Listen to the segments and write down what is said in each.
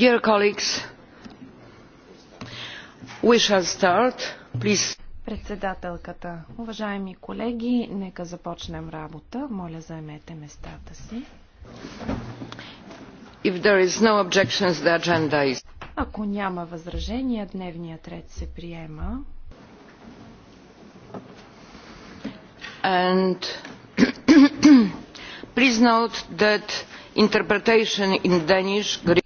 Dear colleagues, we shall start. Please. Председателката, уважаеми колеги, нека започнем работа. Моля, заемете местата си. If there is no objections, the agenda is... Ако няма възражения, дневният ред се приема. And please note that interpretation in Danish, Greek,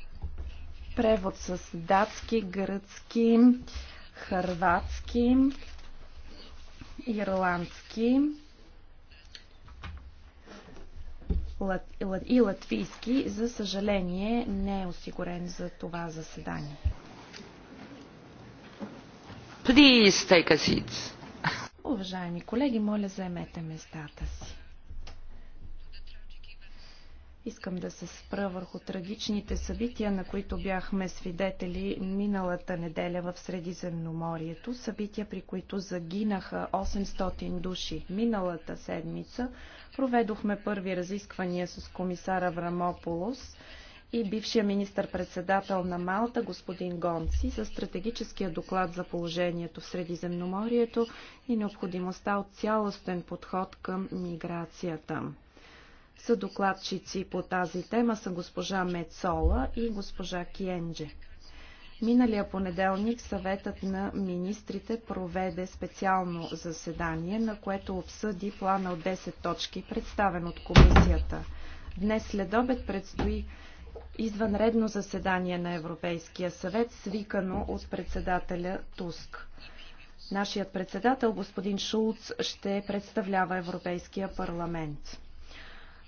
Превод с датски, гръцки, хърватски, ирландски и латвийски. За съжаление не е осигурен за това заседание. Please take a seat. Уважаеми колеги, моля заемете местата си. Искам да се спра върху трагичните събития, на които бяхме свидетели миналата неделя в Средиземноморието, събития при които загинаха 800 души. Миналата седмица проведохме първи разисквания с комисара Врамополос и бившия министър-председател на Малта, господин Гонци, за стратегическия доклад за положението в Средиземноморието и необходимостта от цялостен подход към миграцията. Съдокладчици по тази тема са госпожа Мецола и госпожа Киенджи. Миналия понеделник съветът на министрите проведе специално заседание, на което обсъди плана от 10 точки, представен от комисията. Днес след обед предстои извънредно заседание на Европейския съвет, свикано от председателя Туск. Нашият председател, господин Шулц, ще представлява Европейския парламент.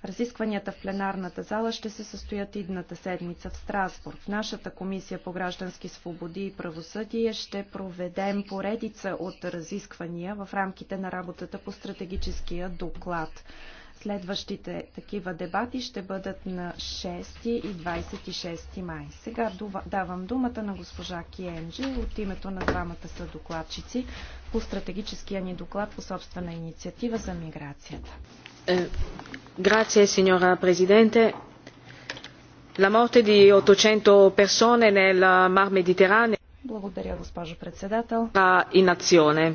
Разискванията в пленарната зала ще се състоят идната седмица в Страсбург. В нашата комисия по граждански свободи и правосъдие ще проведем поредица от разисквания в рамките на работата по стратегическия доклад. Следващите такива дебати ще бъдат на 6 и 26 май. Сега давам думата на госпожа Киенджи от името на двамата са докладчици по стратегическия ни доклад по собствена инициатива за миграцията. Eh, signora presidente la morte di ottocento persone nel mar Mediterraneo Благодаря, госпожо in azione.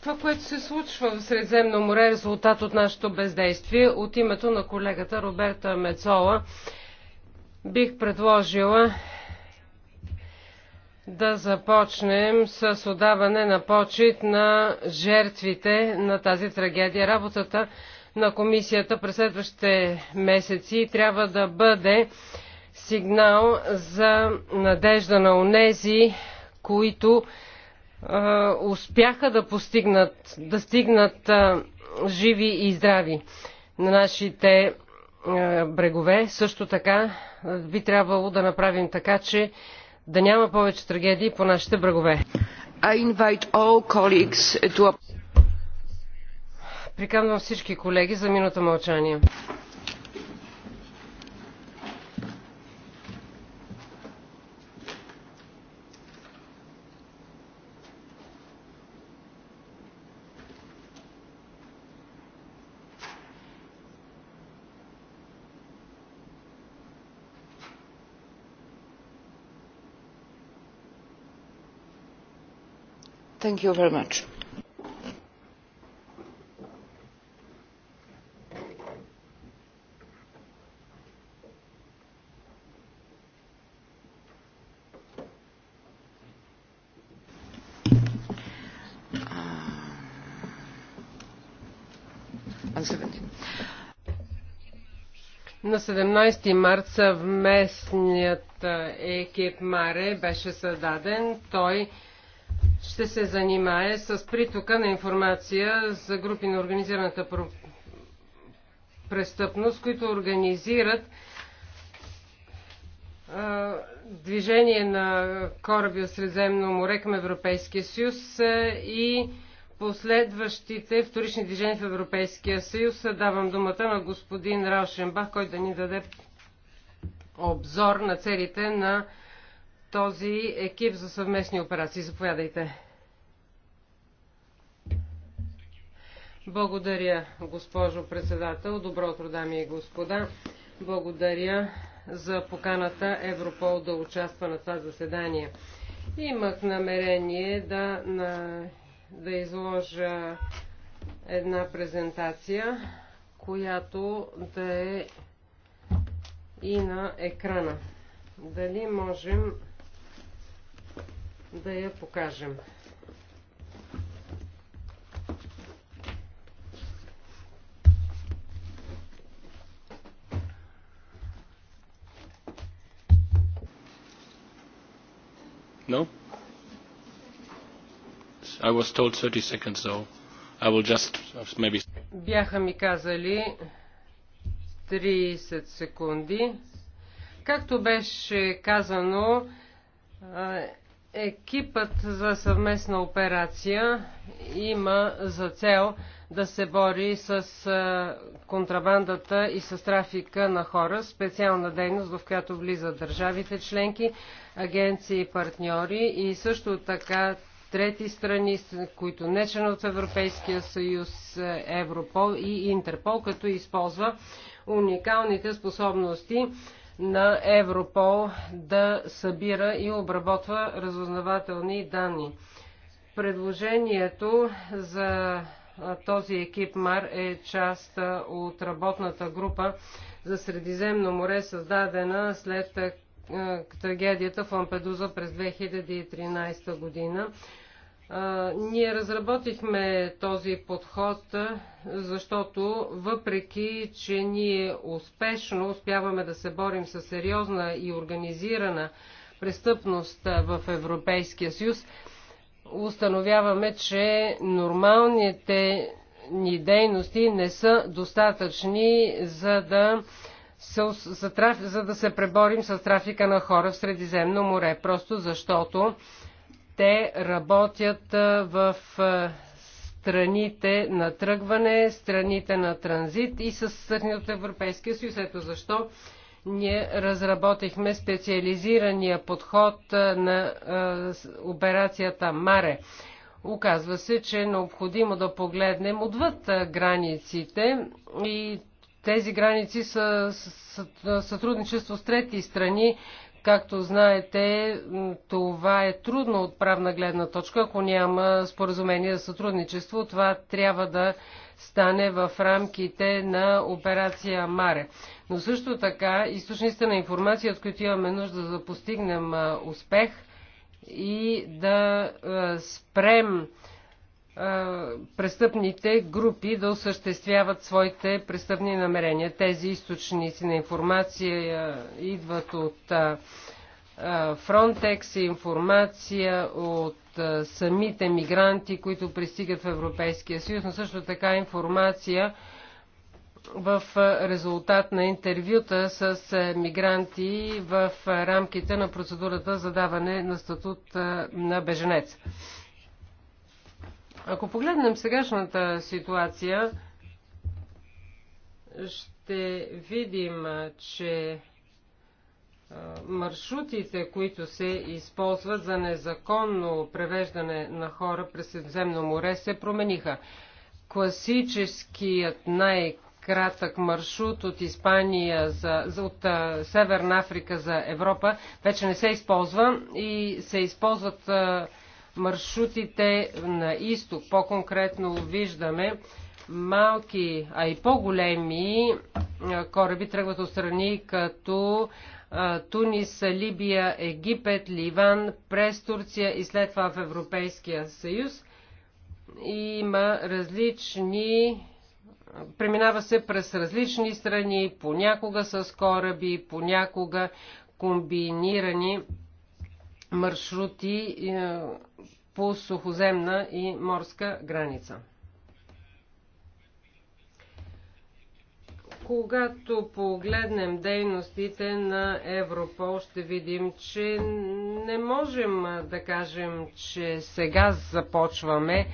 Това, което се случва в Средземно море е резултат от нашето бездействие. От името на колегата Роберта Мецола бих предложила да започнем с отдаване на почет на жертвите на тази трагедия. Работата на комисията през следващите месеци трябва да бъде сигнал за надежда на онези, които е, успяха да постигнат, да стигнат е, живи и здрави на нашите е, брегове. Също така би трябвало да направим така, че да няма повече трагедии по нашите брегове. Приканвам всички колеги за минута мълчание. Thank you very much. Uh, На 17 март местният екип Маре беше създаден. Той ще се занимае с притока на информация за групи на организираната престъпност, които организират движение на кораби от Средземно море към Европейския съюз и последващите вторични движения в Европейския съюз. Давам думата на господин Раушенбах, който да ни даде обзор на целите на този екип за съвместни операции. Заповядайте. Благодаря, госпожо председател. Добро утро, дами и господа. Благодаря за поканата Европол да участва на това заседание. Имах намерение да, на, да изложа една презентация, която да е и на екрана. Дали можем да я покажем. No? I was told 30 seconds, so I will just uh, maybe... Бяха ми казали 30 секунди. Както беше казано, Екипът за съвместна операция има за цел да се бори с контрабандата и с трафика на хора, специална дейност, в която влизат държавите членки, агенции и партньори и също така трети страни, които не членуват в Европейския съюз, Европол и Интерпол, като използва уникалните способности на Европол да събира и обработва разузнавателни данни. Предложението за този екип МАР е част от работната група за Средиземно море, създадена след трагедията в Лампедуза през 2013 година. Ние разработихме този подход, защото въпреки, че ние успешно успяваме да се борим с сериозна и организирана престъпност в Европейския съюз, установяваме, че нормалните ни дейности не са достатъчни за да се, за, за да се преборим с трафика на хора в Средиземно море, просто защото те работят в страните на тръгване, страните на транзит и с страни от Европейския съюз. Ето защо ние разработихме специализирания подход на операцията Маре. Оказва се, че е необходимо да погледнем отвъд границите и тези граници са сътрудничество с трети страни Както знаете, това е трудно от правна гледна точка, ако няма споразумение за сътрудничество. Това трябва да стане в рамките на операция Маре. Но също така, източниците на информация, от които имаме нужда за да постигнем успех и да спрем престъпните групи да осъществяват своите престъпни намерения. Тези източници на информация идват от Frontex, информация от самите мигранти, които пристигат в Европейския съюз, но също така информация в резултат на интервюта с мигранти в рамките на процедурата за даване на статут на беженец. Ако погледнем сегашната ситуация, ще видим, че маршрутите, които се използват за незаконно превеждане на хора през Средиземно море, се промениха. Класическият най-кратък маршрут от Испания, за, за, от а, Северна Африка за Европа, вече не се използва и се използват а, маршрутите на изток. По-конкретно виждаме малки, а и по-големи кораби тръгват от страни като Тунис, Либия, Египет, Ливан, през Турция и след това в Европейския съюз. И има различни преминава се през различни страни, понякога с кораби, понякога комбинирани маршрути е, по сухоземна и морска граница. Когато погледнем дейностите на Европол, ще видим, че не можем да кажем, че сега започваме е,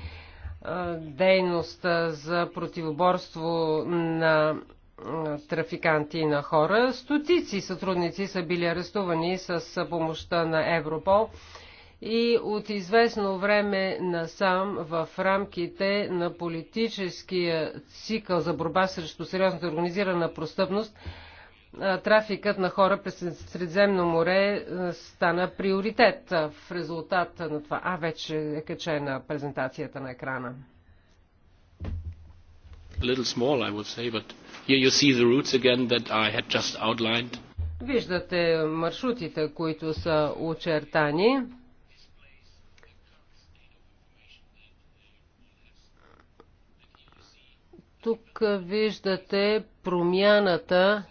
дейността е, за противоборство на трафиканти на хора. Стотици сътрудници са били арестувани с помощта на Европол и от известно време насам в рамките на политическия цикъл за борба срещу сериозната организирана престъпност трафикът на хора през Средземно море стана приоритет в резултат на това. А, вече е качена презентацията на екрана little small, I would say, but here you see the routes again that I had just outlined. Виждате маршрутите, които са очертани. Тук виждате промяната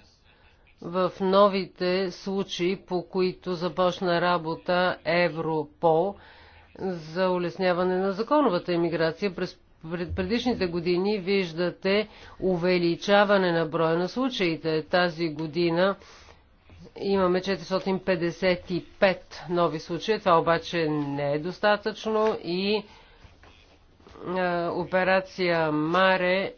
в новите случаи, по които започна работа Европол за улесняване на законовата иммиграция през предишните години виждате увеличаване на броя на случаите. Тази година имаме 455 нови случаи. Това обаче не е достатъчно и е, операция Маре е,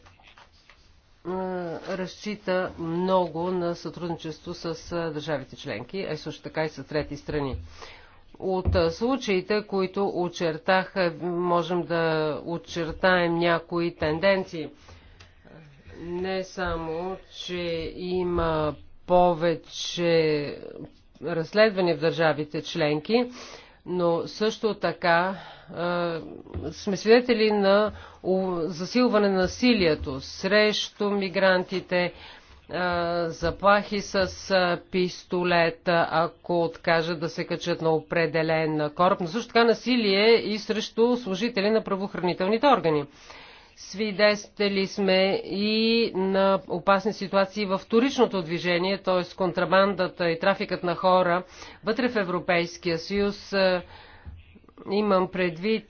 разчита много на сътрудничество с е, държавите членки, а също така и с трети страни. От случаите, които очертах, можем да очертаем някои тенденции. Не само, че има повече разследвания в държавите членки, но също така а, сме свидетели на засилване на насилието срещу мигрантите, заплахи с пистолет, ако откажат да се качат на определен кораб, но също така насилие и срещу служители на правоохранителните органи. Свидетели сме и на опасни ситуации в вторичното движение, т.е. контрабандата и трафикът на хора вътре в Европейския съюз. Имам предвид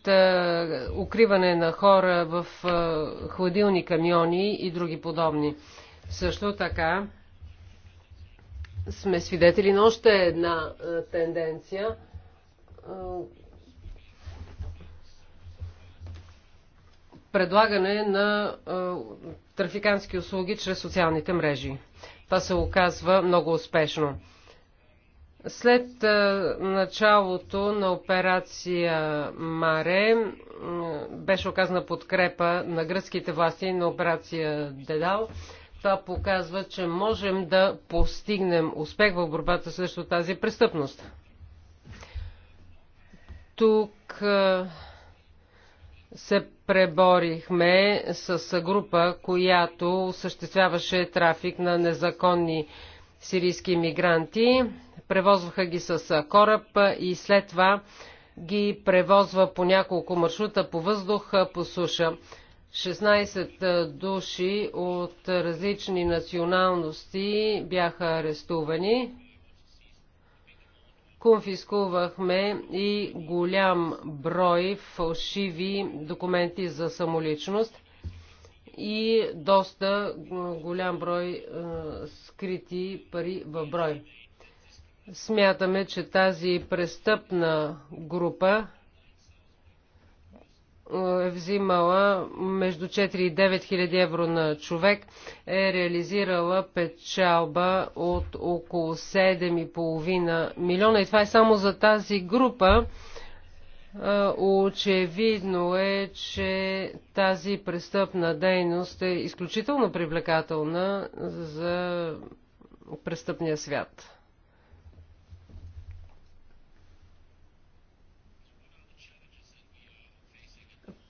укриване на хора в хладилни камиони и други подобни. Също така сме свидетели на още една тенденция. Предлагане на трафикански услуги чрез социалните мрежи. Това се оказва много успешно. След началото на операция Маре беше оказана подкрепа на гръцките власти на операция Дедал това показва, че можем да постигнем успех в борбата срещу тази престъпност. Тук се преборихме с група, която съществяваше трафик на незаконни сирийски мигранти. Превозваха ги с кораб и след това ги превозва по няколко маршрута по въздух, по суша. 16 души от различни националности бяха арестувани. Конфискувахме и голям брой фалшиви документи за самоличност и доста голям брой е, скрити пари в брой. Смятаме, че тази престъпна група е взимала между 4 и 9 хиляди евро на човек, е реализирала печалба от около 7,5 милиона. И това е само за тази група. Е, очевидно е, че тази престъпна дейност е изключително привлекателна за престъпния свят.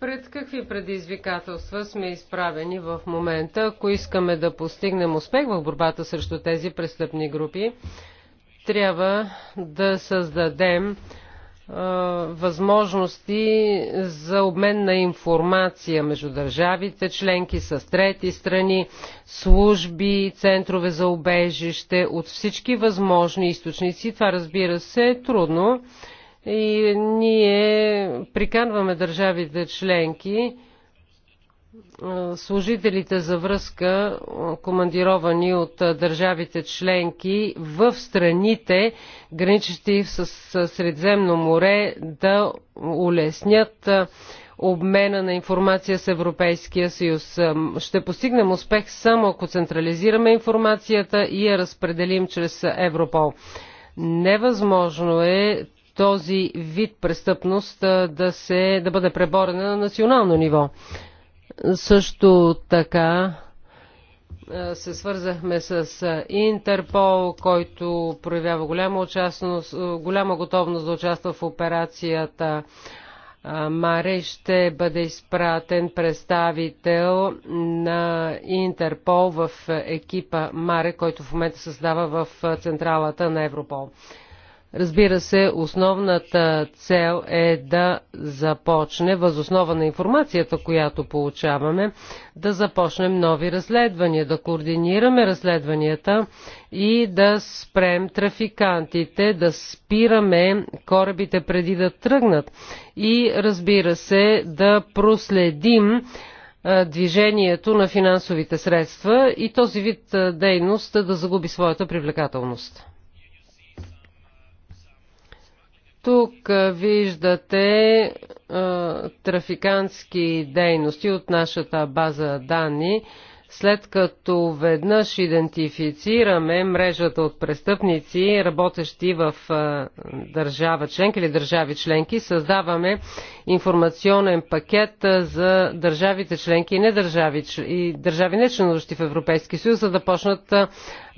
пред какви предизвикателства сме изправени в момента, ако искаме да постигнем успех в борбата срещу тези престъпни групи, трябва да създадем възможности за обмен на информация между държавите, членки с трети страни, служби, центрове за обежище от всички възможни източници. Това разбира се е трудно. И ние приканваме държавите членки, служителите за връзка, командировани от държавите членки в страните, граничещи с Средземно море, да улеснят обмена на информация с Европейския съюз. Ще постигнем успех само ако централизираме информацията и я разпределим чрез Европол. Невъзможно е този вид престъпност да, се, да бъде преборена на национално ниво. Също така се свързахме с Интерпол, който проявява голяма, голяма готовност да участва в операцията Маре ще бъде изпратен представител на Интерпол в екипа Маре, който в момента създава в централата на Европол. Разбира се, основната цел е да започне, възоснова на информацията, която получаваме, да започнем нови разследвания, да координираме разследванията и да спрем трафикантите, да спираме корабите преди да тръгнат и разбира се да проследим движението на финансовите средства и този вид дейност да загуби своята привлекателност. Тук виждате а, трафикантски дейности от нашата база данни. След като веднъж идентифицираме мрежата от престъпници, работещи в държава членки или държави членки, създаваме информационен пакет за държавите членки и, не държави, и държави не членуващи в Европейски съюз, за да почнат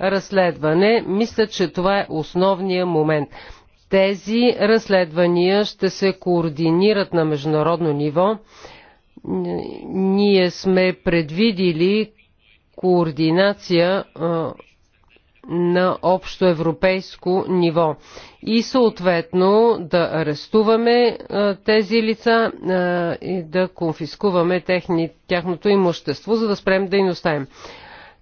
разследване. Мисля, че това е основният момент. Тези разследвания ще се координират на международно ниво. Ние сме предвидили координация на общо европейско ниво и съответно да арестуваме тези лица и да конфискуваме техни, тяхното имущество, за да спрем да им.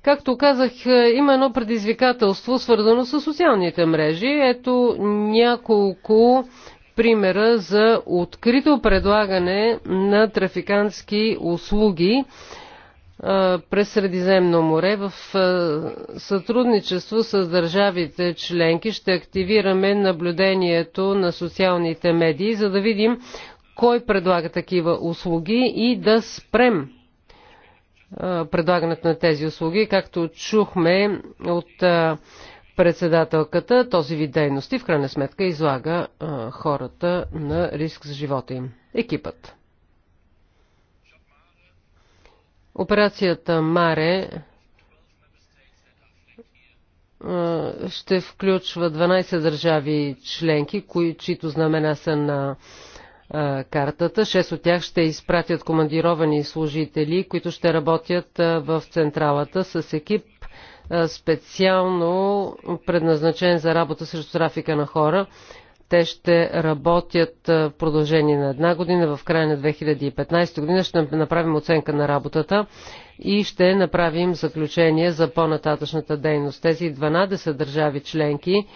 Както казах, е, има едно предизвикателство, свързано с социалните мрежи. Ето няколко примера за открито предлагане на трафикантски услуги е, през Средиземно море в е, сътрудничество с държавите членки ще активираме наблюдението на социалните медии, за да видим кой предлага такива услуги и да спрем предлагането на тези услуги, както чухме от председателката, този вид дейности в крайна сметка излага хората на риск за живота им. Екипът. Операцията Маре ще включва 12 държави членки, чието знамена са на картата. Шест от тях ще изпратят командировани служители, които ще работят в централата с екип специално предназначен за работа срещу трафика на хора. Те ще работят в продължение на една година, в края на 2015 година ще направим оценка на работата и ще направим заключение за по-нататъчната дейност. Тези 12 държави членки,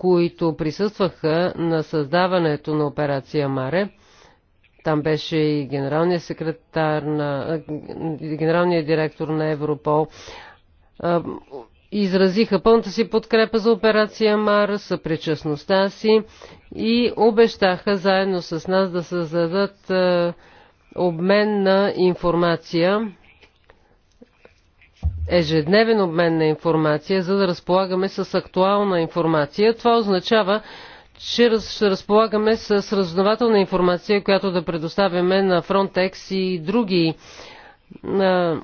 които присъстваха на създаването на операция Маре. Там беше и генералният секретар на генералният директор на Европол. Изразиха пълната си подкрепа за операция Мар, съпричастността си и обещаха заедно с нас да създадат обмен на информация ежедневен обмен на информация, за да разполагаме с актуална информация. Това означава, че ще разполагаме с разузнавателна информация, която да предоставяме на Frontex и други на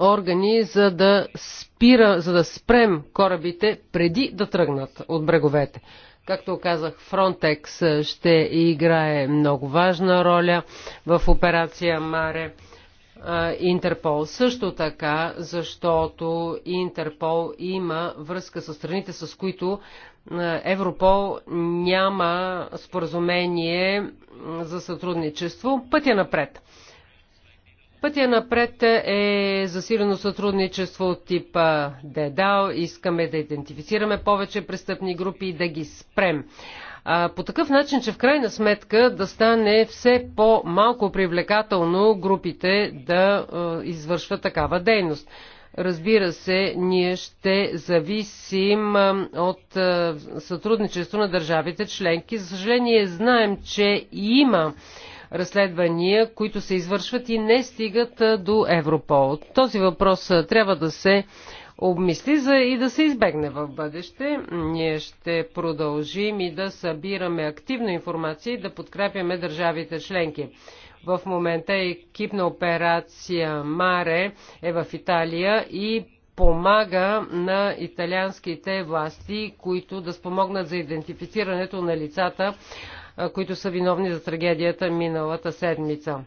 органи, за да, спира, за да спрем корабите преди да тръгнат от бреговете. Както казах, Frontex ще играе много важна роля в операция Маре. Интерпол. Също така, защото Интерпол има връзка с страните, с които Европол няма споразумение за сътрудничество. Пътя е напред. Пътя е напред е засилено сътрудничество от типа ДЕДАО. Искаме да идентифицираме повече престъпни групи и да ги спрем а, по такъв начин, че в крайна сметка да стане все по-малко привлекателно групите да а, извършват такава дейност. Разбира се, ние ще зависим от сътрудничество на държавите членки. За съжаление, знаем, че има разследвания, които се извършват и не стигат до Европол. Този въпрос трябва да се обмисли за и да се избегне в бъдеще. Ние ще продължим и да събираме активна информация и да подкрепяме държавите членки. В момента екип на операция Маре е в Италия и помага на италианските власти, които да спомогнат за идентифицирането на лицата, които са виновни за трагедията миналата седмица.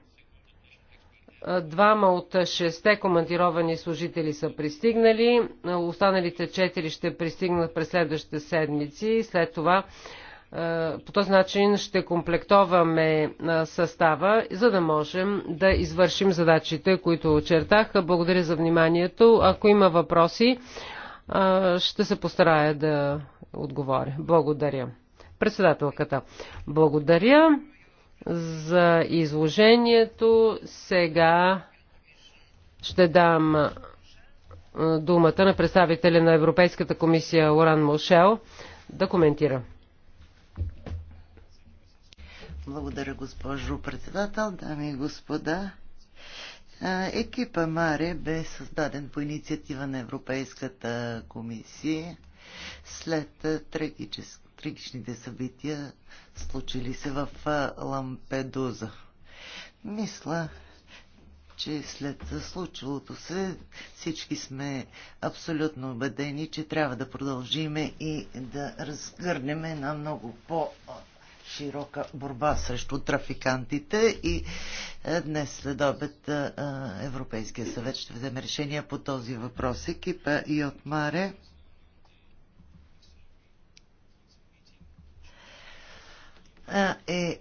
Двама от шесте командировани служители са пристигнали. Останалите четири ще пристигнат през следващите седмици. След това е, по този начин ще комплектоваме е, състава, за да можем да извършим задачите, които очертах. Благодаря за вниманието. Ако има въпроси, е, ще се постарая да отговоря. Благодаря. Председателката. Благодаря за изложението. Сега ще дам думата на представителя на Европейската комисия Лоран Мошел да коментира. Благодаря, госпожо председател, дами и господа. Екипа Маре бе създаден по инициатива на Европейската комисия след трагичните събития случили се в Лампедуза. Мисля, че след случилото се всички сме абсолютно убедени, че трябва да продължиме и да разгърнем една много по- широка борба срещу трафикантите и днес след обед Европейския съвет ще вземе решение по този въпрос. Екипа и от Маре. е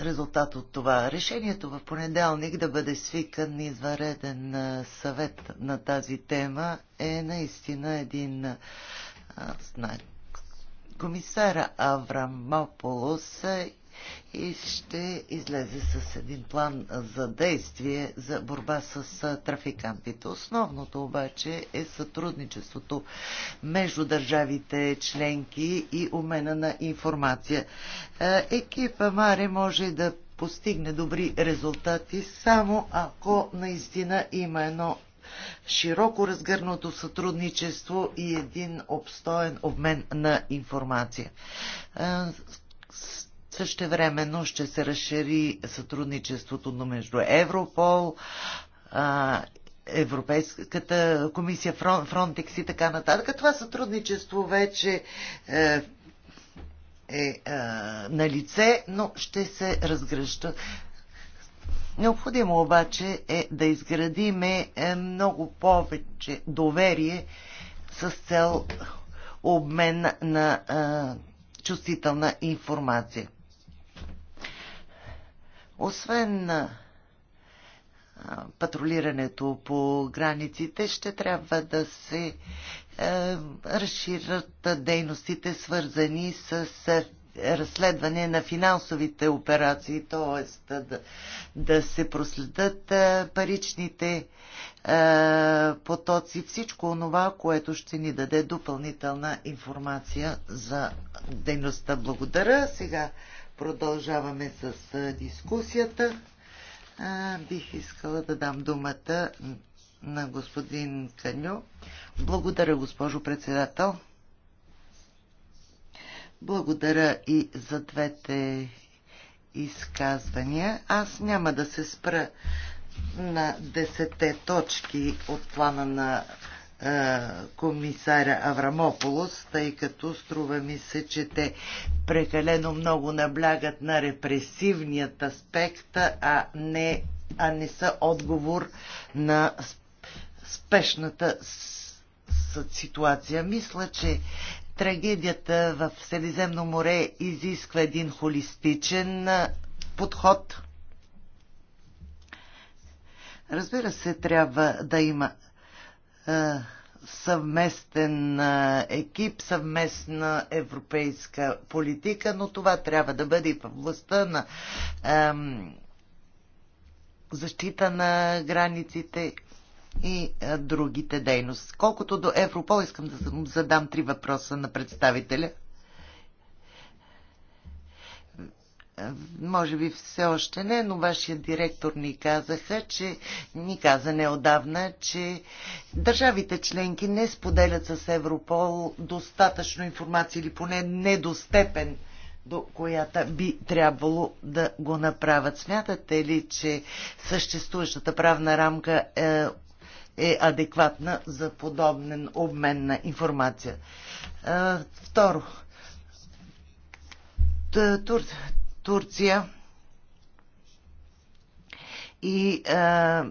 резултат от това. Решението в понеделник да бъде свикан извареден съвет на тази тема е наистина един знак. Комисара Аврамополос е и ще излезе с един план за действие за борба с трафикантите. Основното обаче е сътрудничеството между държавите членки и умена на информация. Екипа Маре може да постигне добри резултати само ако наистина има едно широко разгърнато сътрудничество и един обстоен обмен на информация. Същевременно ще се разшири сътрудничеството между Европол, Европейската комисия, Фронтекс и така нататък. Това сътрудничество вече е, е, е на лице, но ще се разгръща. Необходимо обаче е да изградиме е, много повече доверие с цел обмен на е, чувствителна информация. Освен патрулирането по границите, ще трябва да се а, е, разширят дейностите, свързани с е, разследване на финансовите операции, т.е. Да, да се проследят е, паричните потоци, всичко онова, което ще ни даде допълнителна информация за дейността. Благодаря. Сега Продължаваме с дискусията. бих искала да дам думата на господин Каню. Благодаря, госпожо председател. Благодаря и за двете изказвания. Аз няма да се спра на десете точки от плана на е, комисаря Аврамополос, тъй като струва ми се, че те прекалено много наблягат на репресивният аспект, а не, а не са отговор на спешната ситуация. Мисля, че трагедията в Средиземно море изисква един холистичен е, подход. Разбира се, трябва да има е, съвместен е, екип, съвместна европейска политика, но това трябва да бъде и в областта на защита на границите и е, другите дейности. Колкото до Европол, искам да задам три въпроса на представителя. може би все още не, но вашия директор ни казаха, че ни каза неодавна, че държавите членки не споделят с Европол достатъчно информация или поне недостепен до която би трябвало да го направят. Смятате ли, че съществуващата правна рамка е, е адекватна за подобен обмен на информация? Е, второ, турция. Турция и а,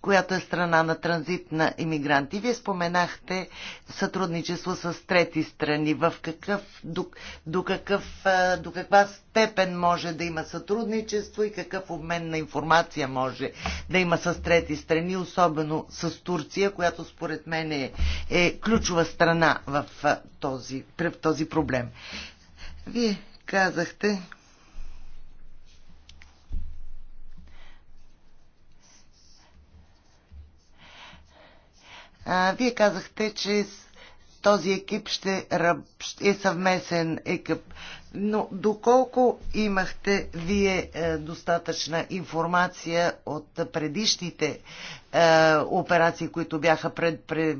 която е страна на транзит на иммигранти. Вие споменахте сътрудничество с трети страни. В какъв, до, до, какъв, до каква степен може да има сътрудничество и какъв обмен на информация може да има с трети страни, особено с Турция, която според мен е, е ключова страна в този, в този проблем. Вие казахте, Вие казахте, че този екип ще е съвместен екип. Но доколко имахте вие е, достатъчна информация от предишните е, операции, които бяха пред, пред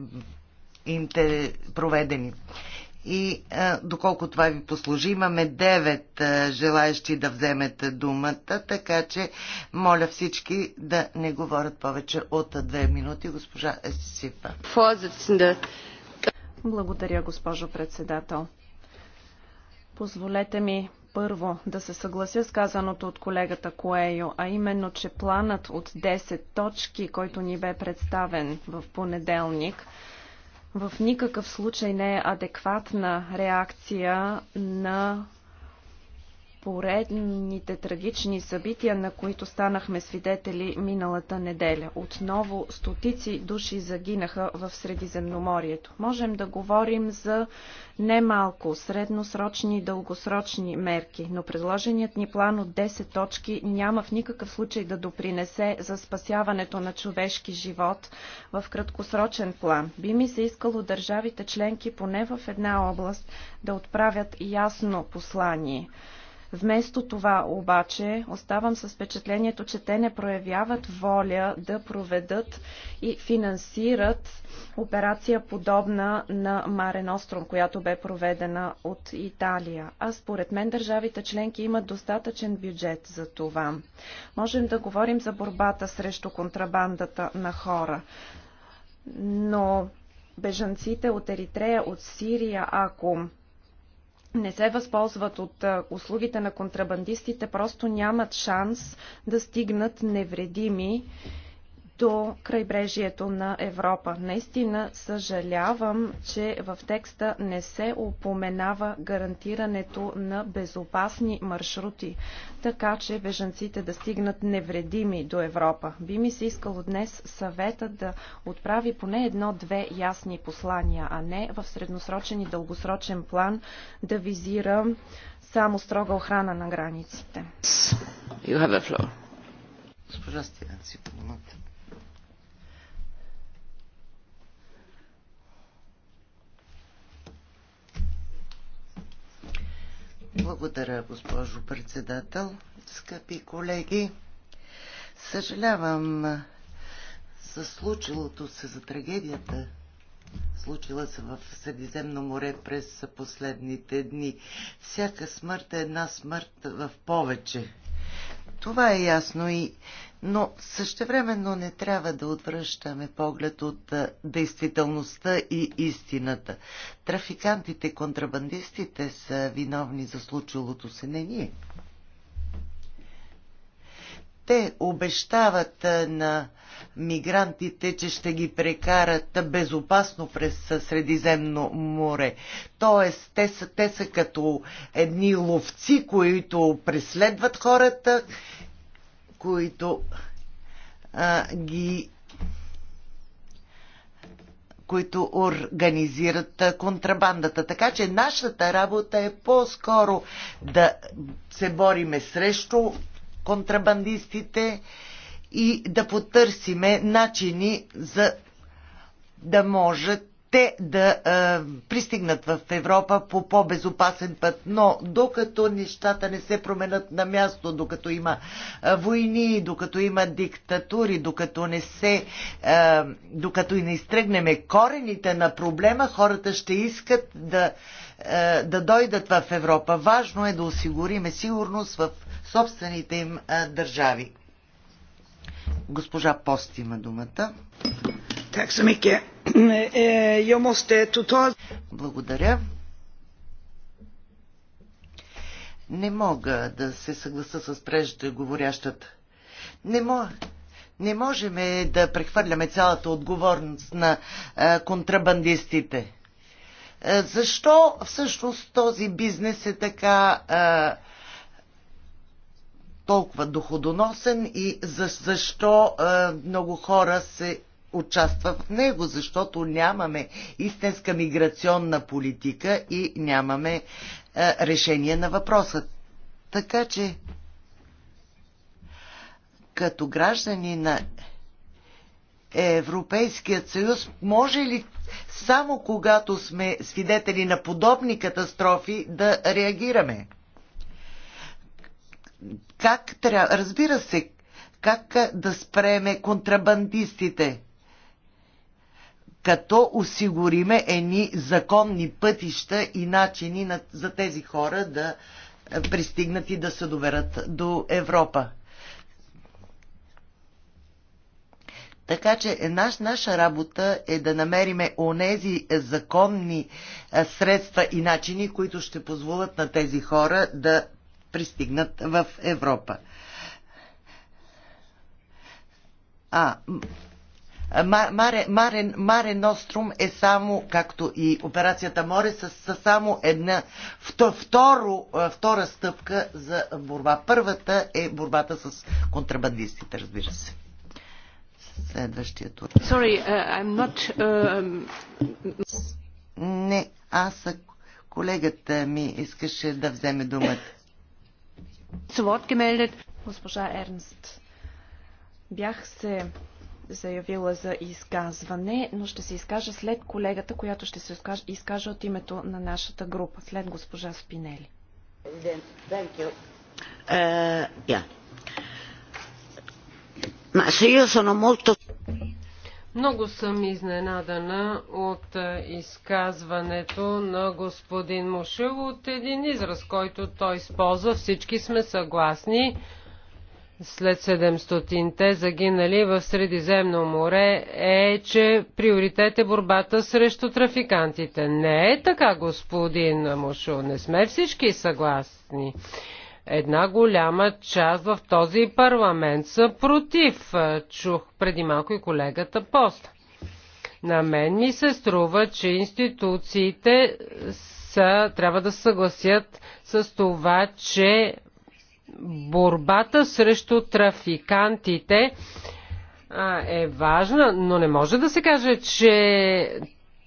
им те проведени? и а, е, доколко това ви послужи, имаме 9 а, е, желаящи да вземете думата, така че моля всички да не говорят повече от 2 минути. Госпожа Есисипа. Благодаря, госпожо председател. Позволете ми първо да се съглася с казаното от колегата Коейо, а именно, че планът от 10 точки, който ни бе представен в понеделник, в никакъв случай не е адекватна реакция на поредните трагични събития, на които станахме свидетели миналата неделя. Отново стотици души загинаха в Средиземноморието. Можем да говорим за немалко средносрочни и дългосрочни мерки, но предложеният ни план от 10 точки няма в никакъв случай да допринесе за спасяването на човешки живот в краткосрочен план. Би ми се искало държавите членки поне в една област да отправят ясно послание – Вместо това обаче оставам с впечатлението, че те не проявяват воля да проведат и финансират операция подобна на Марен Ностром, която бе проведена от Италия. А според мен държавите членки имат достатъчен бюджет за това. Можем да говорим за борбата срещу контрабандата на хора. Но бежанците от Еритрея, от Сирия, ако не се възползват от услугите на контрабандистите, просто нямат шанс да стигнат невредими до крайбрежието на Европа. Наистина съжалявам, че в текста не се упоменава гарантирането на безопасни маршрути, така че бежанците да стигнат невредими до Европа. Би ми се искало днес съвета да отправи поне едно-две ясни послания, а не в средносрочен и дългосрочен план да визира само строга охрана на границите. You have the floor. Благодаря, госпожо председател. Скъпи колеги, съжалявам за случилото се, за трагедията, случила се в Средиземно море през последните дни. Всяка смърт е една смърт в повече. Това е ясно и но същевременно не трябва да отвръщаме поглед от действителността и истината. Трафикантите, контрабандистите са виновни за случилото се не ние. Те обещават на мигрантите, че ще ги прекарат безопасно през Средиземно море. Тоест, те са, те са като едни ловци, които преследват хората които а, ги които организират контрабандата. Така че нашата работа е по-скоро да се бориме срещу контрабандистите и да потърсиме начини за да можат те да а, пристигнат в Европа по по-безопасен път. Но докато нещата не се променят на място, докато има а, войни, докато има диктатури, докато не се, а, докато и не изтръгнеме корените на проблема, хората ще искат да, а, да дойдат в Европа. Важно е да осигуриме сигурност в собствените им а, държави. Госпожа Пост има думата. Eh, Благодаря. Не мога да се съгласа с преждеговорящата. Не мо... Не можем да прехвърляме цялата отговорност на а, контрабандистите. А, защо всъщност този бизнес е така а, толкова доходоносен и за, защо а, много хора се участва в него, защото нямаме истинска миграционна политика и нямаме а, е, решение на въпроса. Така че, като граждани на Европейският съюз, може ли само когато сме свидетели на подобни катастрофи да реагираме? Как трябва, разбира се, как да спреме контрабандистите? като осигуриме едни законни пътища и начини на, за тези хора да е, пристигнат и да се доверят до Европа. Така че е наш, наша работа е да намериме онези законни е, средства и начини, които ще позволят на тези хора да пристигнат в Европа. А, Маре, Маре, Маре Нострум е само, както и операцията Море, са, са само една второ, е, втора стъпка за борба. Първата е борбата с контрабандистите, разбира се. Следващия тур. Sorry, uh, I'm not, uh... Не, аз, колегата ми искаше да вземе думата. Госпожа Ернст, бях се заявила за изказване, но ще се изкажа след колегата, която ще се изкаже от името на нашата група, след госпожа Спинели. Е, значи, Много съм изненадана от е, изказването на господин Мушил от един израз, който той използва. Всички сме съгласни след 700-те загинали в Средиземно море е, че приоритет е борбата срещу трафикантите. Не е така, господин Мушо. Не сме всички съгласни. Една голяма част в този парламент са против. Чух преди малко и колегата Пост. На мен ми се струва, че институциите са, трябва да съгласят с това, че борбата срещу трафикантите е важна, но не може да се каже, че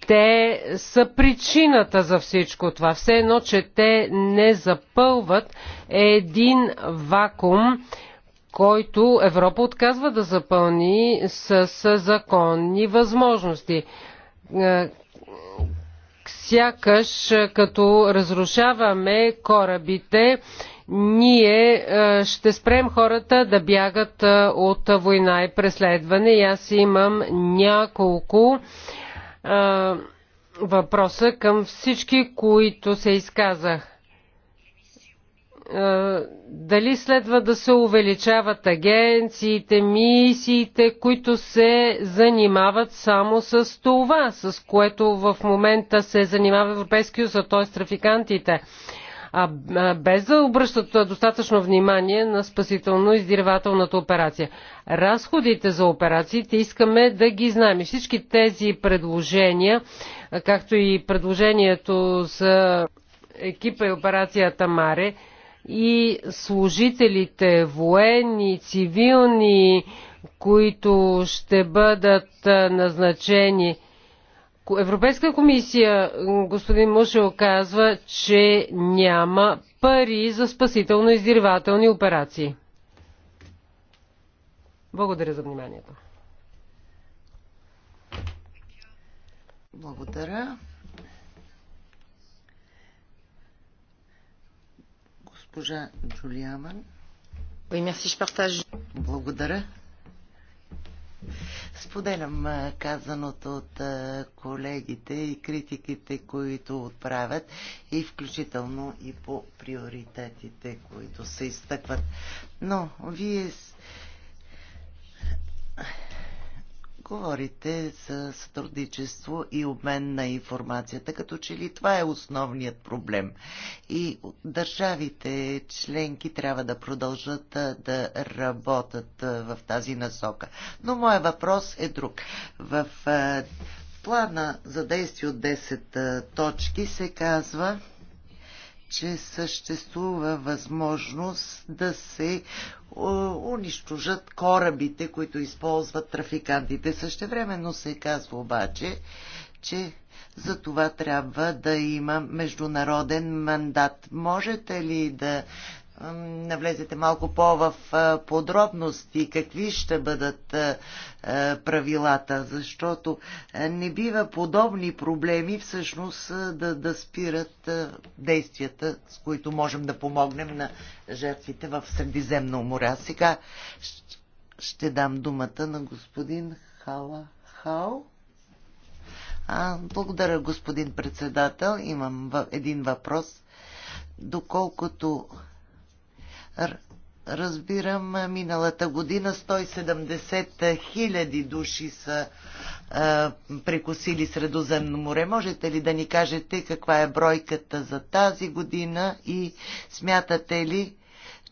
те са причината за всичко това. Все едно, че те не запълват един вакуум, който Европа отказва да запълни с законни възможности. Сякаш като разрушаваме корабите, ние е, ще спрем хората да бягат е, от война и преследване. И аз имам няколко а, е, въпроса към всички, които се изказах. дали следва да се увеличават агенциите, мисиите, които се занимават само с това, с което в момента се занимава Европейския съюз, т.е. трафикантите? а, без да обръщат достатъчно внимание на спасително-издирвателната операция. Разходите за операциите искаме да ги знаем. И всички тези предложения, както и предложението за екипа и операцията Маре, и служителите, военни, цивилни, които ще бъдат назначени – Европейска комисия, господин Мушел, казва, че няма пари за спасително-издирвателни операции. Благодаря за вниманието. Благодаря. Госпожа Джулиаман. Благодаря. Споделям казаното от колегите и критиките, които отправят и включително и по приоритетите, които се изтъкват. Но вие говорите за сътрудничество и обмен на информацията, като че ли това е основният проблем. И държавите членки трябва да продължат да работят в тази насока. Но моя въпрос е друг. В плана за действие от 10 точки се казва, че съществува възможност да се е, унищожат корабите, които използват трафикантите. Същевременно се казва обаче, че за това трябва да има международен мандат. Можете ли да навлезете малко по-в подробности какви ще бъдат правилата, защото не бива подобни проблеми всъщност да, да спират действията, с които можем да помогнем на жертвите в Средиземно море. А сега ще дам думата на господин Хала Хао. А, благодаря, господин председател. Имам един въпрос. Доколкото разбирам, миналата година 170 хиляди души са а, прекусили Средоземно море. Можете ли да ни кажете каква е бройката за тази година и смятате ли,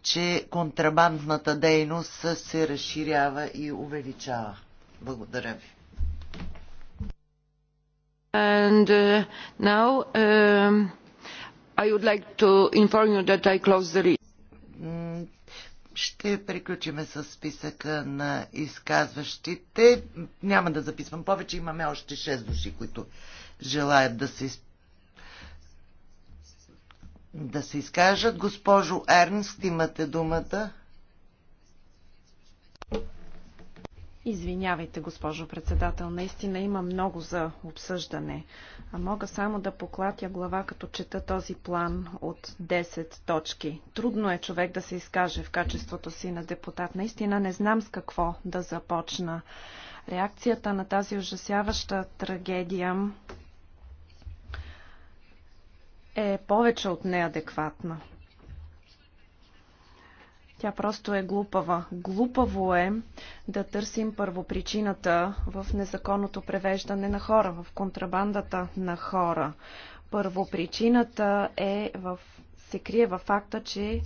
че контрабандната дейност се разширява и увеличава? Благодаря ви. And uh, now uh, I would like to inform you that I close the ще приключиме с списъка на изказващите. Няма да записвам повече. Имаме още 6 души, които желаят да се да се изкажат. Госпожо Ернст, имате думата. Извинявайте, госпожо председател, наистина има много за обсъждане. А мога само да поклатя глава, като чета този план от 10 точки. Трудно е човек да се изкаже в качеството си на депутат. Наистина не знам с какво да започна. Реакцията на тази ужасяваща трагедия е повече от неадекватна. Тя просто е глупава. Глупаво е да търсим първопричината в незаконното превеждане на хора, в контрабандата на хора. Първопричината е в, се крие във факта, че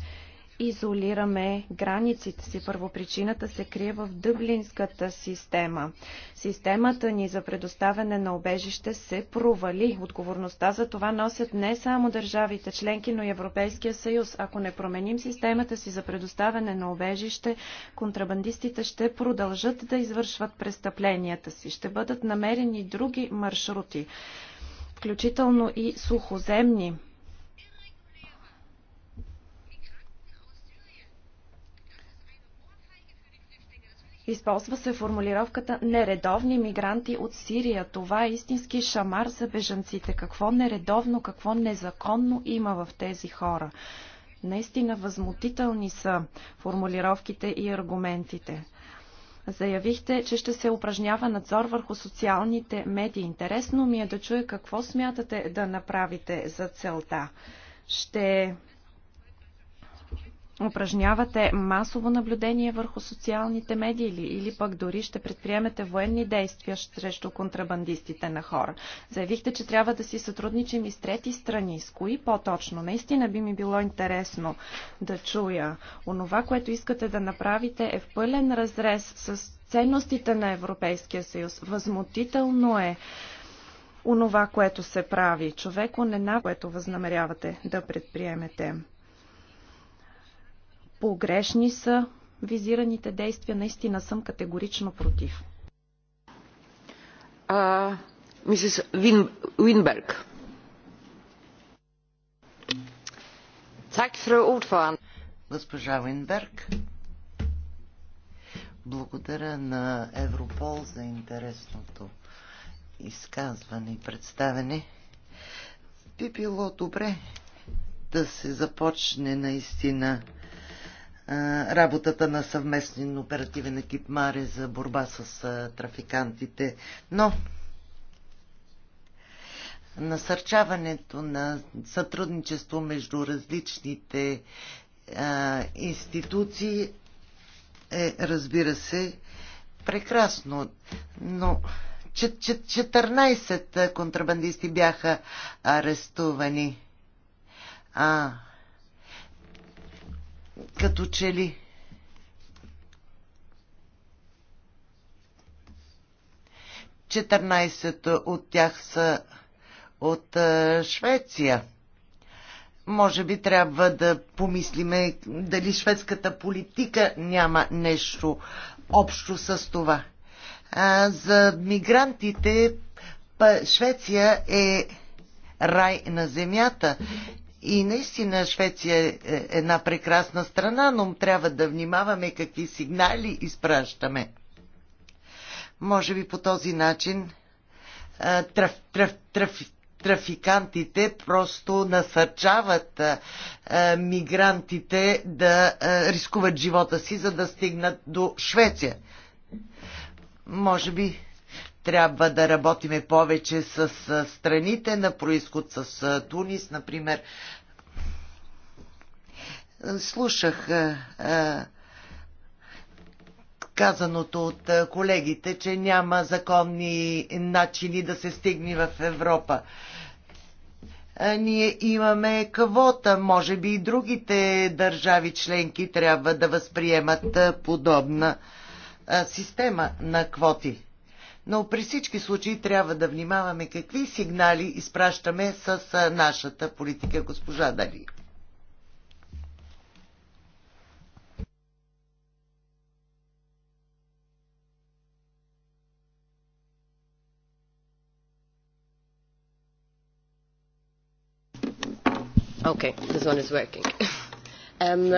изолираме границите си. Първопричината се крие в дъблинската система. Системата ни за предоставяне на обежище се провали. Отговорността за това носят не само държавите членки, но и Европейския съюз. Ако не променим системата си за предоставяне на обежище, контрабандистите ще продължат да извършват престъпленията си. Ще бъдат намерени други маршрути, включително и сухоземни Използва се формулировката нередовни мигранти от Сирия. Това е истински шамар за бежанците. Какво нередовно, какво незаконно има в тези хора? Наистина възмутителни са формулировките и аргументите. Заявихте, че ще се упражнява надзор върху социалните медии. Интересно ми е да чуя какво смятате да направите за целта. Ще упражнявате масово наблюдение върху социалните медии или, или пък дори ще предприемете военни действия срещу контрабандистите на хора. Заявихте, че трябва да си сътрудничим и с трети страни. С кои по-точно? Наистина би ми било интересно да чуя. Онова, което искате да направите е в пълен разрез с ценностите на Европейския съюз. Възмутително е онова, което се прави. Човеко не на което възнамерявате да предприемете. Погрешни са визираните действия. Наистина съм категорично против. А, мисис Вин, Винберг. Госпожа Винберг, благодаря на Европол за интересното изказване и представене. Би било добре да се започне наистина работата на съвместен оперативен екип Маре за борба с трафикантите. Но насърчаването на сътрудничество между различните а, институции е, разбира се, прекрасно, но 14 контрабандисти бяха арестувани. А, като че ли Четърнайсет от тях са от Швеция. Може би трябва да помислиме дали шведската политика няма нещо общо с това. А, за мигрантите Швеция е рай на земята и наистина Швеция е една прекрасна страна, но трябва да внимаваме какви сигнали изпращаме. Може би по този начин траф, траф, траф, трафикантите просто насърчават а, мигрантите да а, рискуват живота си, за да стигнат до Швеция. Може би трябва да работиме повече с страните на происход, с Тунис, например. Слушах казаното от колегите, че няма законни начини да се стигне в Европа. Ние имаме квота, може би и другите държави членки трябва да възприемат подобна система на квоти но при всички случаи трябва да внимаваме какви сигнали изпращаме с нашата политика, госпожа Дали. Okay, this one is working. Um,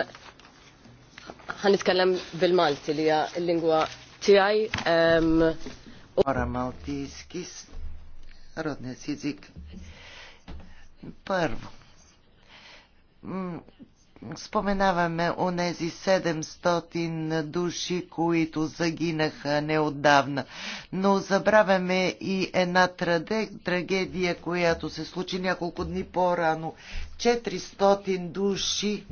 ħanitkellem bil-Malti li hija l-lingwa Um, Парамалтийски малтийски, родният си език. Първо, споменаваме о тези 700 души, които загинаха неотдавна. Но забравяме и една трагедия, която се случи няколко дни по-рано. 400 души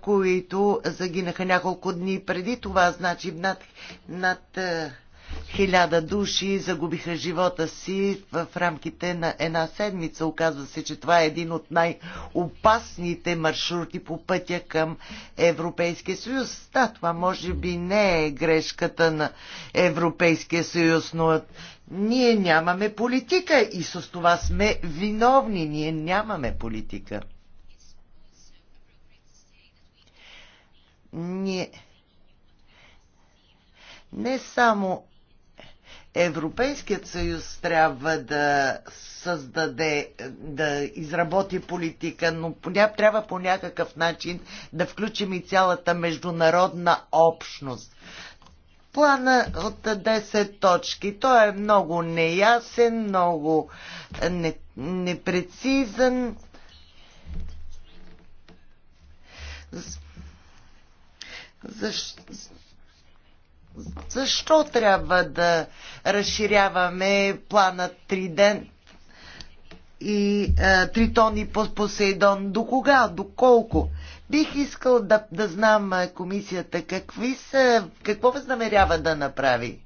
които загинаха няколко дни преди това, значи над, над Хиляда души загубиха живота си в рамките на една седмица. Оказва се, че това е един от най-опасните маршрути по пътя към Европейския съюз. Да, това може би не е грешката на Европейския съюз, но ние нямаме политика и с това сме виновни. Ние нямаме политика. Ние не само Европейският съюз трябва да създаде, да изработи политика, но трябва по някакъв начин да включим и цялата международна общност. Плана от 10 точки. Той е много неясен, много не, непрецизен. Защо? защо трябва да разширяваме плана три ден и е, 3 тони по Посейдон? До кога? До колко? Бих искал да, да знам е, комисията какви са, какво възнамерява да направи.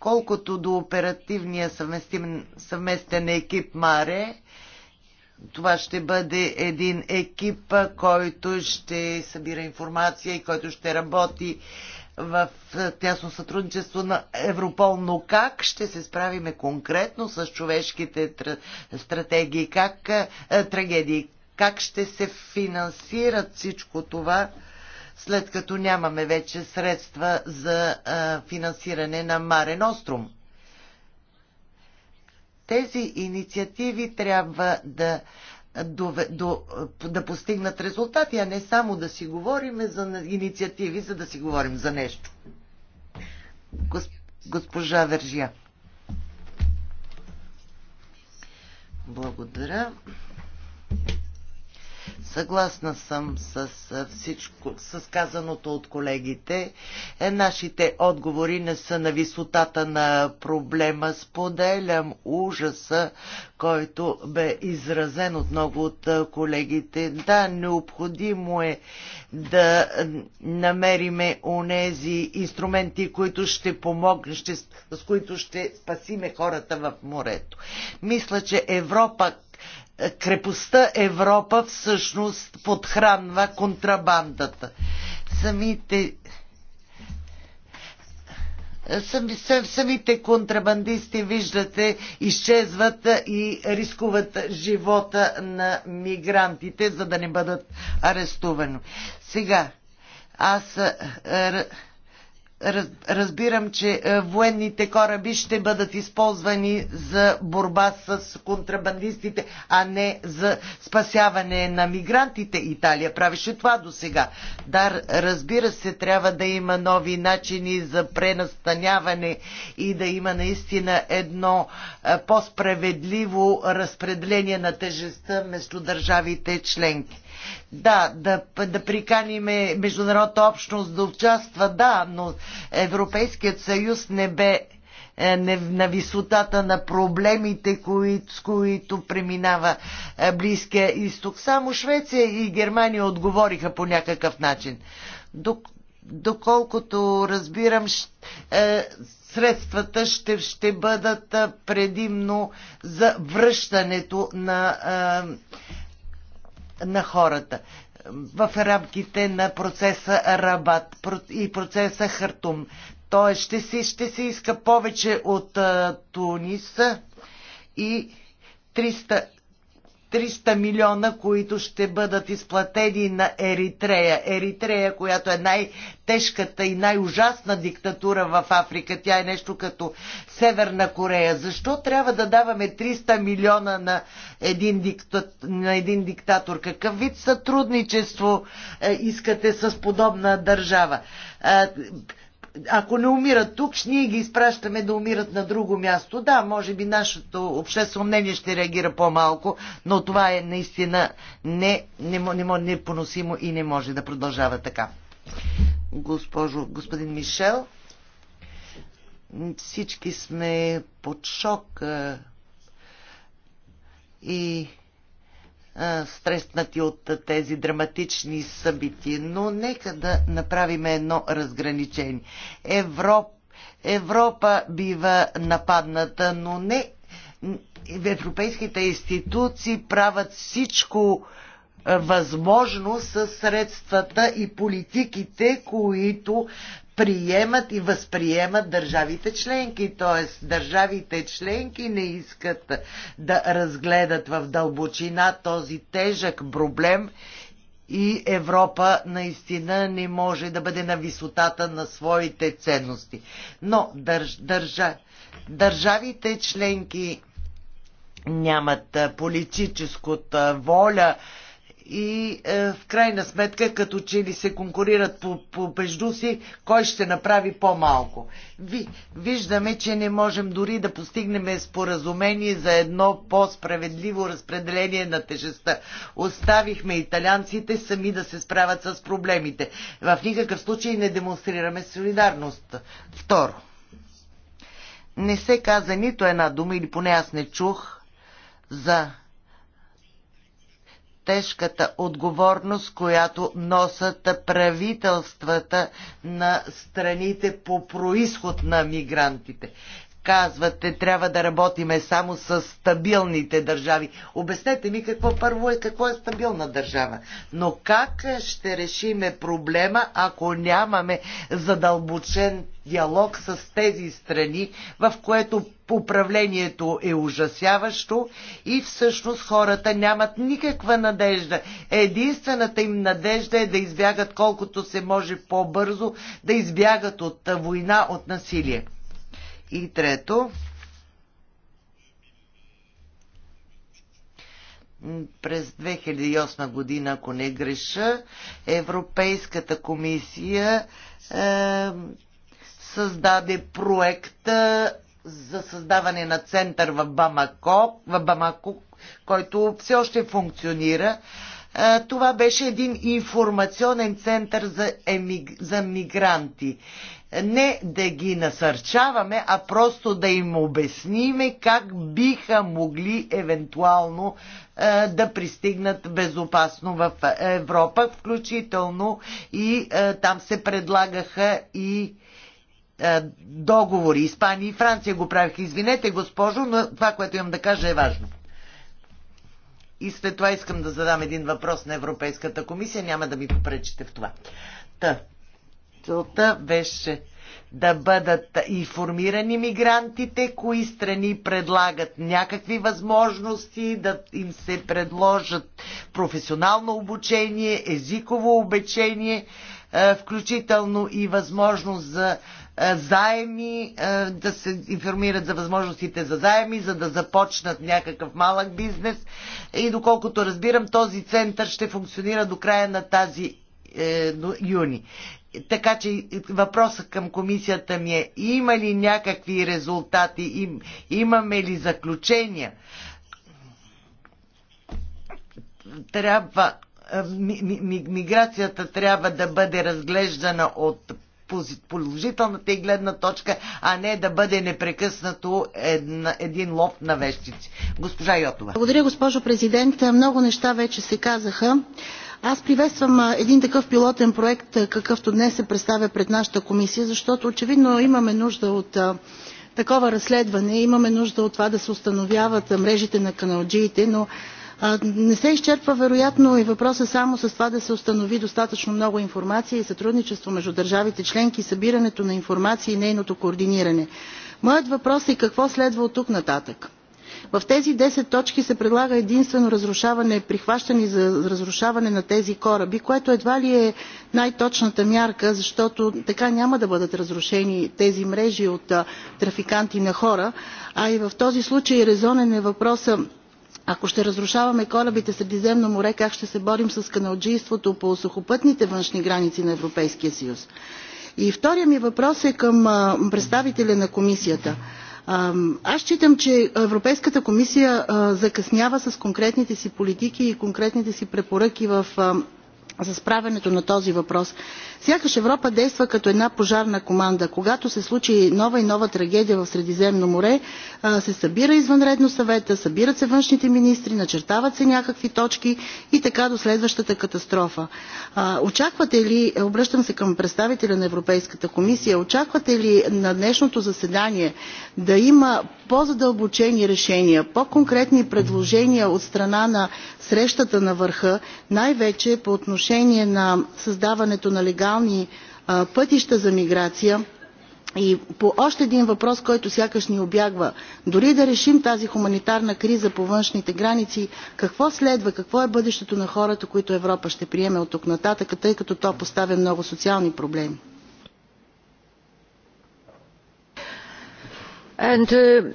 Колкото до оперативния съвместим, съвместен екип Маре, това ще бъде един екип, който ще събира информация и който ще работи в тясно сътрудничество на Европол, но как ще се справиме конкретно с човешките стратегии, как е, е, трагедии, как ще се финансират всичко това, след като нямаме вече средства за е, финансиране на Марен Острум. Тези инициативи трябва да до, до, е, да постигнат резултати, а не само да си говорим за инициативи, за да си говорим за нещо. Госпожа Вержия. Благодаря. Съгласна съм с всичко, с казаното от колегите. Е, нашите отговори не са на висотата на проблема. Споделям ужаса, който бе изразен от много от колегите. Да, необходимо е да намериме онези инструменти, които ще помогнат, ще, с които ще спасиме хората в морето. Мисля, че Европа крепостта Европа всъщност подхранва контрабандата. Самите сами, самите контрабандисти, виждате, изчезват и рискуват живота на мигрантите, за да не бъдат арестувани. Сега, аз е, Раз, разбирам, че е, военните кораби ще бъдат използвани за борба с контрабандистите, а не за спасяване на мигрантите. Италия правеше това до сега. Да, разбира се, трябва да има нови начини за пренастаняване и да има наистина едно е, по-справедливо разпределение на тежестта между държавите членки. Да, да, да приканиме международната общност да участва, да, но Европейският съюз не бе е, не, на висотата на проблемите, кои, с които преминава е, Близкия изток. Само Швеция и Германия отговориха по някакъв начин. Доколкото разбирам, е, средствата ще, ще бъдат предимно за връщането на на хората в рамките на процеса Рабат и процеса Хартум. Тоест ще се, ще се иска повече от а, Туниса и 300 300 милиона, които ще бъдат изплатени на Еритрея. Еритрея, която е най-тежката и най-ужасна диктатура в Африка. Тя е нещо като Северна Корея. Защо трябва да даваме 300 милиона на един, дикта... на един диктатор? Какъв вид сътрудничество е, искате с подобна държава? Е, ако не умират тук, ние ги изпращаме да умират на друго място. Да, може би нашето обществено мнение ще реагира по-малко, но това е наистина не, не, не, непоносимо и не може да продължава така. Госпожо, господин Мишел, всички сме под шок и стреснати от тези драматични събития. Но нека да направим едно разграничение. Европа, Европа бива нападната, но не европейските институции правят всичко възможно със средствата и политиките, които приемат и възприемат държавите членки. Т.е. държавите членки не искат да разгледат в дълбочина този тежък проблем и Европа наистина не може да бъде на висотата на своите ценности. Но държ, държа, държавите членки нямат политическата воля и е, в крайна сметка, като че ли се конкурират по, по пежду си, кой ще направи по-малко. Ви, виждаме, че не можем дори да постигнем споразумение за едно по-справедливо разпределение на тежестта. Оставихме италианците сами да се справят с проблемите. В никакъв случай не демонстрираме солидарност. Второ, не се каза нито една дума, или поне аз не чух, за тежката отговорност, която носят правителствата на страните по происход на мигрантите казвате, трябва да работиме само с стабилните държави. Обяснете ми какво първо е, какво е стабилна държава. Но как ще решиме проблема, ако нямаме задълбочен диалог с тези страни, в което управлението е ужасяващо и всъщност хората нямат никаква надежда. Единствената им надежда е да избягат колкото се може по-бързо, да избягат от война, от насилие. И трето, през 2008 година, ако не греша, Европейската комисия е, създаде проекта за създаване на център в Бамако, в Бамако който все още функционира. Е, това беше един информационен център за, емиг... за мигранти не да ги насърчаваме, а просто да им обясниме как биха могли евентуално е, да пристигнат безопасно в Европа, включително и е, там се предлагаха и е, договори. Испания и Франция го правиха. Извинете, госпожо, но това, което имам да кажа е важно. И след това искам да задам един въпрос на Европейската комисия. Няма да ми попречите в това. Та, Целта беше да бъдат информирани мигрантите, кои страни предлагат някакви възможности, да им се предложат професионално обучение, езиково обучение, е, включително и възможност за е, заеми, е, да се информират за възможностите за заеми, за да започнат някакъв малък бизнес. И доколкото разбирам, този център ще функционира до края на тази е, юни така че въпросът към комисията ми е има ли някакви резултати, им, имаме ли заключения? Трябва, е, миграцията трябва да бъде разглеждана от положителната и гледна точка, а не да бъде непрекъснато една, един лоб на вещици. Госпожа Йотова. Благодаря, госпожо президент. Много неща вече се казаха. Аз приветствам един такъв пилотен проект, какъвто днес се представя пред нашата комисия, защото очевидно имаме нужда от такова разследване, имаме нужда от това да се установяват мрежите на каналджиите, но не се изчерпва вероятно и въпроса само с това да се установи достатъчно много информация и сътрудничество между държавите членки, събирането на информация и нейното координиране. Моят въпрос е какво следва от тук нататък? В тези 10 точки се предлага единствено разрушаване, прихващане за разрушаване на тези кораби, което едва ли е най-точната мярка, защото така няма да бъдат разрушени тези мрежи от трафиканти на хора, а и в този случай резонен е въпроса ако ще разрушаваме корабите в Средиземно море, как ще се борим с каналджийството по сухопътните външни граници на Европейския съюз? И втория ми въпрос е към представителя на комисията. Аз считам, че Европейската комисия закъснява с конкретните си политики и конкретните си препоръки в за справянето на този въпрос. Сякаш Европа действа като една пожарна команда. Когато се случи нова и нова трагедия в Средиземно море, се събира извънредно съвета, събират се външните министри, начертават се някакви точки и така до следващата катастрофа. Очаквате ли, обръщам се към представителя на Европейската комисия, очаквате ли на днешното заседание да има по-задълбочени решения, по-конкретни предложения от страна на срещата на върха, най-вече по отношение отношение на създаването на легални пътища за миграция и по още един въпрос, който сякаш ни обягва. Дори да решим тази хуманитарна криза по външните граници, какво следва, какво е бъдещето на хората, които Европа ще приеме от тук нататък, тъй като то поставя много социални проблеми? And, uh,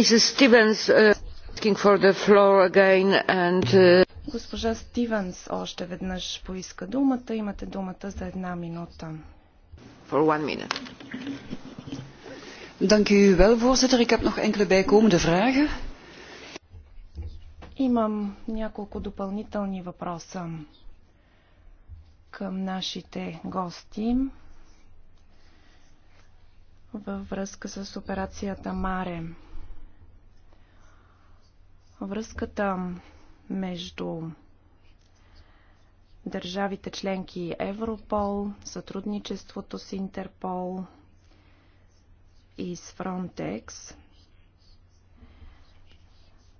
Mrs. Stevens, uh, asking for the floor again and, uh... Госпожа Стивенс още веднъж поиска думата. Имате думата за една минута. For one minute. Dank u wel, voorzitter. Ik heb nog enkele bijkomende vragen. Имам няколко допълнителни въпроса към нашите гости във връзка с операцията Маре. Връзката между държавите членки Европол, сътрудничеството с Интерпол и с Фронтекс.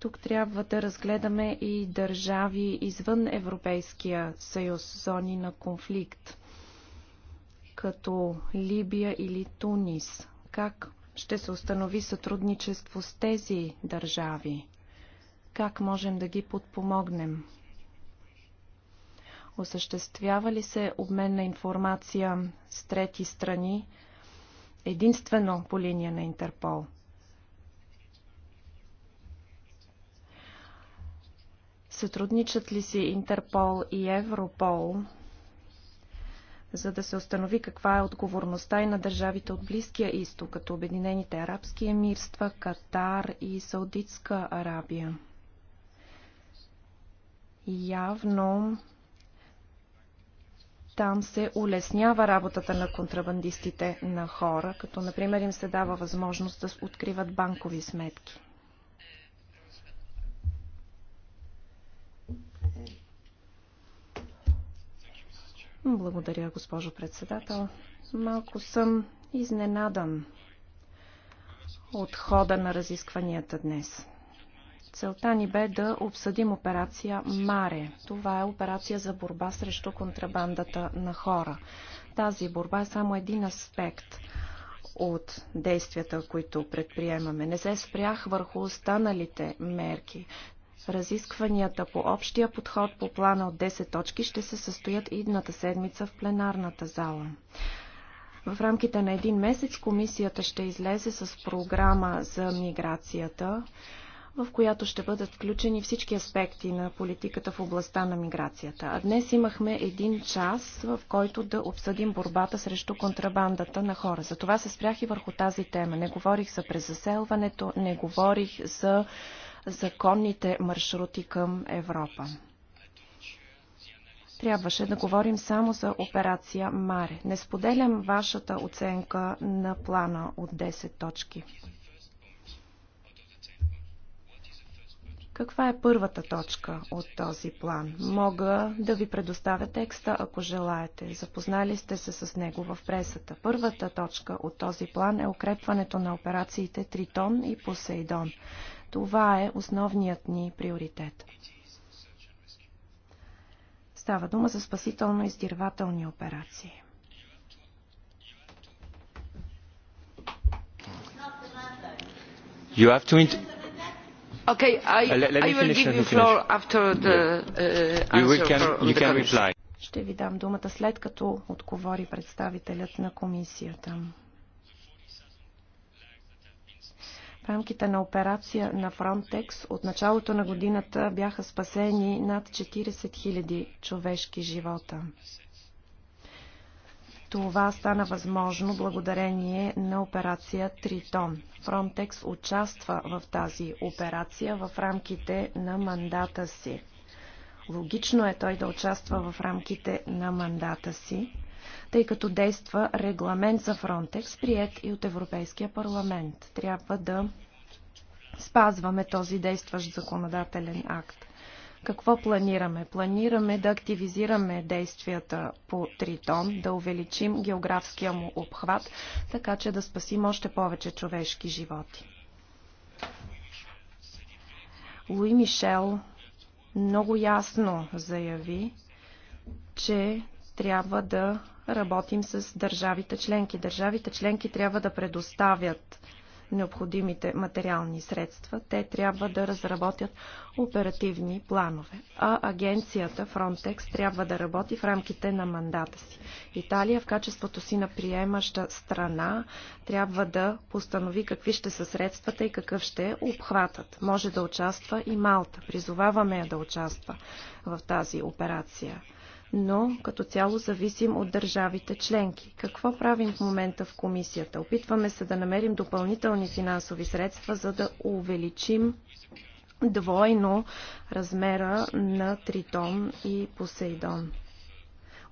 Тук трябва да разгледаме и държави извън Европейския съюз, зони на конфликт, като Либия или Тунис. Как ще се установи сътрудничество с тези държави? Как можем да ги подпомогнем? Осъществява ли се обмен на информация с трети страни единствено по линия на Интерпол? Сътрудничат ли си Интерпол и Европол, за да се установи каква е отговорността и на държавите от Близкия изток, като Обединените арабски емирства, Катар и Саудитска Арабия? Явно там се улеснява работата на контрабандистите на хора, като например им се дава възможност да откриват банкови сметки. Благодаря, госпожо председател. Малко съм изненадан от хода на разискванията днес. Целта ни бе да обсъдим операция Маре. Това е операция за борба срещу контрабандата на хора. Тази борба е само един аспект от действията, които предприемаме. Не се спрях върху останалите мерки. Разискванията по общия подход по плана от 10 точки ще се състоят идната седмица в пленарната зала. В рамките на един месец комисията ще излезе с програма за миграцията в която ще бъдат включени всички аспекти на политиката в областта на миграцията. А днес имахме един час, в който да обсъдим борбата срещу контрабандата на хора. Затова се спрях и върху тази тема. Не говорих за презаселването, не говорих за законните маршрути към Европа трябваше да говорим само за операция Маре. Не споделям вашата оценка на плана от 10 точки. Каква е първата точка от този план? Мога да ви предоставя текста, ако желаете. Запознали сте се с него в пресата. Първата точка от този план е укрепването на операциите Тритон и Посейдон. Това е основният ни приоритет. Става дума за спасително-издирвателни операции. You have to Uh, uh, Ще ви дам думата след като отговори представителят на комисията. В рамките на операция на Frontex от началото на годината бяха спасени над 40 000 човешки живота. Това стана възможно благодарение на операция Тритон. Фронтекс участва в тази операция в рамките на мандата си. Логично е той да участва в рамките на мандата си, тъй като действа регламент за Фронтекс, прият и от Европейския парламент. Трябва да спазваме този действащ законодателен акт. Какво планираме? Планираме да активизираме действията по Тритон, да увеличим географския му обхват, така че да спасим още повече човешки животи. Луи Мишел много ясно заяви, че трябва да работим с държавите членки. Държавите членки трябва да предоставят необходимите материални средства. Те трябва да разработят оперативни планове. А агенцията Frontex трябва да работи в рамките на мандата си. Италия в качеството си на приемаща страна трябва да постанови какви ще са средствата и какъв ще е обхватът. Може да участва и Малта. Призоваваме я да участва в тази операция но като цяло зависим от държавите членки. Какво правим в момента в комисията? Опитваме се да намерим допълнителни финансови средства, за да увеличим двойно размера на Тритон и Посейдон.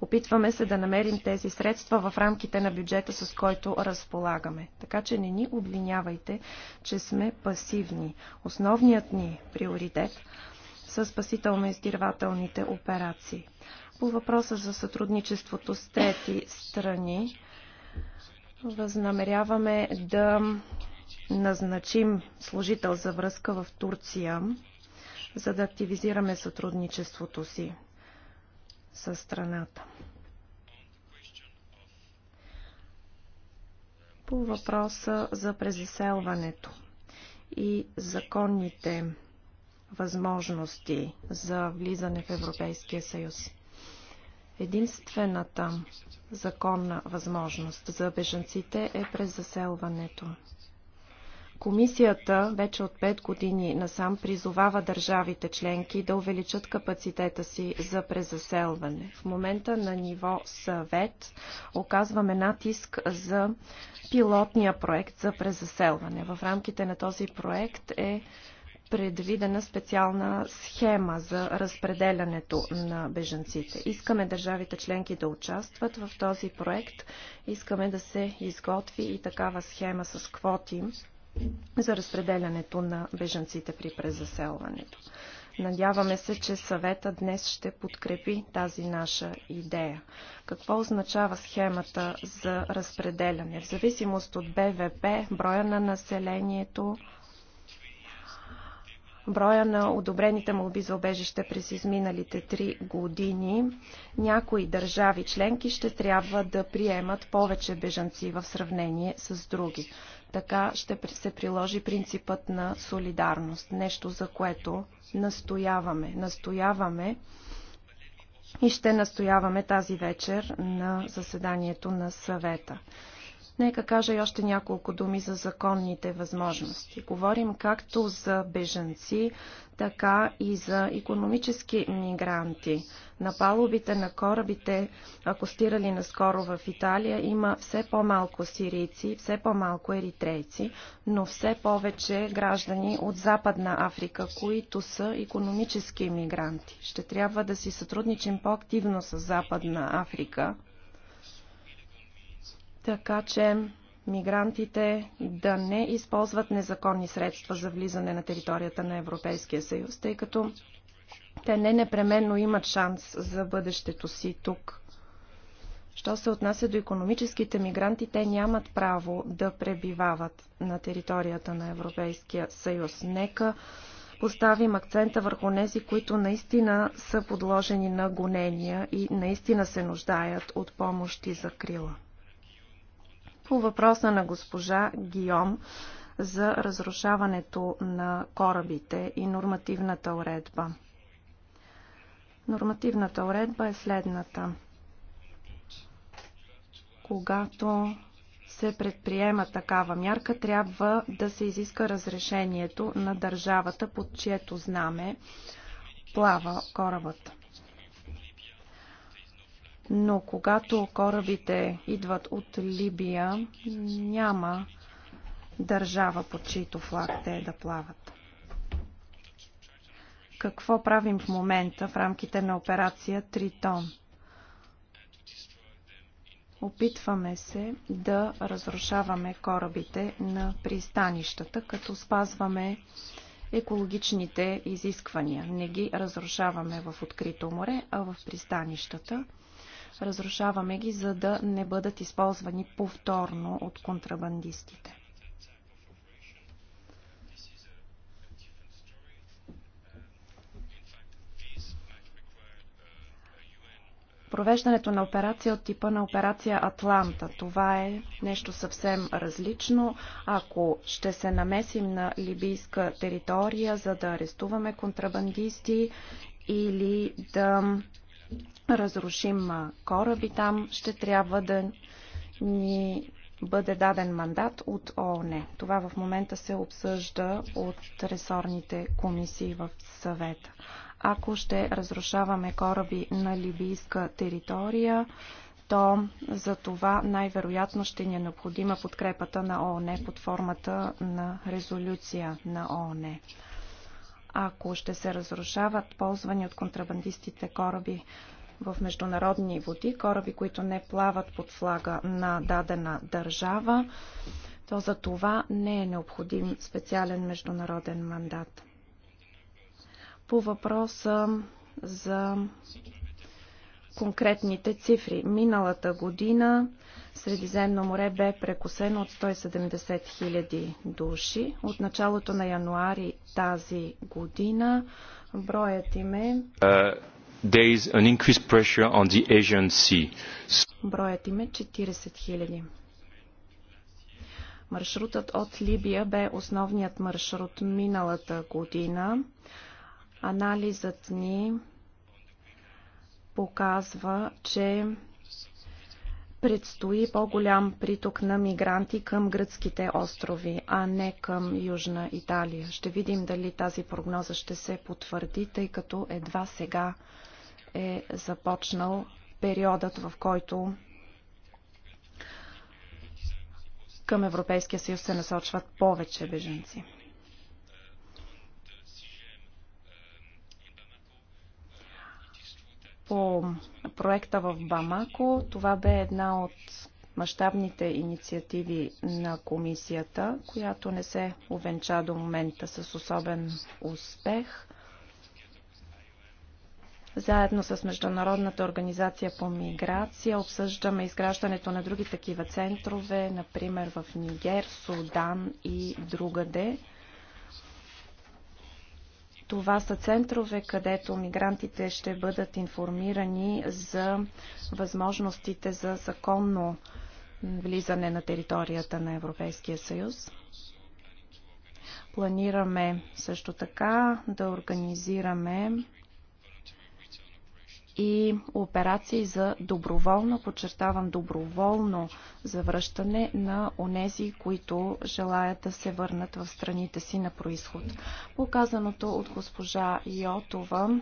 Опитваме се да намерим тези средства в рамките на бюджета, с който разполагаме. Така че не ни обвинявайте, че сме пасивни. Основният ни приоритет са спасително-издирвателните операции. По въпроса за сътрудничеството с трети страни, възнамеряваме да назначим служител за връзка в Турция, за да активизираме сътрудничеството си с страната. По въпроса за презаселването и законните възможности за влизане в Европейския съюз. Единствената законна възможност за бежанците е през заселването. Комисията вече от 5 години насам призовава държавите членки да увеличат капацитета си за презаселване. В момента на ниво съвет оказваме натиск за пилотния проект за презаселване. В рамките на този проект е предвидена специална схема за разпределянето на бежанците. Искаме държавите членки да участват в този проект. Искаме да се изготви и такава схема с квоти за разпределянето на бежанците при презаселването. Надяваме се, че съвета днес ще подкрепи тази наша идея. Какво означава схемата за разпределяне? В зависимост от БВП, броя на населението, броя на одобрените молби за обежище през изминалите три години, някои държави членки ще трябва да приемат повече бежанци в сравнение с други. Така ще се приложи принципът на солидарност, нещо за което настояваме. Настояваме и ще настояваме тази вечер на заседанието на съвета. Нека кажа и още няколко думи за законните възможности. Говорим както за бежанци, така и за економически мигранти. На палубите на корабите, ако стирали наскоро в Италия, има все по-малко сирийци, все по-малко еритрейци, но все повече граждани от Западна Африка, които са економически мигранти. Ще трябва да си сътрудничим по-активно с Западна Африка, така че мигрантите да не използват незаконни средства за влизане на територията на Европейския съюз, тъй като те не непременно имат шанс за бъдещето си тук. Що се отнася до економическите мигранти, те нямат право да пребивават на територията на Европейския съюз. Нека поставим акцента върху нези, които наистина са подложени на гонения и наистина се нуждаят от помощ и закрила. По въпроса на госпожа Гиом за разрушаването на корабите и нормативната уредба. Нормативната уредба е следната. Когато се предприема такава мярка, трябва да се изиска разрешението на държавата, под чието знаме плава корабът. Но когато корабите идват от Либия, няма държава, под чийто флаг те да плават. Какво правим в момента в рамките на операция Тритон? Опитваме се да разрушаваме корабите на пристанищата, като спазваме екологичните изисквания. Не ги разрушаваме в открито море, а в пристанищата – разрушаваме ги, за да не бъдат използвани повторно от контрабандистите. Провеждането на операция от типа на операция Атланта. Това е нещо съвсем различно. Ако ще се намесим на либийска територия, за да арестуваме контрабандисти или да разрушим кораби там, ще трябва да ни бъде даден мандат от ООН. Това в момента се обсъжда от ресорните комисии в съвета. Ако ще разрушаваме кораби на либийска територия, то за това най-вероятно ще ни е необходима подкрепата на ООН под формата на резолюция на ООН. Ако ще се разрушават ползвани от контрабандистите кораби в международни води, кораби, които не плават под флага на дадена държава, то за това не е необходим специален международен мандат. По въпроса за конкретните цифри. Миналата година Средиземно море бе прекусено от 170 000 души. От началото на януари тази година броят им е... Uh, броят им е 40 000. Маршрутът от Либия бе основният маршрут миналата година. Анализът ни показва, че предстои по-голям приток на мигранти към гръцките острови, а не към Южна Италия. Ще видим дали тази прогноза ще се потвърди, тъй като едва сега е започнал периодът, в който към Европейския съюз се насочват повече беженци. по проекта в Бамако. Това бе една от мащабните инициативи на комисията, която не се увенча до момента с особен успех. Заедно с Международната организация по миграция обсъждаме изграждането на други такива центрове, например в Нигер, Судан и другаде. Това са центрове, където мигрантите ще бъдат информирани за възможностите за законно влизане на територията на Европейския съюз. Планираме също така да организираме и операции за доброволно, подчертавам доброволно завръщане на онези, които желаят да се върнат в страните си на происход. Показаното от госпожа Йотова,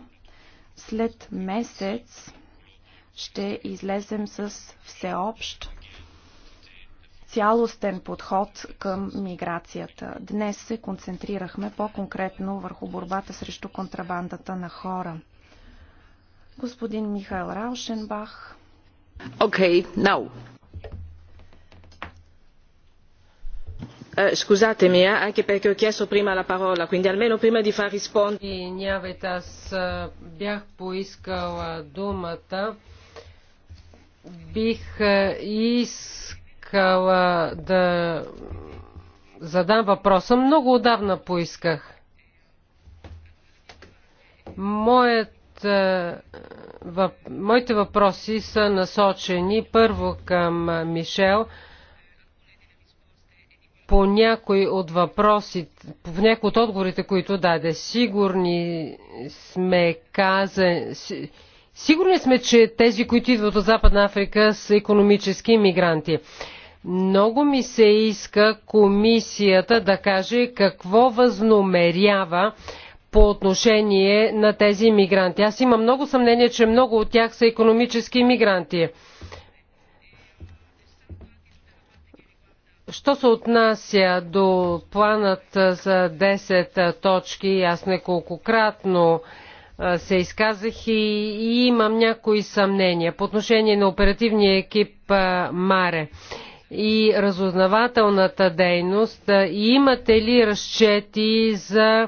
след месец ще излезем с всеобщ цялостен подход към миграцията. Днес се концентрирахме по-конкретно върху борбата срещу контрабандата на хора. Господин Михаил Раушенбах. Окей, scusatemi anche perché ho chiesto prima la parola quindi almeno prima di far rispondere. аз бях поискала думата. Бих искала да задам въпроса. Много отдавна поисках. Моят е, въп... моите въпроси са насочени първо към е, Мишел. По някои от въпросите, по някои от отговорите, които даде, сигурни сме казани, сигурни сме, че тези, които идват от Западна Африка, са економически мигранти. Много ми се иска комисията да каже какво възнумерява по отношение на тези мигранти. Аз имам много съмнение, че много от тях са економически мигранти. Що се отнася до планът за 10 точки, аз неколкократно се изказах и, и имам някои съмнения по отношение на оперативния екип Маре и разузнавателната дейност. Имате ли разчети за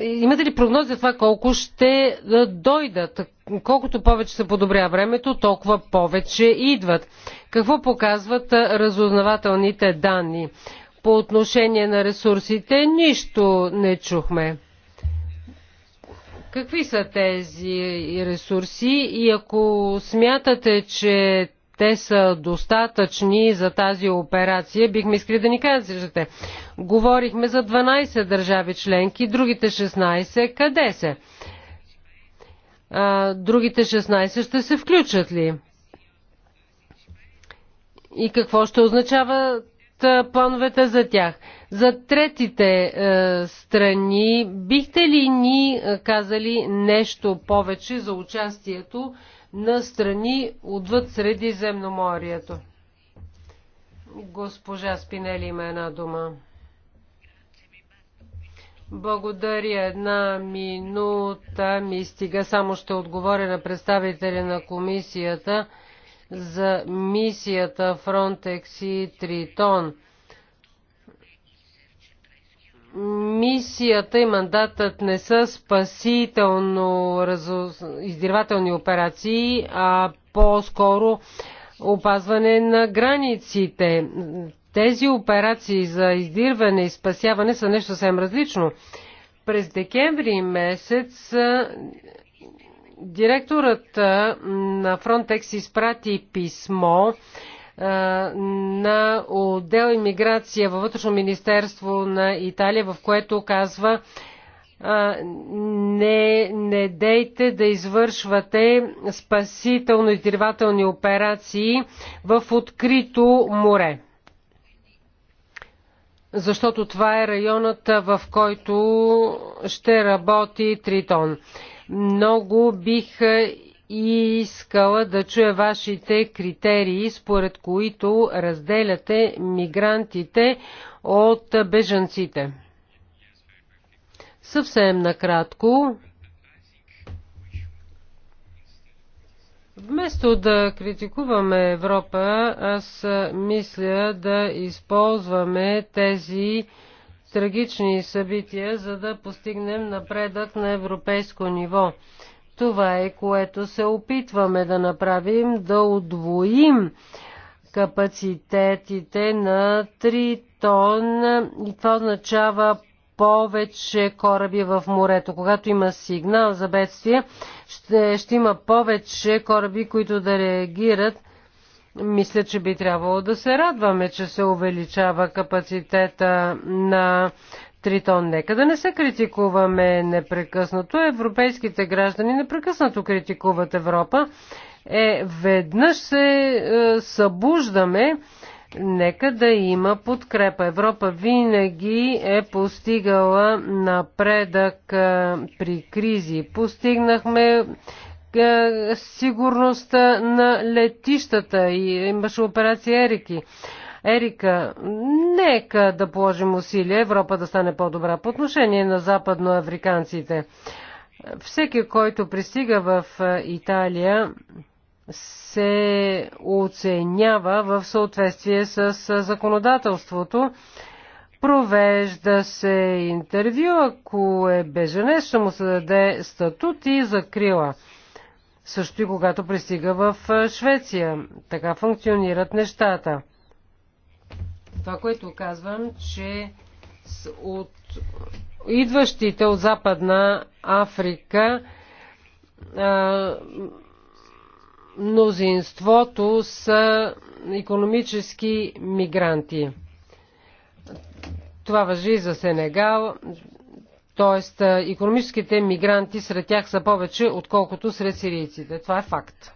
Имате ли прогнози за това колко ще дойдат? Колкото повече се подобря времето, толкова повече идват. Какво показват разузнавателните данни? По отношение на ресурсите нищо не чухме. Какви са тези ресурси и ако смятате, че те са достатъчни за тази операция, бихме искали да ни кажете. Говорихме за 12 държави членки, другите 16 къде се? А, другите 16 ще се включат ли? И какво ще означават плановете за тях? За третите е, страни, бихте ли ни е, казали нещо повече за участието на страни отвъд Средиземноморието. Госпожа Спинели има една дума. Благодаря. Една минута ми стига. Само ще отговоря на представителя на комисията за мисията Frontex и Тритон мисията и мандатът не са спасително издирвателни операции, а по-скоро опазване на границите. Тези операции за издирване и спасяване са нещо съвсем различно. През декември месец директорът на Frontex изпрати писмо на отдел иммиграция във вътрешно министерство на Италия, в което казва не, не дейте да извършвате спасително-издирвателни операции в открито море. Защото това е районът, в който ще работи Тритон. Много бих и искала да чуя вашите критерии, според които разделяте мигрантите от бежанците. Съвсем накратко, Вместо да критикуваме Европа, аз мисля да използваме тези трагични събития, за да постигнем напредък на европейско ниво. Това е което се опитваме да направим, да удвоим капацитетите на 3 тона и това означава повече кораби в морето. Когато има сигнал за бедствие, ще, ще има повече кораби, които да реагират. Мисля, че би трябвало да се радваме, че се увеличава капацитета на Тритон. Нека да не се критикуваме непрекъснато. Европейските граждани непрекъснато критикуват Европа. Е, веднъж се е, събуждаме. Нека да има подкрепа. Европа винаги е постигала напредък е, при кризи. Постигнахме е, сигурността на летищата и имаше операция Ерики. Ерика, нека да положим усилия Европа да стане по-добра по отношение на западноафриканците. Всеки, който пристига в Италия, се оценява в съответствие с законодателството. Провежда се интервю, ако е беженец, ще му се даде статут и закрила. Също и когато пристига в Швеция. Така функционират нещата. Това, което казвам, че от идващите от Западна Африка мнозинството са економически мигранти. Това въжи и за Сенегал, т.е. економическите мигранти сред тях са повече, отколкото сред сирийците. Това е факт.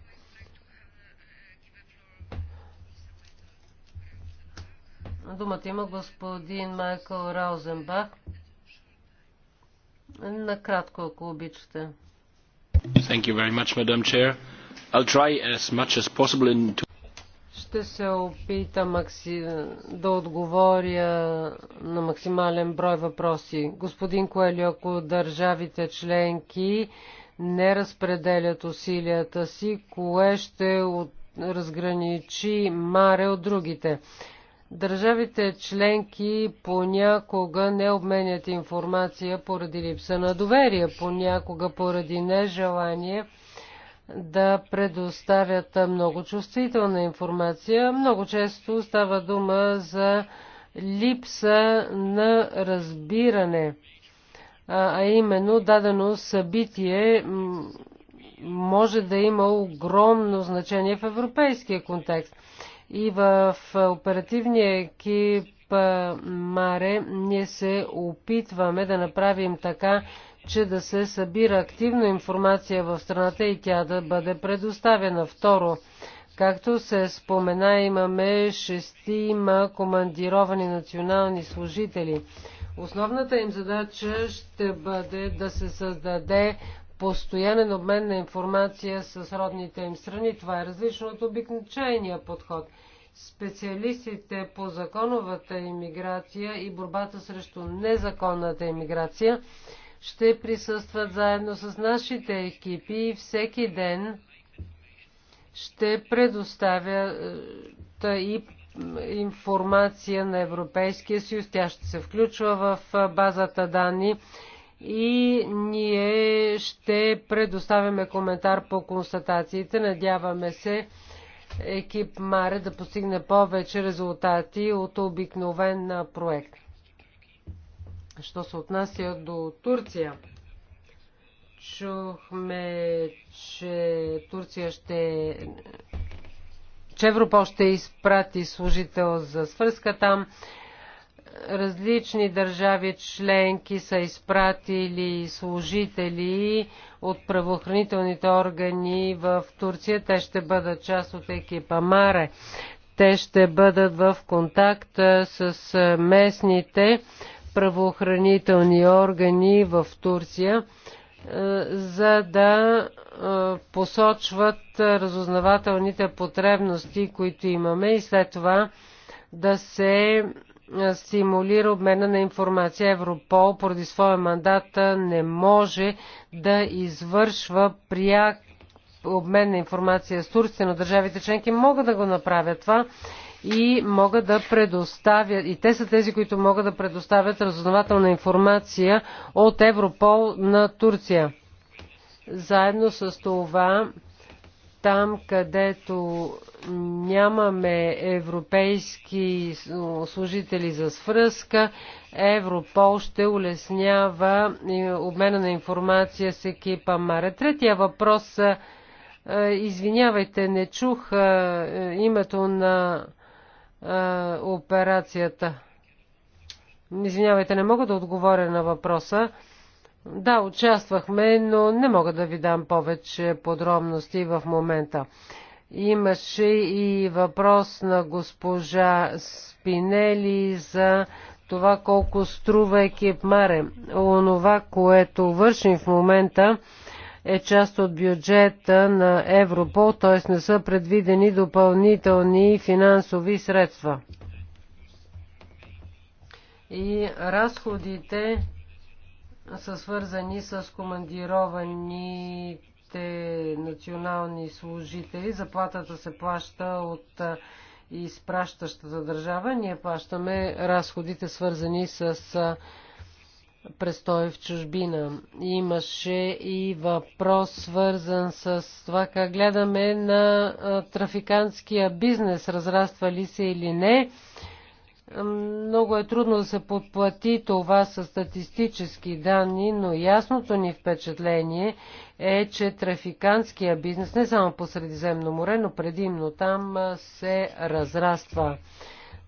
Думата има господин Майкъл Раузенбах. Накратко, ако обичате. Thank you very much, Madam Chair. I'll try as much as possible in ще се опитам макси... да отговоря на максимален брой въпроси. Господин Коели, ако държавите членки не разпределят усилията си, кое ще от... разграничи Маре от другите? Държавите членки понякога не обменят информация поради липса на доверие, понякога поради нежелание да предоставят много чувствителна информация. Много често става дума за липса на разбиране, а именно дадено събитие може да има огромно значение в европейския контекст. И в оперативния екип Маре ние се опитваме да направим така, че да се събира активно информация в страната и тя да бъде предоставена. Второ, както се спомена, имаме шестима командировани национални служители. Основната им задача ще бъде да се създаде постоянен обмен на информация с родните им страни. Това е различно от обикновения подход. Специалистите по законовата иммиграция и борбата срещу незаконната иммиграция ще присъстват заедно с нашите екипи и всеки ден ще предоставя е, и информация на Европейския съюз. Тя ще се включва в е, базата данни и ние ще предоставяме коментар по констатациите. Надяваме се екип Маре да постигне повече резултати от обикновен проект. Що се отнася до Турция, чухме, че Турция ще че Европол ще изпрати служител за свързка там различни държави членки са изпратили служители от правоохранителните органи в Турция. Те ще бъдат част от екипа Маре. Те ще бъдат в контакт с местните правоохранителни органи в Турция, за да посочват разузнавателните потребности, които имаме и след това да се стимулира обмена на информация. Европол поради своя мандат не може да извършва пряк обмен на информация с Турция но държавите членки могат да го направят това и могат да предоставят, и те са тези, които могат да предоставят разузнавателна информация от Европол на Турция. Заедно с това, там където нямаме европейски служители за свръзка. Европол ще улеснява обмена на информация с екипа Маре. Третия въпрос. Е, е, извинявайте, не чух е, името на операцията. Извинявайте, не мога да отговоря на въпроса. Да, участвахме, но не мога да ви дам повече подробности в момента. Имаше и въпрос на госпожа Спинели за това колко струва екип Маре. Онова, което вършим в момента, е част от бюджета на Европол, т.е. не са предвидени допълнителни финансови средства. И разходите са свързани с командированите нашите национални служители. Заплатата се плаща от изпращащата държава. Ние плащаме разходите, свързани с престой в чужбина. Имаше и въпрос, свързан с това как гледаме на трафикантския бизнес, разраства ли се или не. Много е трудно да се подплати това с статистически данни, но ясното ни впечатление е, че трафикантския бизнес не само по Средиземно море, но предимно там се разраства.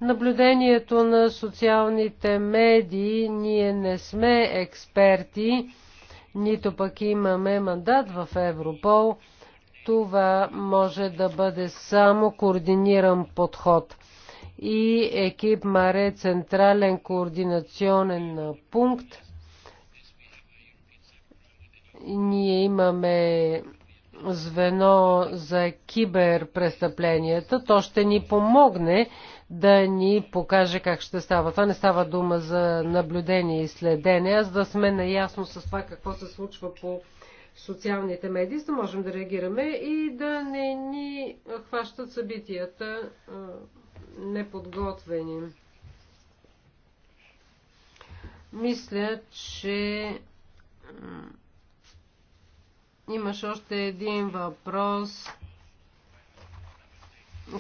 Наблюдението на социалните медии, ние не сме експерти, нито пък имаме мандат в Европол. Това може да бъде само координиран подход – и екип Маре Централен координационен пункт. Ние имаме звено за киберпрестъпленията. То ще ни помогне да ни покаже как ще става. Това не става дума за наблюдение и следение, а за да сме наясно с това какво се случва по социалните медии, да можем да реагираме и да не ни хващат събитията неподготвени. Мисля, че имаш още един въпрос.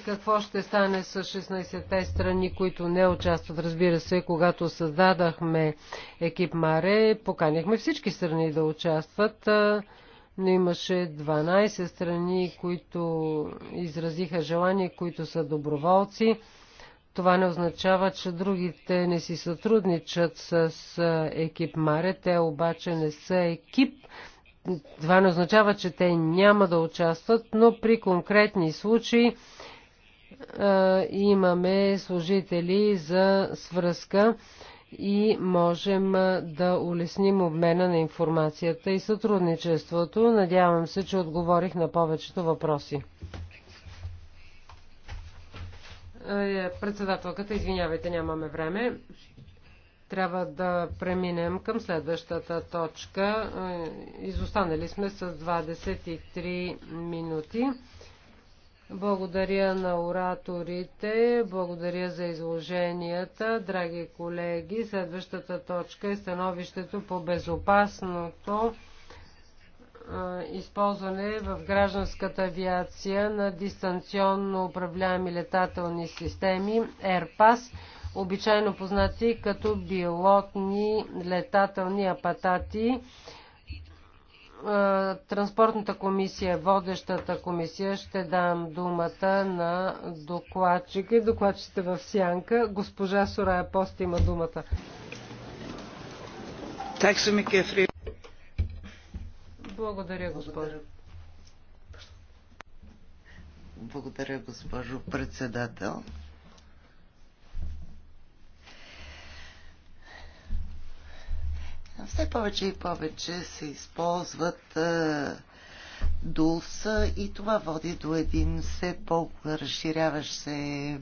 Какво ще стане с 16-те страни, които не участват? Разбира се, когато създадахме екип Маре, поканихме всички страни да участват но имаше 12 страни, които изразиха желание, които са доброволци. Това не означава, че другите не си сътрудничат с екип Маре. Те обаче не са екип. Това не означава, че те няма да участват, но при конкретни случаи имаме служители за свръзка и можем да улесним обмена на информацията и сътрудничеството. Надявам се, че отговорих на повечето въпроси. Е, председателката, извинявайте, нямаме време. Трябва да преминем към следващата точка. Е, изостанали сме с 23 минути. Благодаря на ораторите, благодаря за изложенията. Драги колеги, следващата точка е становището по безопасното използване в гражданската авиация на дистанционно управляеми летателни системи AirPass, обичайно познати като билотни летателни апатати е, Транспортната комисия, водещата комисия, ще дам думата на докладчика и докладчите в сянка. Госпожа Сорая Пост има думата. Благодаря, госпожо. Благодаря, госпожо председател. Все повече и повече се използват дулса и това води до един все по-разширяващ се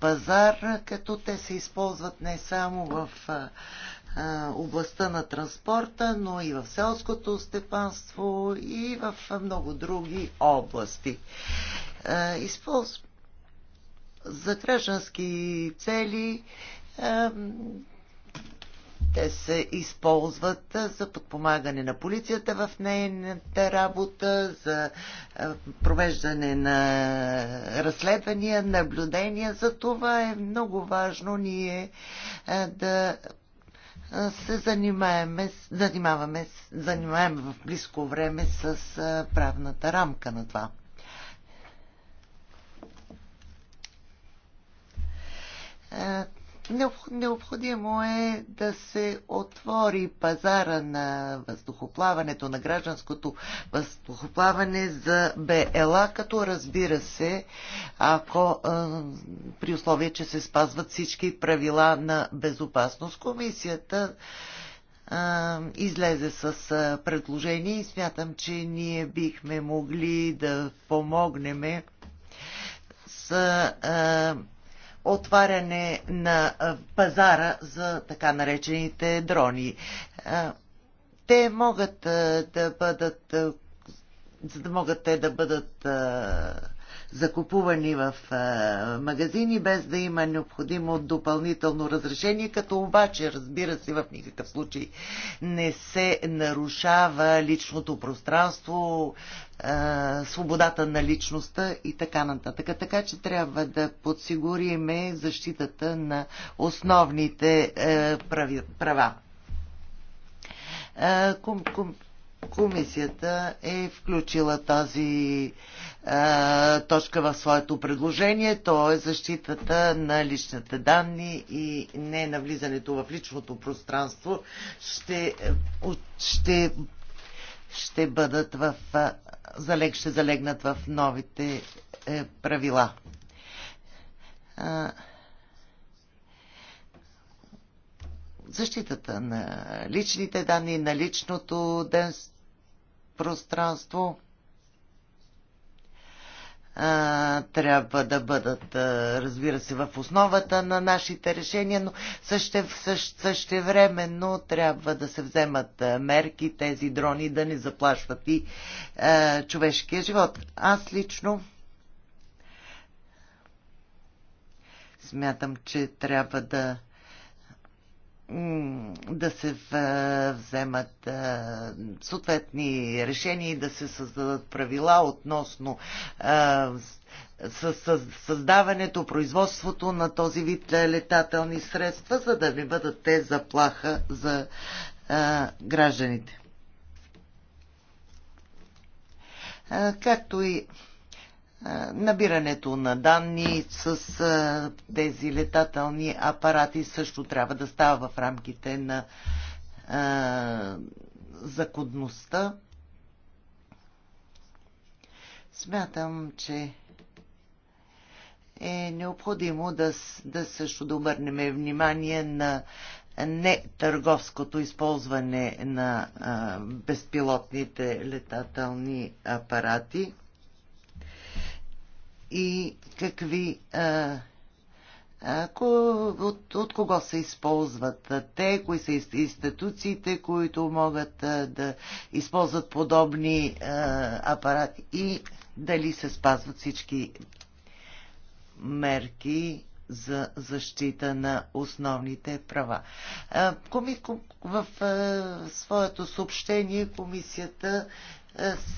пазар, като те се използват не само в областта на транспорта, но и в селското степанство и в много други области. Използ... За граждански цели те се използват за подпомагане на полицията в нейната работа, за провеждане на разследвания, наблюдения. За това е много важно ние да се занимаваме, занимаваме, занимаваме в близко време с правната рамка на това. Необходимо е да се отвори пазара на въздухоплаването, на гражданското въздухоплаване за БЛА, като разбира се, ако при условие, че се спазват всички правила на безопасност. Комисията излезе с предложение и смятам, че ние бихме могли да помогнем с отваряне на пазара за така наречените дрони. Те могат да бъдат, за да могат те да бъдат закупувани в магазини, без да има необходимо допълнително разрешение, като обаче, разбира се, в никакъв случай не се нарушава личното пространство, свободата на личността и така нататък. Така че трябва да подсигуриме защитата на основните права. Комисията е включила този е, точка в своето предложение, то е защитата на личните данни и не навлизането в личното пространство ще, е, ще, ще бъдат в е, залег, ще залегнат в новите правила. Защитата на личните данни, на личното пространство а, трябва да бъдат, а, разбира се, в основата на нашите решения, но също, съще, същевременно трябва да се вземат мерки тези дрони да не заплашват и а, човешкия живот. Аз лично смятам, че трябва да да се вземат съответни решения и да се създадат правила относно създаването, производството на този вид летателни средства, за да не бъдат те заплаха за гражданите. Както и Набирането на данни с тези летателни апарати също трябва да става в рамките на законността. Смятам, че е необходимо да, да също да обърнем внимание на нетърговското използване на а, безпилотните летателни апарати и какви а, ако, от, от кого се използват те, кои са институциите, които могат а, да използват подобни а, апарати и дали се спазват всички мерки за защита на основните права. В своето съобщение комисията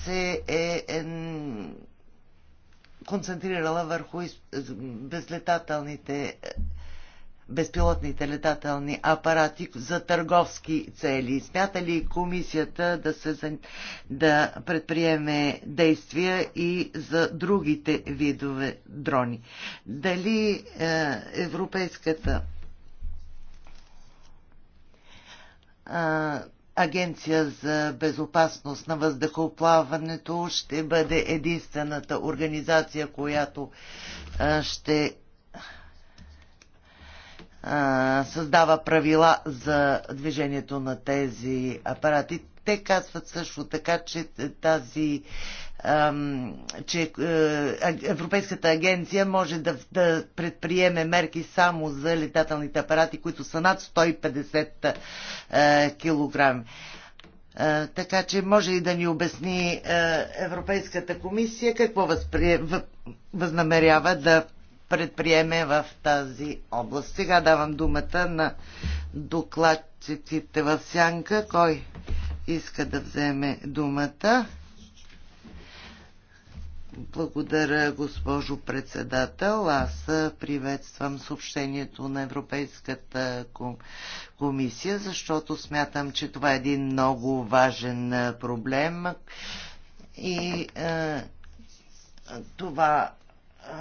се е, е концентрирала върху безлетателните е, безпилотните летателни апарати за търговски цели. Смята ли комисията да, се, да предприеме действия и за другите видове дрони? Дали е, Европейската е, агенция за безопасност на въздухоплаването ще бъде единствената организация, която ще създава правила за движението на тези апарати. Те казват също така, че тази че е, Европейската агенция може да, да предприеме мерки само за летателните апарати, които са над 150 е, кг. Е, така че може и да ни обясни Европейската комисия какво възнамерява да предприеме в тази област. Сега давам думата на докладчиците в сянка. Кой иска да вземе думата? Благодаря, госпожо председател. Аз приветствам съобщението на Европейската комисия, защото смятам, че това е един много важен проблем и е, това е,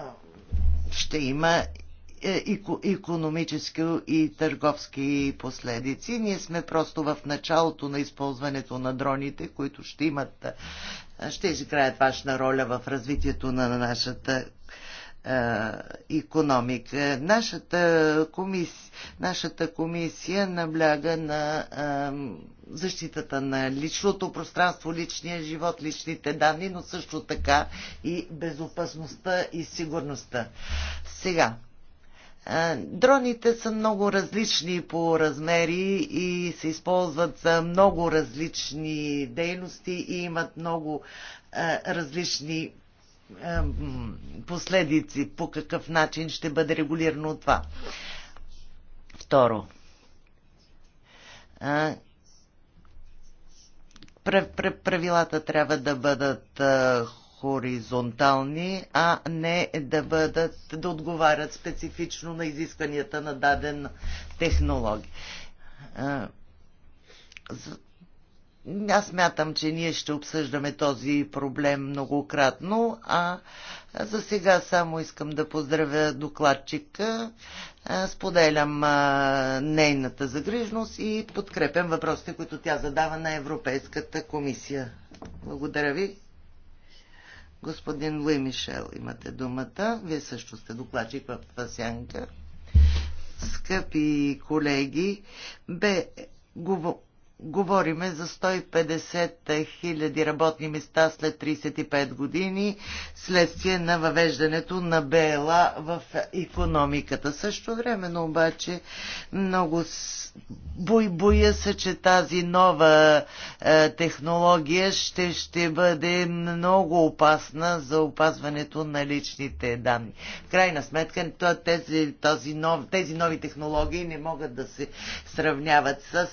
ще има економически и търговски последици. Ние сме просто в началото на използването на дроните, които ще имат, е, ще изиграят важна роля в развитието на нашата економика. Нашата комисия, нашата комисия набляга на а, е, защитата на личното пространство, личния живот, личните данни, но също така и безопасността и сигурността. Сега, Дроните са много различни по размери и се използват за много различни дейности и имат много различни последици, по какъв начин ще бъде регулирано това. Второ. Правилата трябва да бъдат хоризонтални, а не да бъдат, да отговарят специфично на изискванията на даден технология. Аз мятам, че ние ще обсъждаме този проблем многократно, а за сега само искам да поздравя докладчика. Споделям нейната загрижност и подкрепям въпросите, които тя задава на Европейската комисия. Благодаря ви. Господин Луи Мишел, имате думата. Вие също сте докладчик в пасянка, Скъпи колеги, бе, Говориме за 150 хиляди работни места след 35 години, следствие на въвеждането на БЛА в економиката. Също времено обаче много бой, боя се, че тази нова е, технология ще, ще бъде много опасна за опазването на личните данни. В крайна сметка тези, тази нов, тези нови технологии не могат да се сравняват с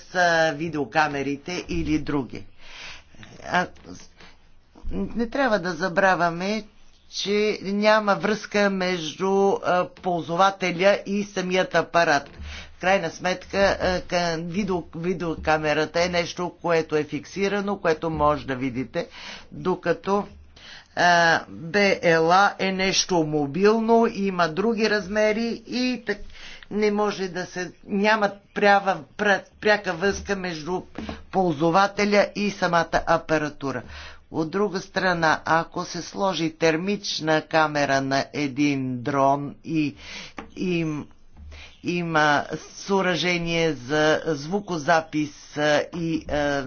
е, видеокамерите камерите или други. А, не трябва да забравяме, че няма връзка между а, ползвателя и самият апарат. В крайна сметка, а, видео, видеокамерата е нещо, което е фиксирано, което може да видите, докато БЛА е нещо мобилно, има други размери и, така не може да се, нямат прява, пряка връзка между ползвателя и самата апаратура. От друга страна, ако се сложи термична камера на един дрон и им има съоръжение за звукозапис и е,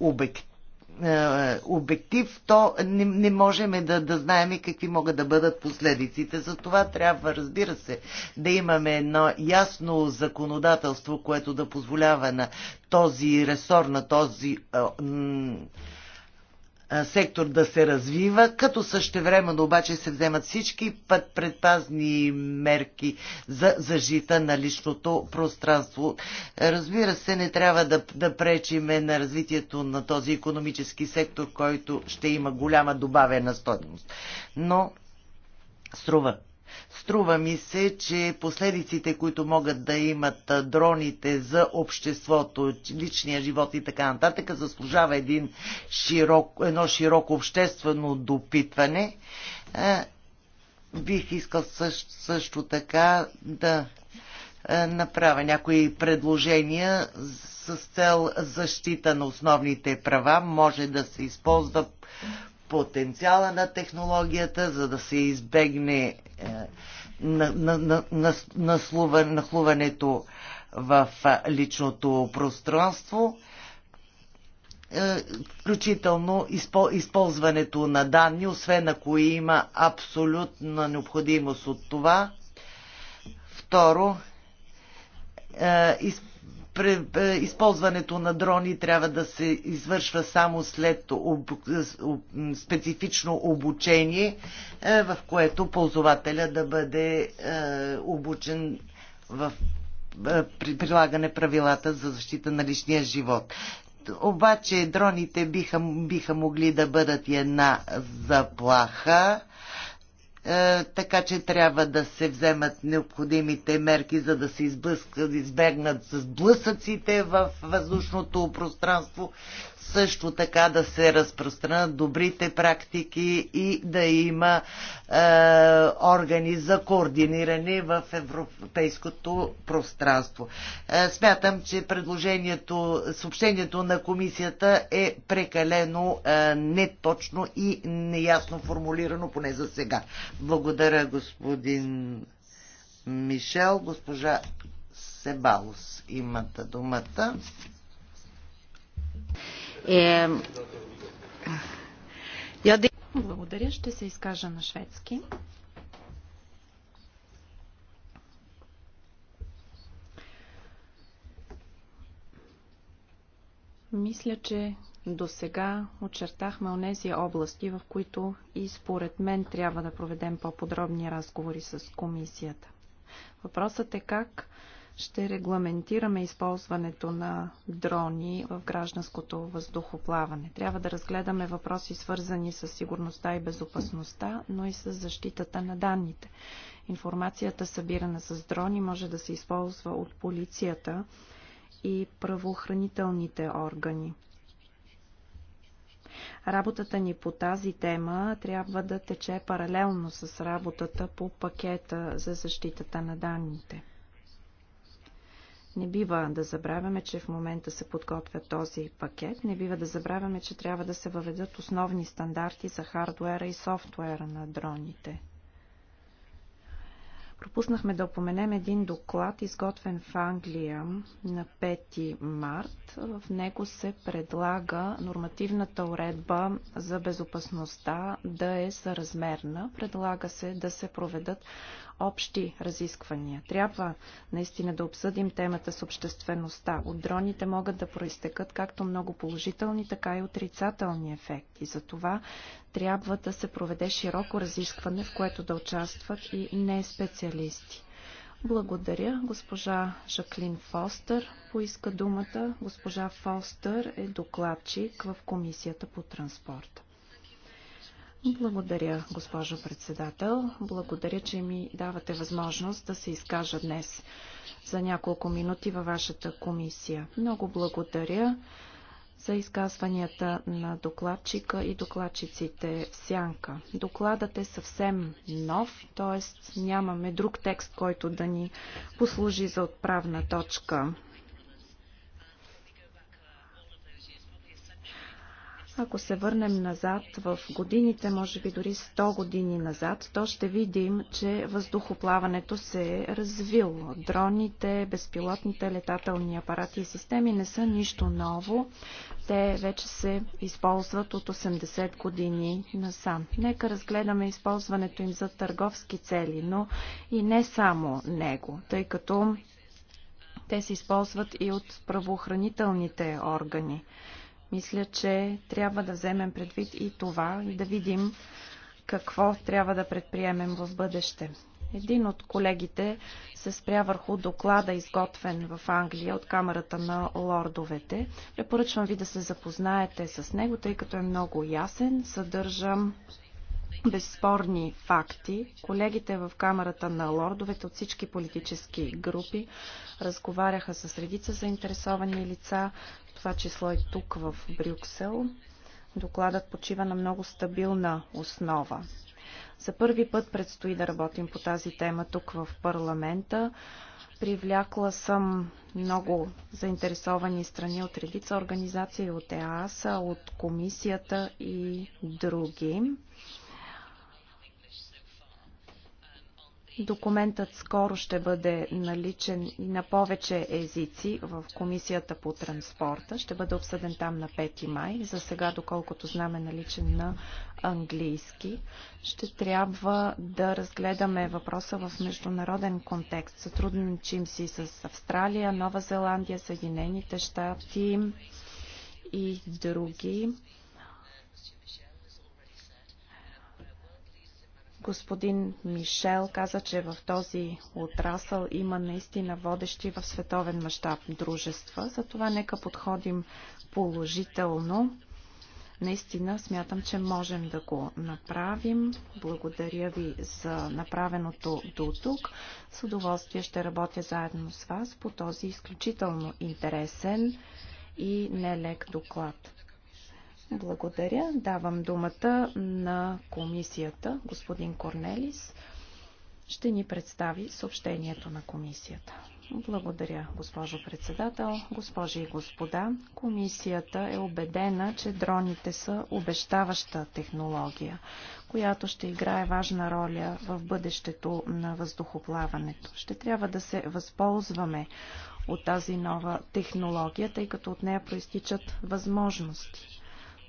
обект, е, обектив, то не, не можем да, да знаем какви могат да бъдат последиците. За това трябва, разбира се, да имаме едно ясно законодателство, което да позволява на този ресор, на този е, сектор да се развива, като същевременно обаче се вземат всички път предпазни мерки за защита на личното пространство. Разбира се, не трябва да, да пречиме на развитието на този економически сектор, който ще има голяма добавена стойност. Но струва Струва ми се, че последиците, които могат да имат дроните за обществото, личния живот и така нататък, заслужава един широк, едно широко обществено допитване. Бих искал също, също така да направя някои предложения с цел защита на основните права. Може да се използва потенциала на технологията, за да се избегне е, на, на, на, нахлуването в е, личното пространство, е, включително използването на данни, освен ако има абсолютна необходимост от това. Второ, из, е, използването на дрони трябва да се извършва само след специфично обучение, е, в което ползователя да бъде е, обучен в прилагане правилата за защита на личния живот. Обаче дроните биха, биха могли да бъдат една заплаха е, така че трябва да се вземат необходимите мерки, за да се избъскат, избегнат с блъсъците в въздушното пространство, също така да се разпространят добрите практики и да има е, органи за координиране в европейското пространство. Е, смятам, че предложението, съобщението на комисията е прекалено е, неточно и неясно формулирано, поне за сега. Благодаря, господин Мишел. Госпожа Себалос имате думата. Е... Благодаря. Ще се изкажа на шведски. Мисля, че до сега очертахме онези области, в които и според мен трябва да проведем по-подробни разговори с комисията. Въпросът е как ще регламентираме използването на дрони в гражданското въздухоплаване. Трябва да разгледаме въпроси свързани с сигурността и безопасността, но и с защитата на данните. Информацията събирана с дрони може да се използва от полицията и правоохранителните органи. Работата ни по тази тема трябва да тече паралелно с работата по пакета за защитата на данните. Не бива да забравяме, че в момента се подготвя този пакет. Не бива да забравяме, че трябва да се въведат основни стандарти за хардуера и софтуера на дроните. Пропуснахме да опоменем един доклад, изготвен в Англия на 5 март. В него се предлага нормативната уредба за безопасността да е съразмерна. Предлага се да се проведат общи разисквания. Трябва наистина да обсъдим темата с обществеността. От дроните могат да проистекат както много положителни, така и отрицателни ефекти. Затова трябва да се проведе широко разискване, в което да участват и не специалисти специалисти. Благодаря. Госпожа Жаклин Фостър поиска думата. Госпожа Фостър е докладчик в Комисията по транспорт. Благодаря, госпожо председател. Благодаря, че ми давате възможност да се изкажа днес за няколко минути във вашата комисия. Много благодаря за изказванията на докладчика и докладчиците Сянка. Докладът е съвсем нов, т.е. нямаме друг текст, който да ни послужи за отправна точка. Ако се върнем назад в годините, може би дори 100 години назад, то ще видим, че въздухоплаването се е развило. Дроните, безпилотните летателни апарати и системи не са нищо ново. Те вече се използват от 80 години насам. Нека разгледаме използването им за търговски цели, но и не само него, тъй като те се използват и от правоохранителните органи. Мисля, че трябва да вземем предвид и това и да видим какво трябва да предприемем в бъдеще. Един от колегите се спря върху доклада, изготвен в Англия от Камерата на лордовете. Препоръчвам ви да се запознаете с него, тъй като е много ясен, съдържам безспорни факти. Колегите в Камерата на лордовете от всички политически групи разговаряха с редица заинтересовани лица, това число и тук в Брюксел. Докладът почива на много стабилна основа. За първи път предстои да работим по тази тема тук в парламента. Привлякла съм много заинтересовани страни от редица организации, от ЕАСА, от комисията и други. Документът скоро ще бъде наличен и на повече езици в Комисията по транспорта. Ще бъде обсъден там на 5 май. За сега, доколкото знам, е наличен на английски. Ще трябва да разгледаме въпроса в международен контекст. Сътрудничим си с Австралия, Нова Зеландия, Съединените щати и други. Господин Мишел каза, че в този отрасъл има наистина водещи в световен мащаб дружества. Затова нека подходим положително. Наистина смятам, че можем да го направим. Благодаря ви за направеното до тук. С удоволствие ще работя заедно с вас по този изключително интересен и нелек доклад. Благодаря. Давам думата на комисията. Господин Корнелис ще ни представи съобщението на комисията. Благодаря, госпожо председател, госпожи и господа. Комисията е убедена, че дроните са обещаваща технология, която ще играе важна роля в бъдещето на въздухоплаването. Ще трябва да се възползваме от тази нова технология, тъй като от нея проистичат възможности.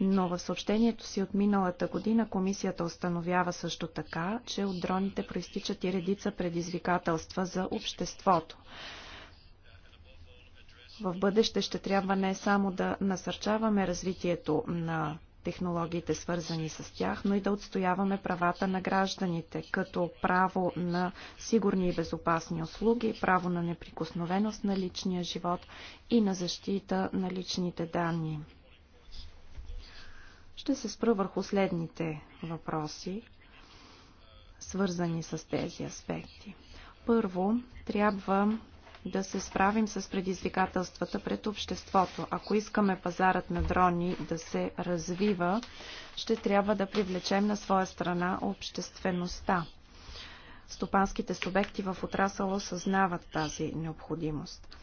Но в съобщението си от миналата година комисията установява също така, че от дроните проистичат и редица предизвикателства за обществото. В бъдеще ще трябва не само да насърчаваме развитието на технологиите, свързани с тях, но и да отстояваме правата на гражданите, като право на сигурни и безопасни услуги, право на неприкосновеност на личния живот и на защита на личните данни. Ще се спра върху следните въпроси, свързани с тези аспекти. Първо, трябва да се справим с предизвикателствата пред обществото. Ако искаме пазарът на дрони да се развива, ще трябва да привлечем на своя страна обществеността. Стопанските субекти в отрасъла осъзнават тази необходимост.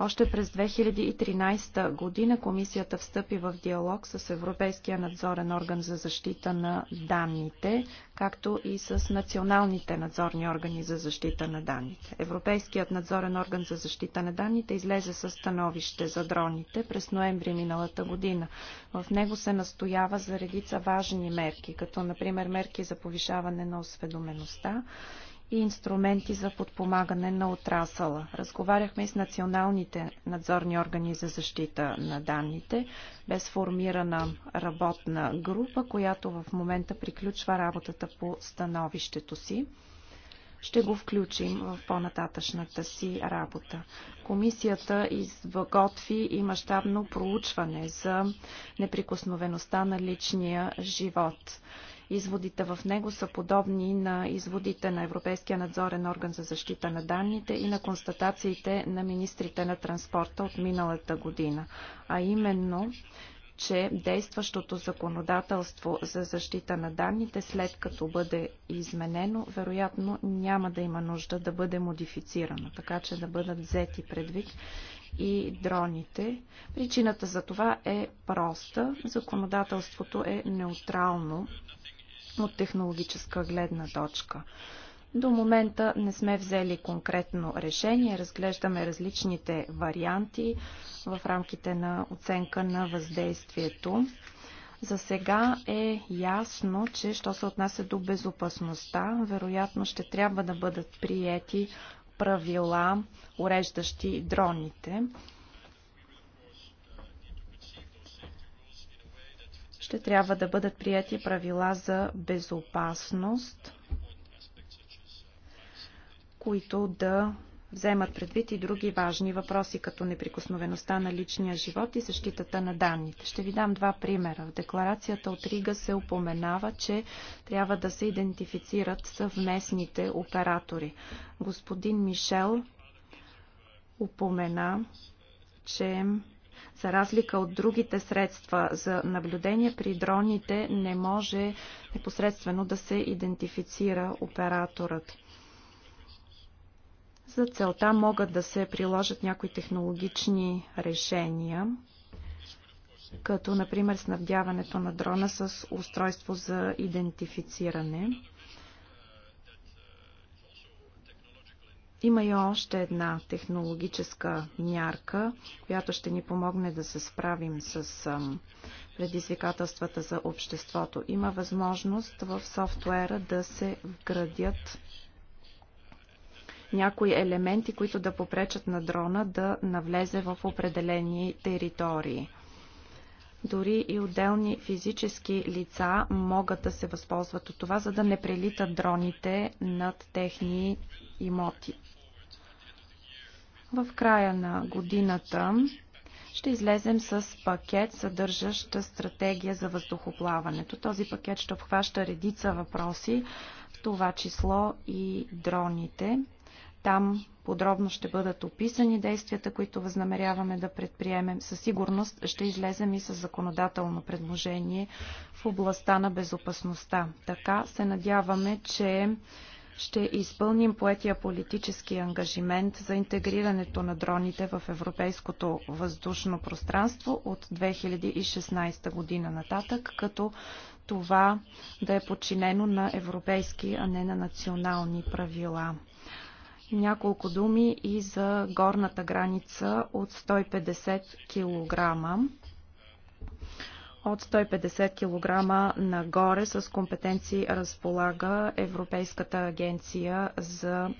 Още през 2013 година комисията встъпи в диалог с Европейския надзорен орган за защита на данните, както и с националните надзорни органи за защита на данните. Европейският надзорен орган за защита на данните излезе със становище за дроните през ноември миналата година. В него се настоява за редица важни мерки, като например мерки за повишаване на осведомеността и инструменти за подпомагане на отрасъла. Разговаряхме и с националните надзорни органи за защита на данните, без формирана работна група, която в момента приключва работата по становището си ще го включим в по-нататъчната си работа. Комисията изготви и мащабно проучване за неприкосновеността на личния живот. Изводите в него са подобни на изводите на Европейския надзорен орган за защита на данните и на констатациите на министрите на транспорта от миналата година, а именно че действащото законодателство за защита на данните, след като бъде изменено, вероятно няма да има нужда да бъде модифицирано, така че да бъдат взети предвид и дроните. Причината за това е проста. Законодателството е неутрално от технологическа гледна точка. До момента не сме взели конкретно решение, разглеждаме различните варианти в рамките на оценка на въздействието. За сега е ясно, че що се отнася до безопасността, вероятно ще трябва да бъдат приети правила, уреждащи дроните. ще трябва да бъдат прияти правила за безопасност, които да вземат предвид и други важни въпроси, като неприкосновеността на личния живот и защитата на данните. Ще ви дам два примера. В декларацията от Рига се упоменава, че трябва да се идентифицират съвместните оператори. Господин Мишел упомена, че за разлика от другите средства за наблюдение, при дроните не може непосредствено да се идентифицира операторът. За целта могат да се приложат някои технологични решения, като например снабдяването на дрона с устройство за идентифициране. Има и още една технологическа мярка, която ще ни помогне да се справим с предизвикателствата за обществото. Има възможност в софтуера да се вградят някои елементи, които да попречат на дрона да навлезе в определени територии. Дори и отделни физически лица могат да се възползват от това, за да не прелитат дроните над техни имоти. В края на годината ще излезем с пакет, съдържащ стратегия за въздухоплаването. Този пакет ще обхваща редица въпроси, в това число и дроните. Там подробно ще бъдат описани действията, които възнамеряваме да предприемем. Със сигурност ще излезем и с законодателно предложение в областта на безопасността. Така се надяваме, че ще изпълним поетия политически ангажимент за интегрирането на дроните в европейското въздушно пространство от 2016 година нататък, като това да е подчинено на европейски, а не на национални правила. Няколко думи и за горната граница от 150 кг. От 150 кг нагоре с компетенции разполага Европейската агенция за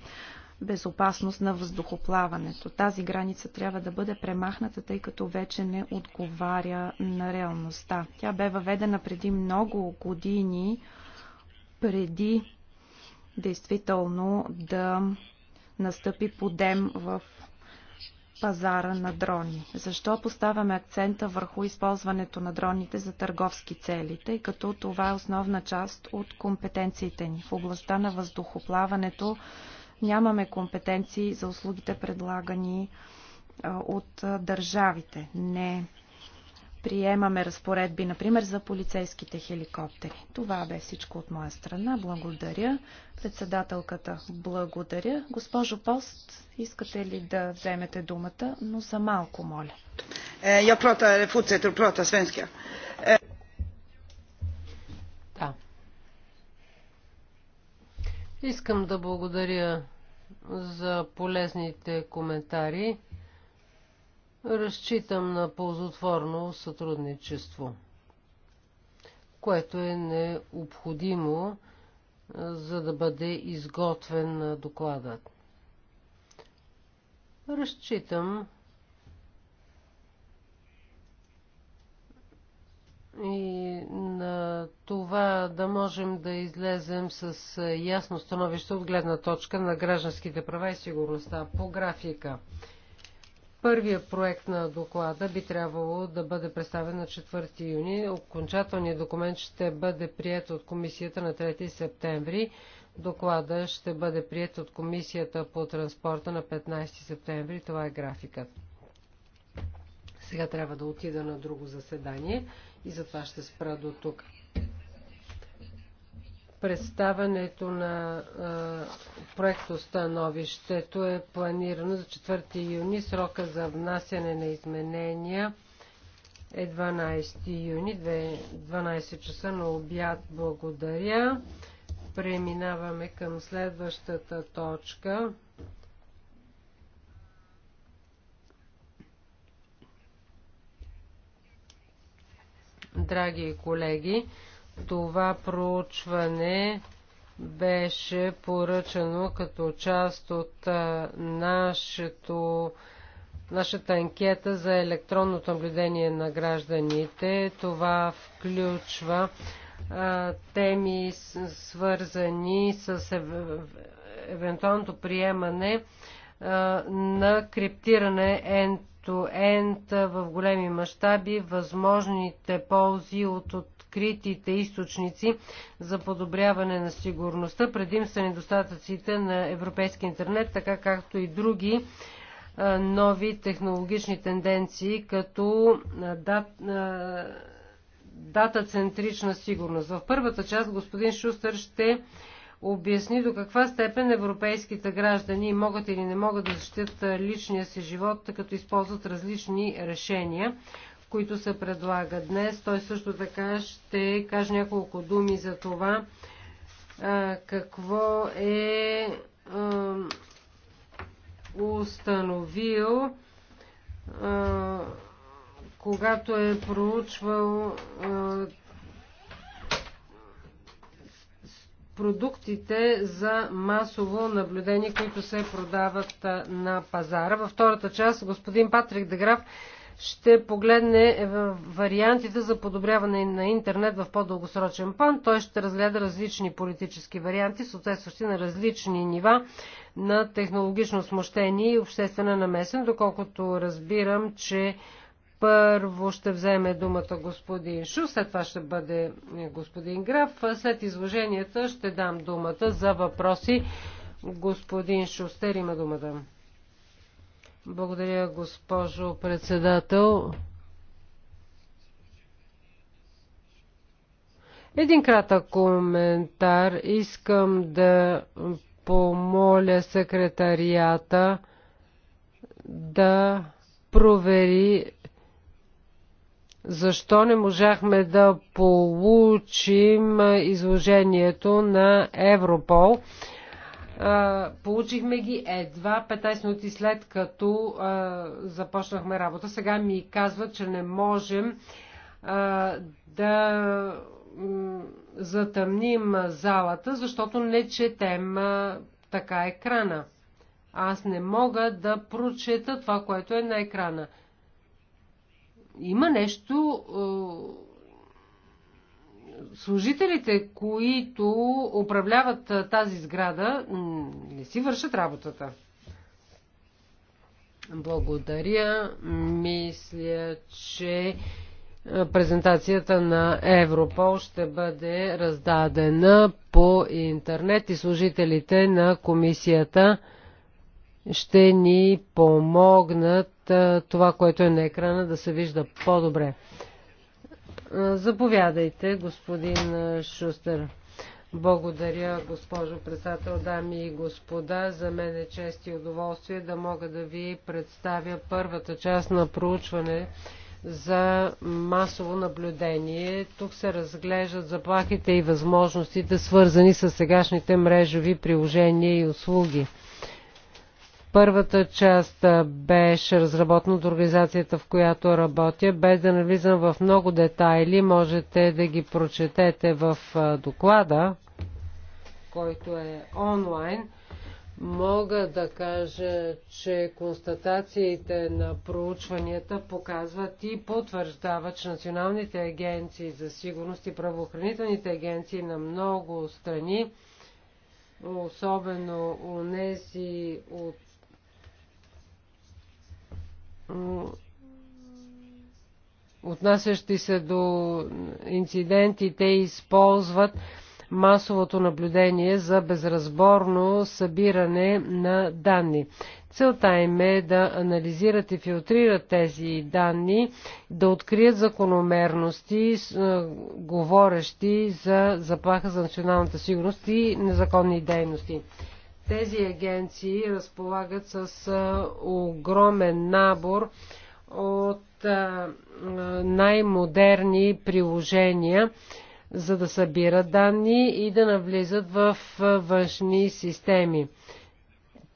безопасност на въздухоплаването. Тази граница трябва да бъде премахната, тъй като вече не отговаря на реалността. Тя бе въведена преди много години, преди действително да настъпи подем в пазара на дрони? Защо поставяме акцента върху използването на дроните за търговски цели, тъй като това е основна част от компетенциите ни? В областта на въздухоплаването нямаме компетенции за услугите предлагани от държавите. Не приемаме разпоредби, например, за полицейските хеликоптери. Това бе всичко от моя страна. Благодаря. Председателката, благодаря. Госпожо Пост, искате ли да вземете думата, но за малко, моля. Е, я прота fortsätter е, прота свенския. Е, да. Искам да благодаря за полезните коментари. Разчитам на ползотворно сътрудничество, което е необходимо, за да бъде изготвен докладът. Разчитам и на това да можем да излезем с ясно становище от гледна точка на гражданските права и сигурността по графика. Първия проект на доклада би трябвало да бъде представен на 4 юни. Окончателният документ ще бъде прият от комисията на 3 септември. Доклада ще бъде прият от комисията по транспорта на 15 септември. Това е графикът. Сега трябва да отида на друго заседание и затова ще спра до тук. Представането на е, проектостановището е планирано за 4 юни. Срока за внасяне на изменения е 12 юни, 12 часа на обяд. Благодаря. Преминаваме към следващата точка. Драги колеги, това проучване беше поръчано като част от нашето, нашата анкета за електронното наблюдение на гражданите. Това включва а, теми свързани с ев... евентуалното приемане а, на криптиране end-to-end в големи мащаби, възможните ползи от, от откритите източници за подобряване на сигурността, предимства недостатъците на европейски интернет, така както и други нови технологични тенденции, като дата-центрична сигурност. В първата част господин Шустър ще обясни до каква степен европейските граждани могат или не могат да защитят личния си живот, като използват различни решения които се предлагат днес. Той също така ще каже няколко думи за това какво е установил, когато е проучвал продуктите за масово наблюдение, които се продават на пазара. Във втората част господин Патрик Деграф ще погледне е, вариантите за подобряване на интернет в по-дългосрочен план. Той ще разгледа различни политически варианти, съответстващи на различни нива на технологично смущение и обществена намесен, доколкото разбирам, че първо ще вземе думата господин Шу, след това ще бъде е, господин Граф. След изложенията ще дам думата за въпроси. Господин Шустер има думата. Благодаря, госпожо председател. Един кратък коментар. Искам да помоля секретарията да провери защо не можахме да получим изложението на Европол Получихме ги едва 15 минути след като започнахме работа. Сега ми казват, че не можем да затъмним залата, защото не четем така екрана. Аз не мога да прочета това, което е на екрана. Има нещо служителите, които управляват тази сграда, не си вършат работата. Благодаря. Мисля, че презентацията на Европол ще бъде раздадена по интернет и служителите на комисията ще ни помогнат това, което е на екрана, да се вижда по-добре. Заповядайте, господин Шустер. Благодаря, госпожо председател, дами и господа. За мен е чест и удоволствие да мога да ви представя първата част на проучване за масово наблюдение. Тук се разглеждат заплахите и възможностите, свързани с сегашните мрежови приложения и услуги. Първата част беше разработена от организацията, в която работя. Без да навлизам в много детайли, можете да ги прочетете в доклада, който е онлайн. Мога да кажа, че констатациите на проучванията показват и потвърждават, че националните агенции за сигурност и правоохранителните агенции на много страни особено у нези от отнасящи се до инцидентите, използват масовото наблюдение за безразборно събиране на данни. Целта им е да анализират и филтрират тези данни, да открият закономерности, говорещи за заплаха за националната сигурност и незаконни дейности. Тези агенции разполагат с огромен набор от най-модерни приложения, за да събират данни и да навлизат в външни системи.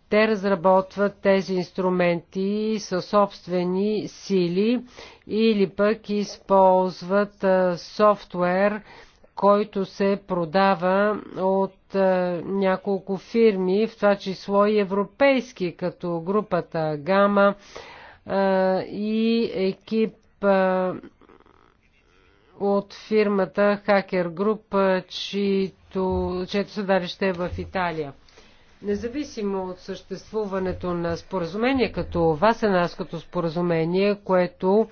Те разработват тези инструменти със собствени сили или пък използват софтуер, който се продава от а, е, няколко фирми, в това число и европейски, като групата Гама а, е, и екип а, е, от фирмата Hacker Group, чието, чието съдалище е в Италия. Независимо от съществуването на споразумение като като споразумение, което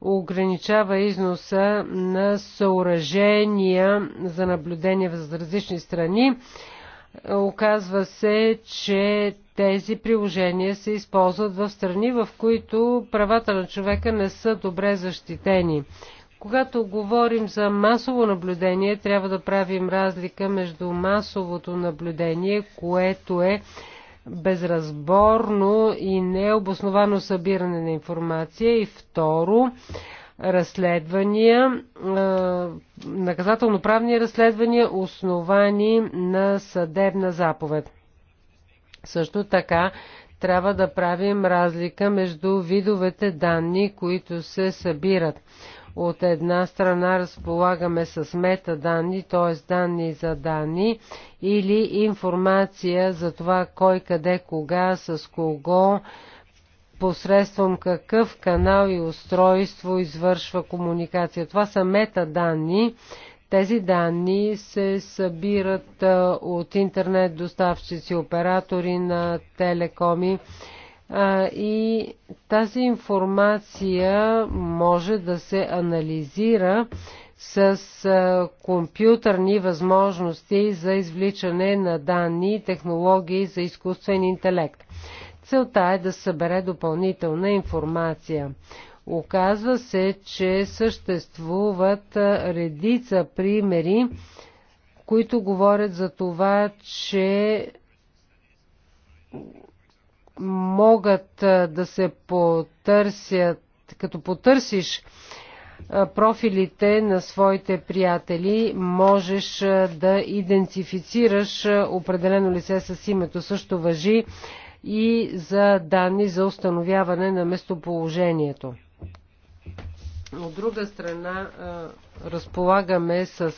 ограничава износа на съоръжения за наблюдение за различни страни. Оказва се, че тези приложения се използват в страни, в които правата на човека не са добре защитени. Когато говорим за масово наблюдение, трябва да правим разлика между масовото наблюдение, което е безразборно и необосновано събиране на информация и второ разследвания, наказателно-правни разследвания, основани на съдебна заповед. Също така трябва да правим разлика между видовете данни, които се събират. От една страна разполагаме с метаданни, т.е. данни за данни или информация за това кой, къде, кога, с кого, посредством какъв канал и устройство извършва комуникация. Това са метаданни. Тези данни се събират от интернет доставчици, оператори на телекоми, и тази информация може да се анализира с компютърни възможности за извличане на данни и технологии за изкуствен интелект. Целта е да събере допълнителна информация. Оказва се, че съществуват редица примери, които говорят за това, че могат да се потърсят, като потърсиш профилите на своите приятели, можеш да идентифицираш определено лице с името. Също въжи и за данни за установяване на местоположението. От друга страна, разполагаме с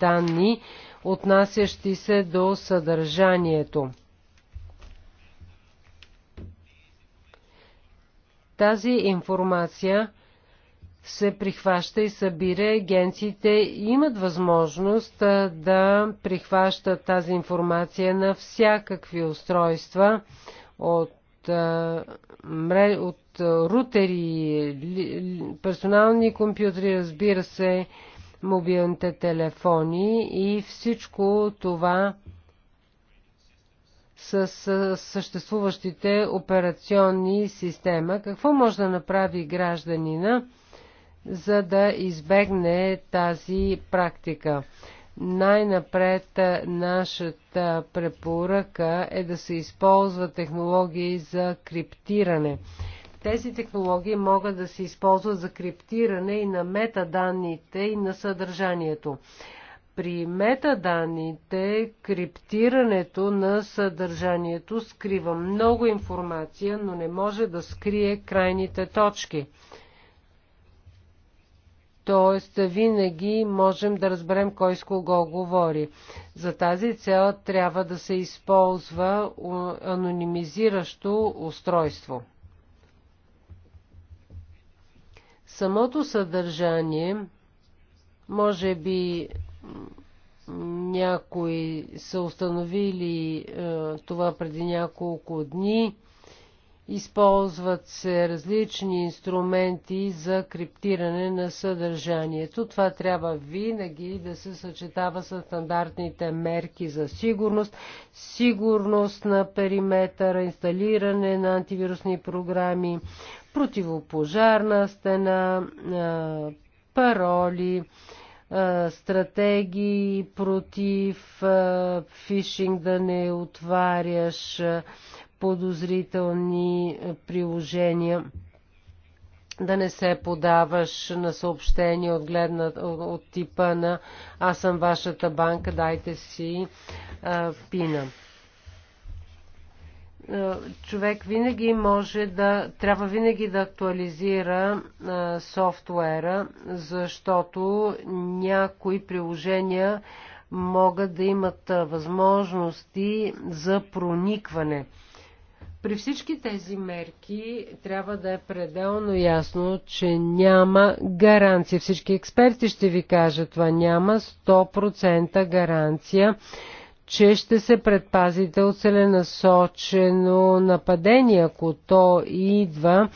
данни, отнасящи се до съдържанието. Тази информация се прихваща и събира. Агенциите имат възможност да прихващат тази информация на всякакви устройства от, от рутери, персонални компютри, разбира се, мобилните телефони и всичко това с съществуващите операционни система. Какво може да направи гражданина, за да избегне тази практика? Най-напред нашата препоръка е да се използва технологии за криптиране. Тези технологии могат да се използват за криптиране и на метаданните и на съдържанието. При метаданните криптирането на съдържанието скрива много информация, но не може да скрие крайните точки. Тоест, винаги можем да разберем кой с кого говори. За тази цел трябва да се използва анонимизиращо устройство. Самото съдържание може би някои са установили а, е, това преди няколко дни. Използват се различни инструменти за криптиране на съдържанието. Това трябва винаги да се съчетава с стандартните мерки за сигурност, сигурност на периметъра, инсталиране на антивирусни програми, противопожарна стена, е, пароли, стратегии против фишинг, да не отваряш подозрителни приложения, да не се подаваш на съобщения от, гледна, от типа на аз съм вашата банка, дайте си а, пина. Е, човек винаги може да, трябва винаги да актуализира а, е, софтуера, защото някои приложения могат да имат е, възможности за проникване. При всички тези мерки трябва да е пределно ясно, че няма гаранция. Всички експерти ще ви кажат това. Няма 100% гаранция че ще се предпазите от целенасочено нападение, ако то идва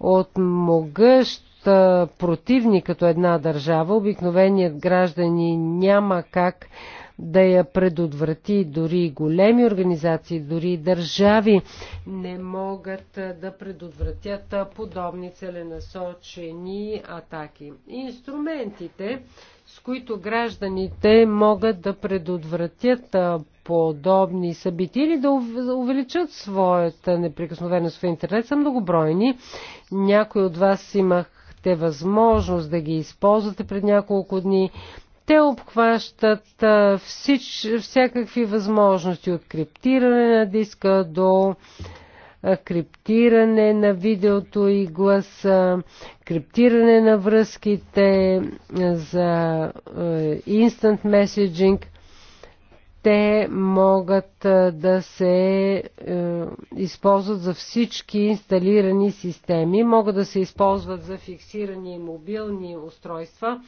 от могъщ противник като една държава, обикновеният граждани няма как да я предотврати. Дори големи организации, дори държави не могат да предотвратят подобни целенасочени атаки. Инструментите с които гражданите могат да предотвратят подобни събития или да увеличат своята неприкосновеност в интернет са многобройни. Някои от вас имахте възможност да ги използвате пред няколко дни. Те обхващат всич, всякакви възможности от криптиране на диска до криптиране на видеото и гласа, криптиране на връзките за instant messaging. Те могат да се използват за всички инсталирани системи, могат да се използват за фиксирани мобилни устройства.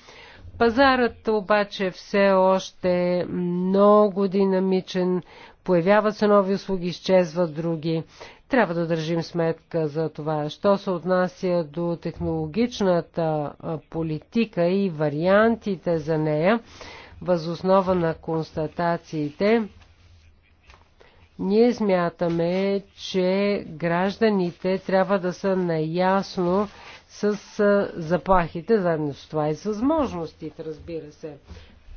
Пазарът обаче все още е много динамичен, появяват се нови услуги, изчезват други. Трябва да държим сметка за това. Що се отнася до технологичната политика и вариантите за нея, възоснова на констатациите, ние смятаме, че гражданите трябва да са наясно с заплахите, заедно с това и с възможностите, разбира се.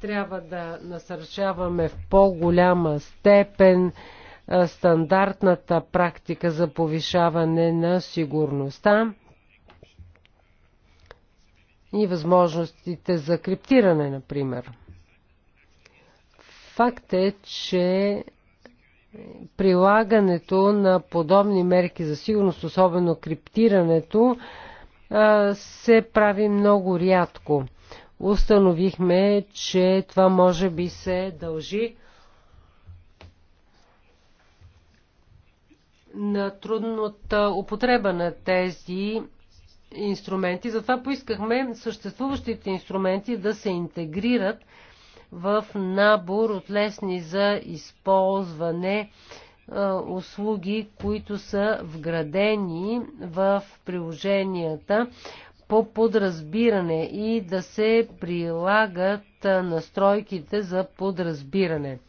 Трябва да насърчаваме в по-голяма степен стандартната практика за повишаване на сигурността и възможностите за криптиране, например. Факт е, че прилагането на подобни мерки за сигурност, особено криптирането, се прави много рядко. Установихме, че това може би се дължи на трудната употреба на тези инструменти. Затова поискахме съществуващите инструменти да се интегрират в набор от лесни за използване услуги, които са вградени в приложенията по подразбиране и да се прилагат настройките за подразбиране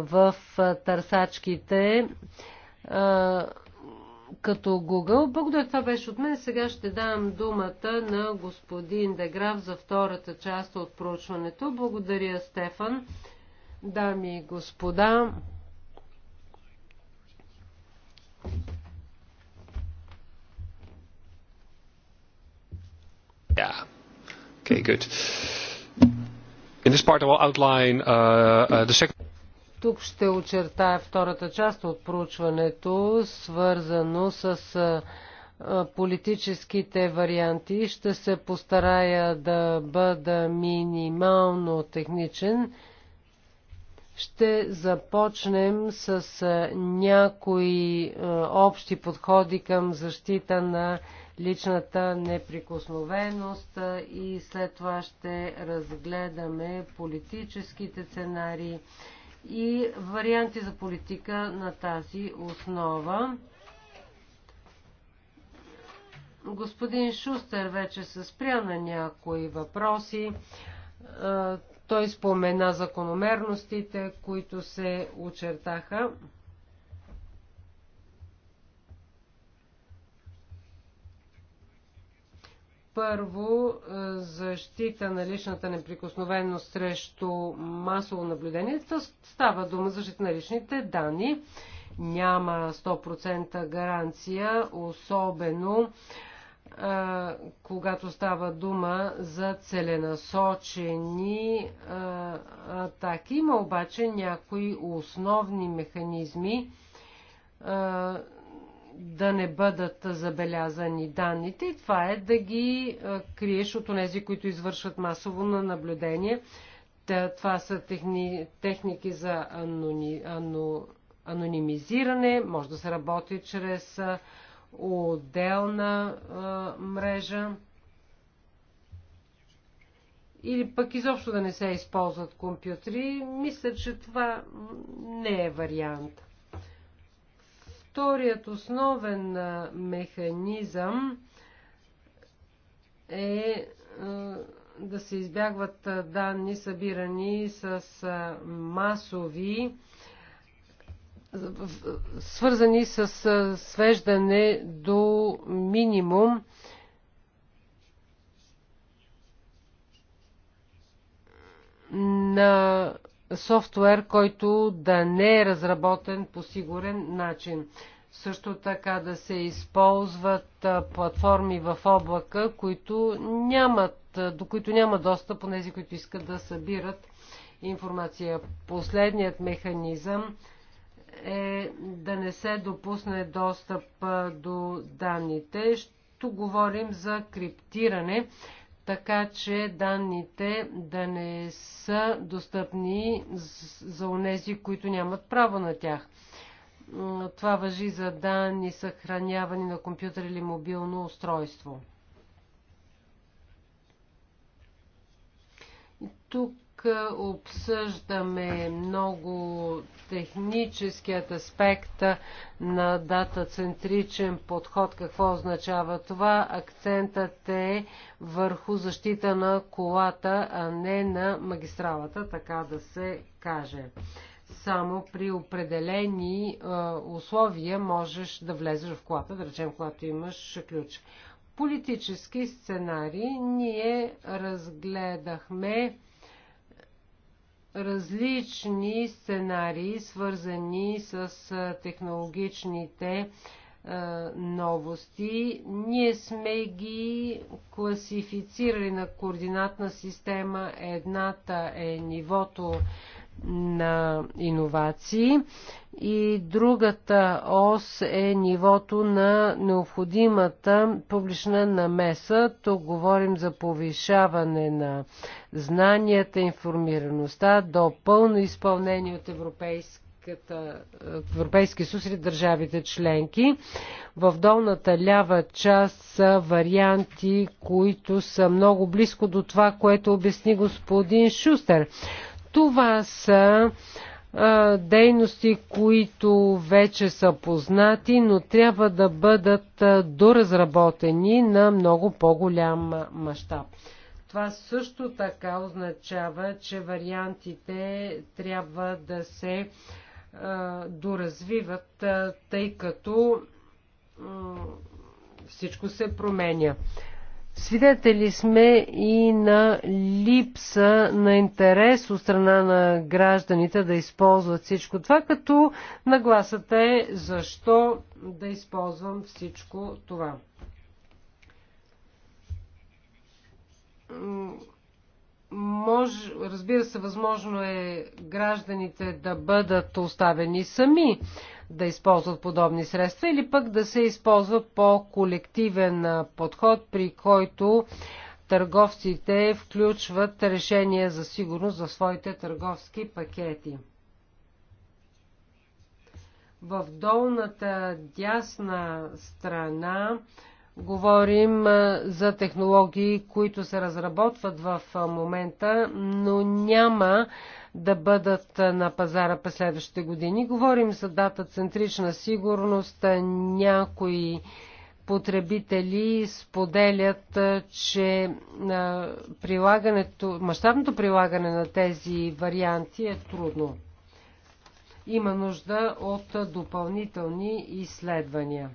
в търсачките като Google. Благодаря, това беше от мен. Сега ще дам думата на господин Деграф за втората част от проучването. Благодаря, Стефан. Дами и господа, Yeah. Okay, good. In this part, I will outline uh, uh, the second. Тук ще очертая втората част от проучването, свързано с политическите варианти. Ще се постарая да бъда минимално техничен. Ще започнем с някои общи подходи към защита на личната неприкосновеност и след това ще разгледаме политическите сценарии и варианти за политика на тази основа. Господин Шустер вече се спря на някои въпроси. Е, той спомена закономерностите, които се очертаха. Първо, е, защита на личната неприкосновеност срещу масово наблюдение. става дума за защита на личните данни. Няма 100% гаранция, особено е, когато става дума за целенасочени е, атаки. Има обаче някои основни механизми, да не бъдат забелязани данните и това е да ги криеш от тези, които извършват масово на наблюдение. Това са техни, техники за анони, ано, анонимизиране, може да се работи чрез отделна а, мрежа или пък изобщо да не се използват компютри. Мисля, че това не е вариант. Вторият основен механизъм е да се избягват данни, събирани с масови, свързани с свеждане до минимум на софтуер, който да не е разработен по сигурен начин. Също така да се използват платформи в облака, които нямат, до които няма достъп, понези, които искат да събират информация. Последният механизъм е да не се допусне достъп до данните. Ще говорим за криптиране така че данните да не са достъпни за онези, които нямат право на тях. Това въжи за данни съхранявани на компютър или мобилно устройство. И тук тук обсъждаме много техническият аспект на датацентричен подход. Какво означава това? Акцентът е върху защита на колата, а не на магистралата, така да се каже. Само при определени е, условия можеш да влезеш в колата, да речем, когато имаш ключ. Политически сценарии ние разгледахме различни сценарии, свързани с технологичните новости. Ние сме ги класифицирали на координатна система. Едната е нивото на иновации и другата ос е нивото на необходимата публична намеса. Тук говорим за повишаване на знанията, информираността до пълно изпълнение от Европейски съюз и държавите членки. В долната лява част са варианти, които са много близко до това, което обясни господин Шустер. Това са а, дейности, които вече са познати, но трябва да бъдат а, доразработени на много по-голям мащаб. Това също така означава, че вариантите трябва да се а, доразвиват, а, тъй като а, всичко се променя. Свидетели сме и на липса на интерес от страна на гражданите да използват всичко това, като нагласата е защо да използвам всичко това. Може, разбира се, възможно е гражданите да бъдат оставени сами да използват подобни средства или пък да се използва по-колективен подход, при който търговците включват решения за сигурност за своите търговски пакети. В долната дясна страна Говорим за технологии, които се разработват в момента, но няма да бъдат на пазара през следващите години. Говорим за дата центрична сигурност. Някои потребители споделят, че прилагането, мащабното прилагане на тези варианти е трудно. Има нужда от допълнителни изследвания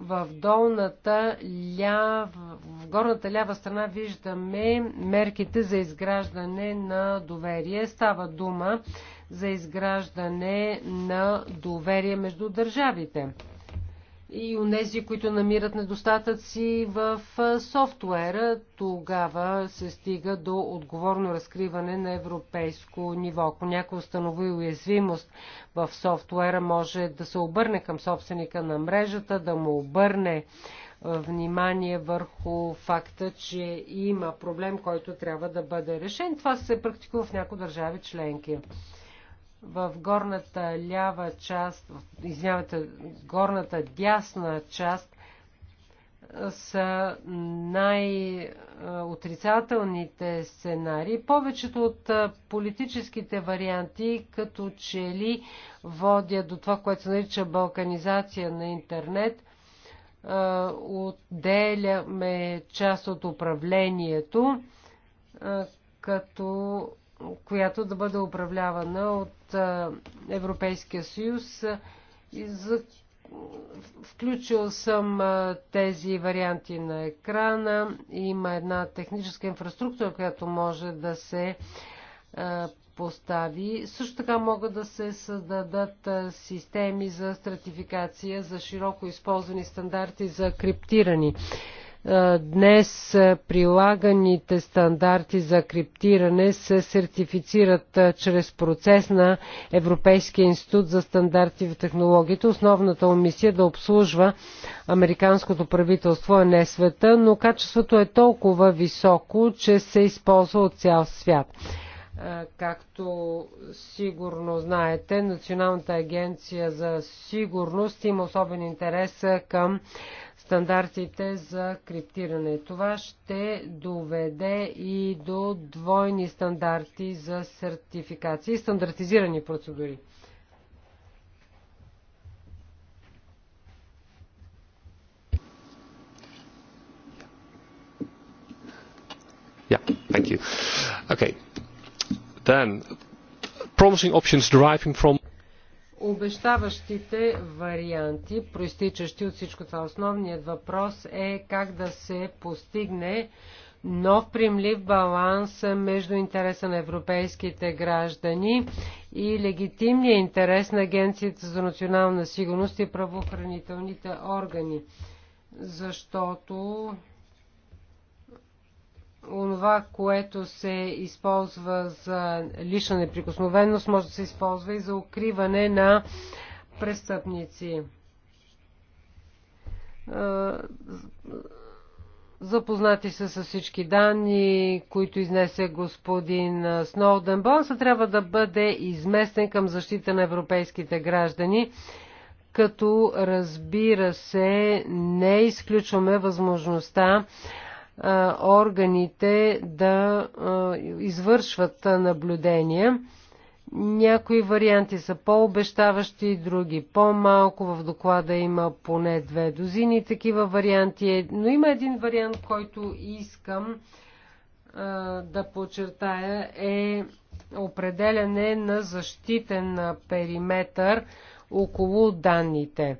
в долната ляв, в горната лява страна виждаме мерките за изграждане на доверие. Става дума за изграждане на доверие между държавите и у нези, които намират недостатъци в софтуера, тогава се стига до отговорно разкриване на европейско ниво. Ако някой установи уязвимост в софтуера, може да се обърне към собственика на мрежата, да му обърне внимание върху факта, че има проблем, който трябва да бъде решен. Това се практикува в някои държави членки в горната лява част, извинявайте, горната дясна част са най-отрицателните сценари. Повечето от политическите варианти, като че ли водят до това, което се нарича балканизация на интернет, отделяме част от управлението, като която да бъде управлявана от Европейския съюз. И за... Включил съм тези варианти на екрана. Има една техническа инфраструктура, която може да се постави. Също така могат да се създадат системи за стратификация, за широко използвани стандарти за криптирани е, днес е, прилаганите стандарти за криптиране се сертифицират е, чрез процес на Европейския институт за стандарти в технологията. Основната му мисия да обслужва американското правителство, а не света, но качеството е толкова високо, че се използва от цял свят. Както сигурно знаете, Националната агенция за сигурност има особен интерес към стандартите за криптиране. Това ще доведе и до двойни стандарти за сертификации и стандартизирани процедури. Yeah, thank you. Okay. Then, promising options deriving from обещаващите варианти, проистичащи от всичко това. Основният въпрос е как да се постигне нов примлив баланс между интереса на европейските граждани и легитимния интерес на Агенцията за национална сигурност и правоохранителните органи. Защото онова, което се използва за лична неприкосновеност, може да се използва и за укриване на престъпници. Е, запознати са с всички данни, които изнесе господин Сноуден. Балансът трябва да бъде изместен към защита на европейските граждани, като разбира се не изключваме възможността органите да извършват наблюдения. Някои варианти са по-обещаващи, други по-малко. В доклада има поне две дозини такива варианти, но има един вариант, който искам а, да подчертая е определяне на защитен периметър около данните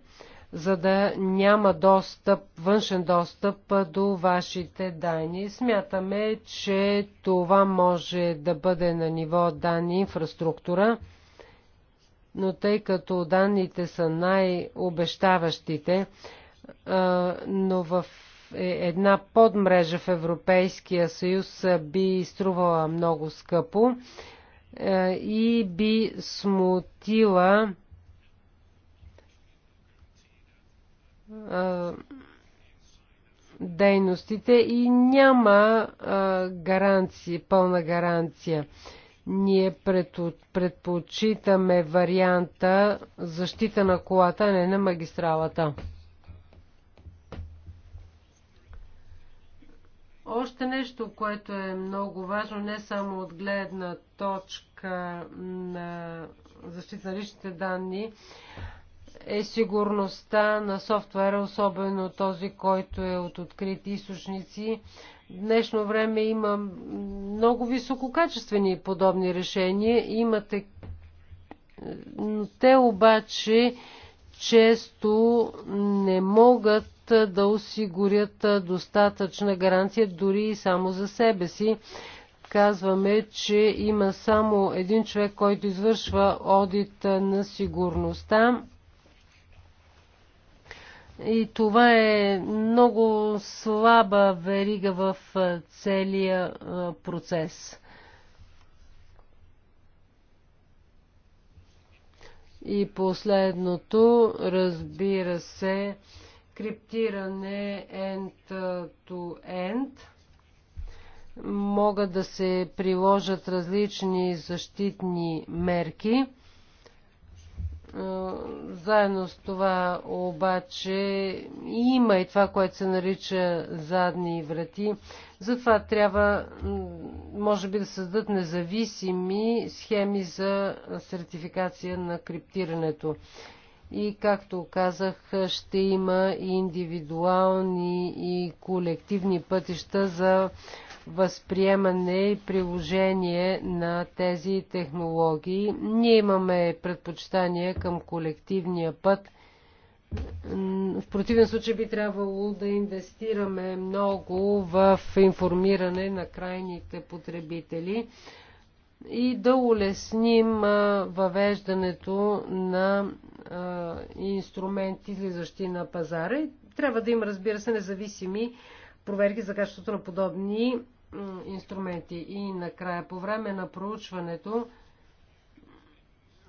за да няма достъп, външен достъп до вашите данни. Смятаме, че това може да бъде на ниво данни инфраструктура, но тъй като данните са най-обещаващите, но в е, една подмрежа в Европейския съюз би струвала много скъпо и би смутила дейностите и няма гаранции, пълна гаранция. Ние предпочитаме варианта защита на колата, а не на магистралата. Още нещо, което е много важно, не само от гледна точка на защита на личните данни, е сигурността на софтуера, особено този, който е от открити източници. В днешно време има много висококачествени подобни решения. Имате... Те обаче често не могат да осигурят достатъчна гаранция дори и само за себе си. Казваме, че има само един човек, който извършва одит на сигурността и това е много слаба верига в целия процес. И последното, разбира се, криптиране end-to-end. -end. Могат да се приложат различни защитни мерки е, заедно с това обаче има и това, което се нарича задни врати. Затова трябва, може би, да създадат независими схеми за сертификация на криптирането. И, както казах, ще има и индивидуални и колективни пътища за възприемане и приложение на тези технологии. Ние имаме предпочитания към колективния път. В противен случай би трябвало да инвестираме много в информиране на крайните потребители и да улесним въвеждането на инструменти, излизащи на пазара. Трябва да им, разбира се, независими проверки за качеството на подобни инструменти. И накрая, по време на проучването,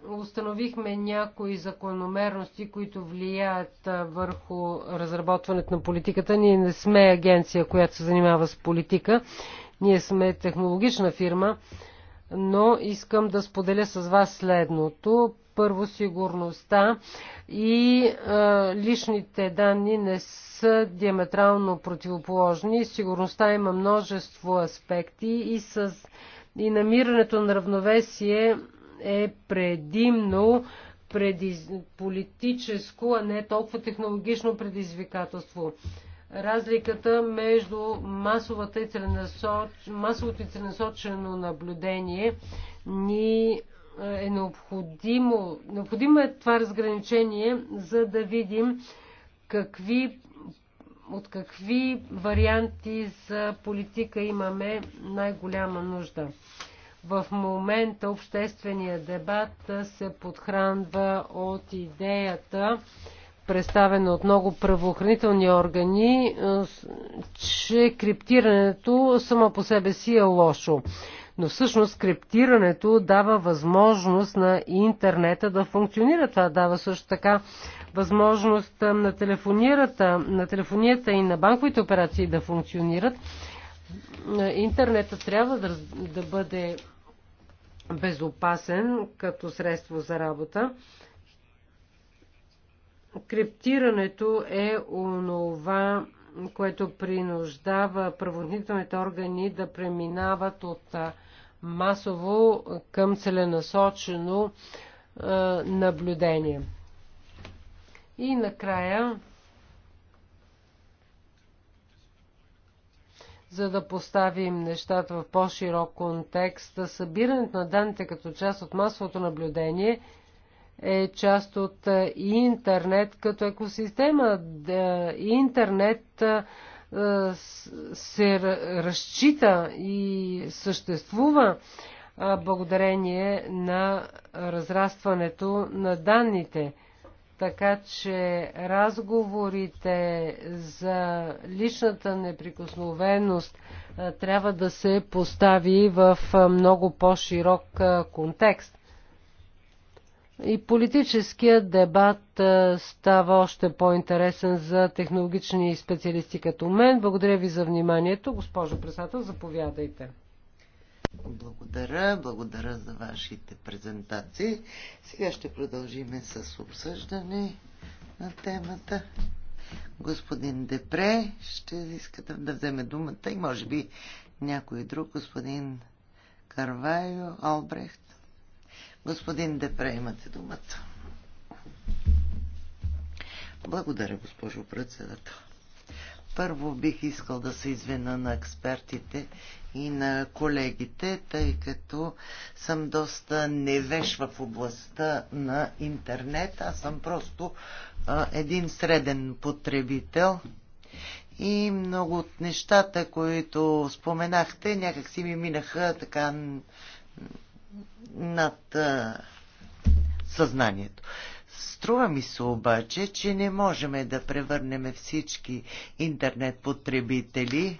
установихме някои закономерности, които влияят върху разработването на политиката. Ние не сме агенция, която се занимава с политика. Ние сме технологична фирма, но искам да споделя с вас следното първо сигурността и а, личните данни не са диаметрално противоположни. Сигурността има множество аспекти и, с, и намирането на равновесие е предимно предиз... политическо, а не толкова технологично предизвикателство. Разликата между масовата и целенасоч... масовото и целенасочено наблюдение ни е необходимо. Необходимо е това разграничение, за да видим какви, от какви варианти за политика имаме най-голяма нужда. В момента обществения дебат се подхранва от идеята, представена от много правоохранителни органи, е, че криптирането само по себе си е лошо. Но всъщност криптирането дава възможност на интернета да функционира. Това дава също така възможност на телефонията, на телефонията и на банковите операции да функционират. Интернетът трябва да, да бъде безопасен като средство за работа. Криптирането е онова, което принуждава правоохранителните органи да преминават от масово към целенасочено наблюдение. И накрая, за да поставим нещата в по-широк контекст, събирането на данните като част от масовото наблюдение е част от интернет като екосистема. Интернет е, се разчита и съществува е, благодарение на разрастването на данните. Така че разговорите за личната неприкосновеност е, трябва да се постави в много по-широк контекст. И политическият дебат става още по-интересен за технологични специалисти като мен. Благодаря ви за вниманието. Госпожо председател, заповядайте. Благодаря, благодаря за вашите презентации. Сега ще продължиме с обсъждане на темата. Господин Депре ще иска да вземе думата и може би някой друг, господин Карвайо, Албрехт. Господин Депре, имате думата. Благодаря, госпожо председател. Първо бих искал да се извина на експертите и на колегите, тъй като съм доста невеж в областта на интернет. Аз съм просто а, един среден потребител и много от нещата, които споменахте, някакси ми минаха така над а, съзнанието. Струва ми се обаче, че не можем да превърнем всички интернет потребители,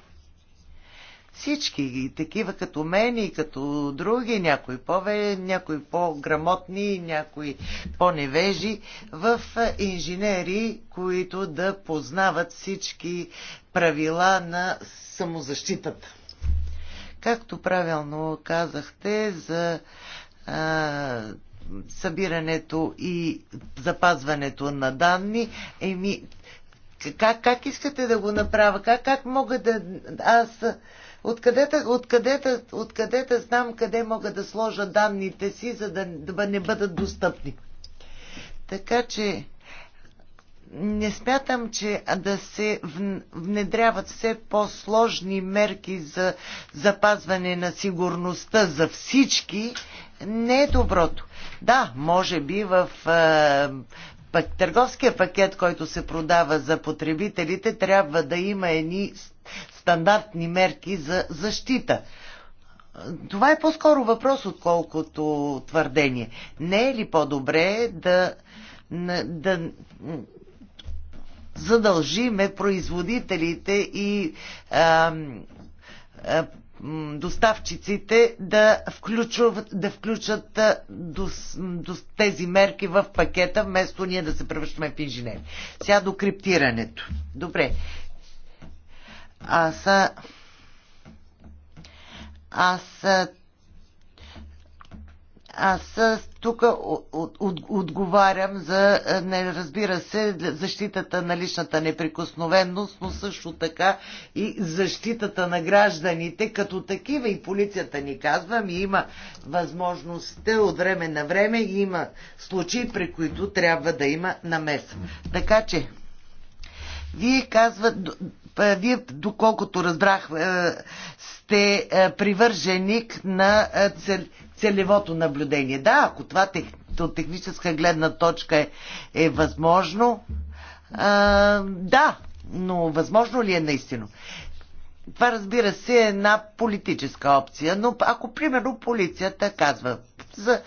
всички такива като мен и като други, някои пове, някои по-грамотни, някои по-невежи, в инженери, които да познават всички правила на самозащитата. Както правилно казахте, за а, събирането и запазването на данни, еми, как, как искате да го направя? Как, как мога да... Аз... Откъдета, откъдета, откъдета знам къде мога да сложа данните си, за да, да не бъдат достъпни. Така че не смятам, че да се внедряват все по-сложни мерки за запазване на сигурността за всички не е доброто. Да, може би в пък, търговския пакет, който се продава за потребителите, трябва да има едни стандартни мерки за защита. Това е по-скоро въпрос, отколкото твърдение. Не е ли по-добре да, да задължиме производителите и а, а, доставчиците да, включат, да включат до, до тези мерки в пакета, вместо ние да се превръщаме в инженери. Сега до криптирането. Добре. Аз, аз аз тук отговарям за, не разбира се, защитата на личната неприкосновенност, но също така и защитата на гражданите като такива. И полицията ни казвам, и има възможността от време на време, и има случаи, при които трябва да има намеса. Така че, вие казват, е, вие, доколкото разбрах, е, сте е, привърженик на целевото наблюдение. Да, ако това от техническа гледна точка е, е възможно, а, да, но възможно ли е наистина? Това разбира се е една политическа опция, но ако примерно полицията казва за,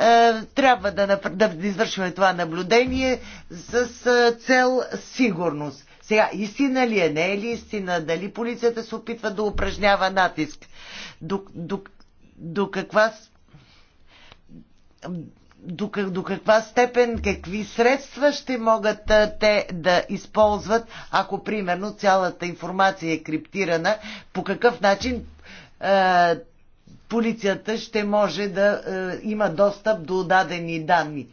е, трябва да, да извършим това наблюдение с е, цел сигурност. Сега, истина ли е, не е ли истина? Дали полицията се опитва да упражнява натиск? До, до, до каква до, до каква степен, какви средства ще могат те да използват, ако примерно цялата информация е криптирана, по какъв начин а, полицията ще може да а, има достъп до дадени данни.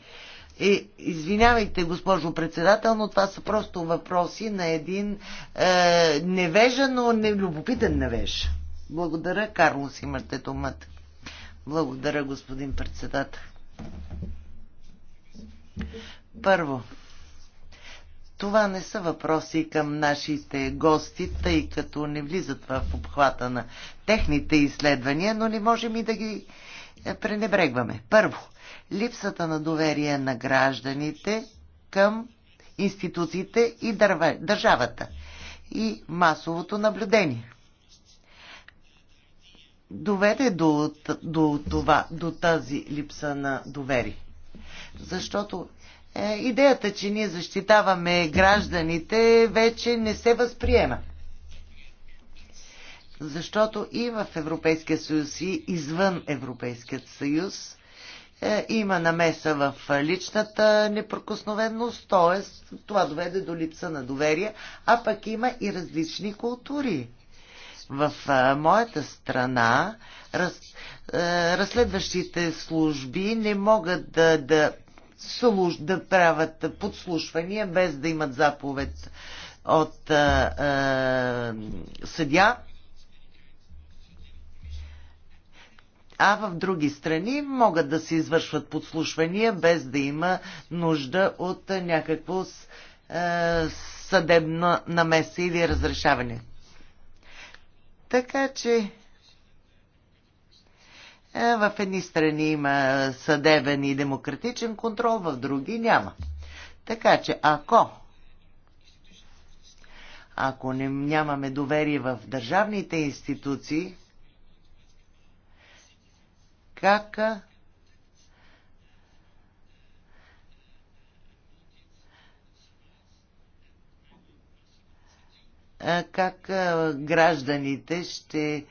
Е, извинявайте, госпожо председател, но това са просто въпроси на един е, невежа, но нелюбопитен невежа. Благодаря, Карлос, имате думата. Благодаря, господин председател. Първо, това не са въпроси към нашите гости, тъй като не влизат в обхвата на техните изследвания, но не можем и да ги е, пренебрегваме. Първо, липсата на доверие на гражданите към институциите и държавата и масовото наблюдение. Доведе до, до, това, до тази липса на доверие. Защото е, идеята, че ние защитаваме гражданите, вече не се възприема защото и в Европейския съюз, и извън Европейският съюз е, има намеса в личната непрокосновеност, т.е. това доведе до липса на доверие, а пък има и различни култури. В а, е, моята страна раз, а, е, разследващите служби не могат да, да, служ, да правят подслушвания без да имат заповед от а, е, а, съдя а в други страни могат да се извършват подслушвания без да има нужда от някакво е, съдебно намеса или разрешаване. Така че е, в едни страни има съдебен и демократичен контрол, в други няма. Така че ако ако не, нямаме доверие в държавните институции, как как гражданите ще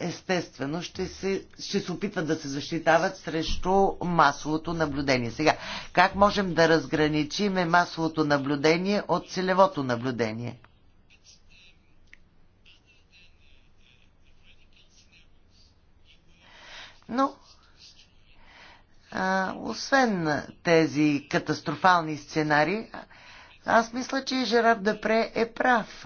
естествено ще се, ще се опитват да се защитават срещу масовото наблюдение. Сега, как можем да разграничиме масовото наблюдение от целевото наблюдение? Но, а, освен тези катастрофални сценари, аз мисля, че Жерар Депре е прав.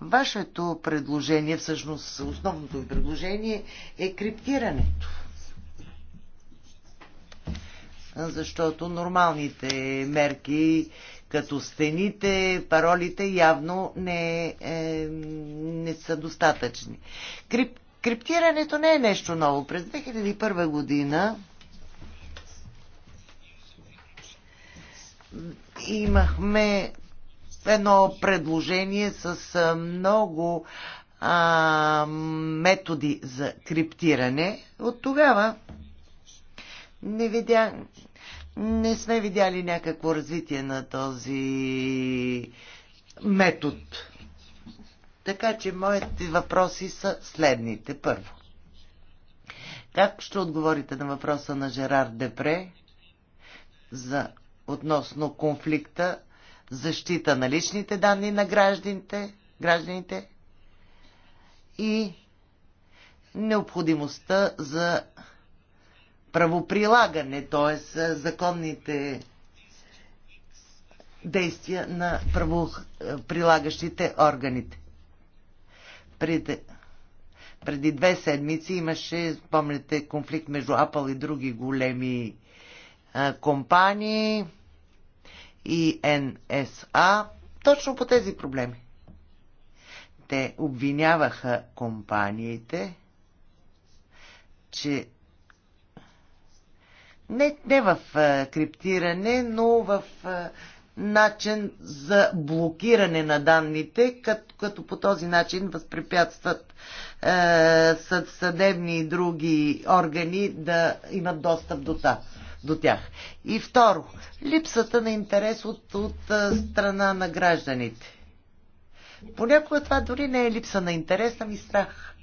Вашето предложение, всъщност основното ви предложение е криптирането. Защото нормалните мерки като стените, паролите явно не, е, не са достатъчни. Крип, криптирането не е нещо ново. През 2001 година имахме едно предложение с е, много а, методи за криптиране. От тогава не видя, не сме видяли някакво развитие на този метод. Така че моите въпроси са следните. Първо. Как ще отговорите на въпроса на Жерар Депре за относно конфликта, защита на личните данни на гражданите, гражданите и необходимостта за правоприлагане, т.е. законните действия на правоприлагащите органите. Пред, преди две седмици имаше, помните, конфликт между Apple и други големи а, компании и НСА точно по тези проблеми. Те обвиняваха компаниите, че не, не в криптиране, но в начин за блокиране на данните, като, като по този начин възпрепятстват а, съдебни и други органи да имат достъп до, та, до тях. И второ, липсата на интерес от, от страна на гражданите. Понякога това дори не е липса на интерес, ами страх.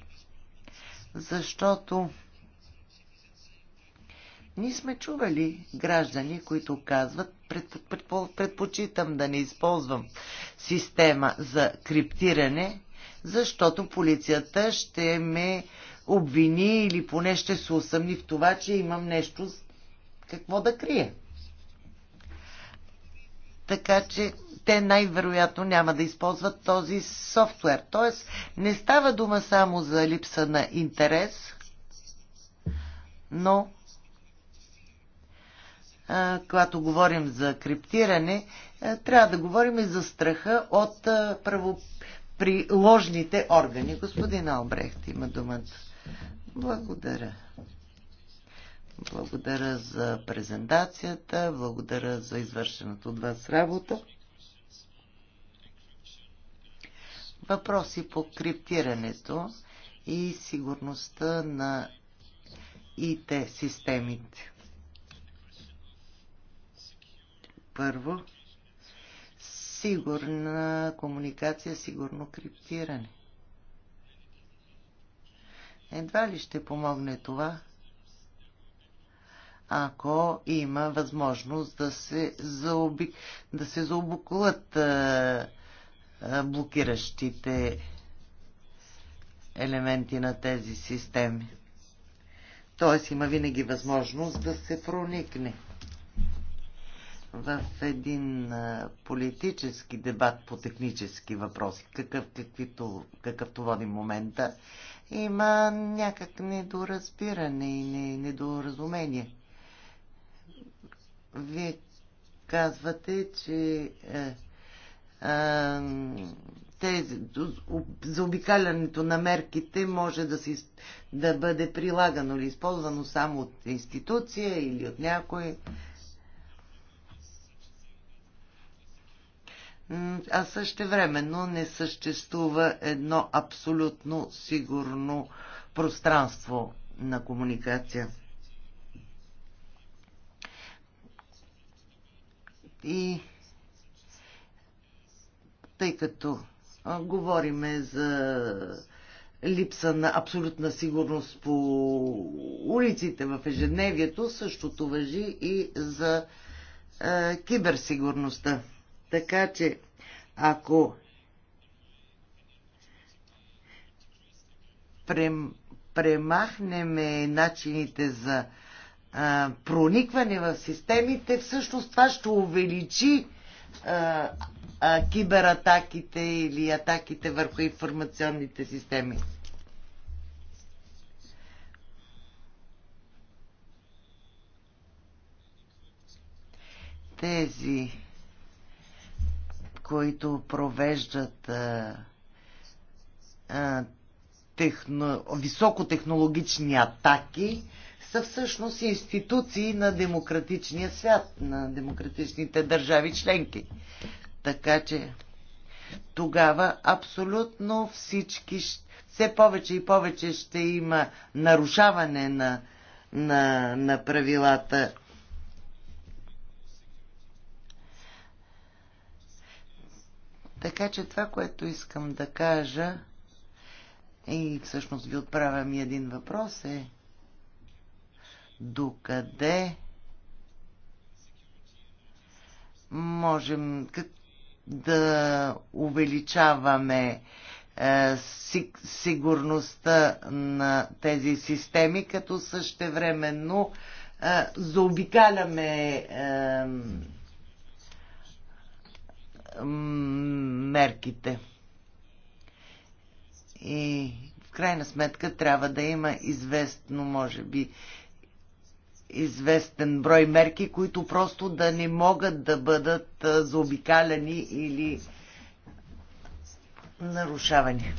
Защото ние сме чували граждани, които казват, предпочитам да не използвам система за криптиране, защото полицията ще ме обвини или поне ще се усъмни в това, че имам нещо какво да крия. Така че те най-вероятно няма да използват този софтуер. Тоест не става дума само за липса на интерес, но когато говорим за криптиране, трябва да говорим и за страха от правоприложните органи. Господин Албрехт има думата. Благодаря. Благодаря за презентацията, благодаря за извършената от вас работа. Въпроси по криптирането и сигурността на ИТ системите. Първо, сигурна комуникация, сигурно криптиране. Едва ли ще помогне това, ако има възможност да се, заоби... да се заобуклат а... а, блокиращите елементи на тези системи. Тоест има винаги възможност да се проникне в един политически дебат по технически въпроси, какъв, каквито, какъвто водим момента, има някак недоразбиране и недоразумение. Вие казвате, че е, е, тези, за обикалянето на мерките може да, си, да бъде прилагано или използвано само от институция или от някой а също времено не съществува едно абсолютно сигурно пространство на комуникация. И тъй като говориме за липса на абсолютна сигурност по улиците в ежедневието, същото въжи и за е, киберсигурността. Така че, ако прем, премахнеме начините за а, проникване в системите, всъщност това ще увеличи а, а, кибератаките или атаките върху информационните системи. Тези които провеждат а, а, техно, високотехнологични атаки, са всъщност институции на демократичния свят, на демократичните държави членки. Така че тогава абсолютно всички, все повече и повече ще има нарушаване на, на, на правилата Така че това, което искам да кажа, и всъщност ви отправям и един въпрос е докъде можем да увеличаваме е, сигурността на тези системи, като същевременно е, заобикаляме е, мерките. И в крайна сметка трябва да има известно, може би, известен брой мерки, които просто да не могат да бъдат заобикаляни или нарушавани.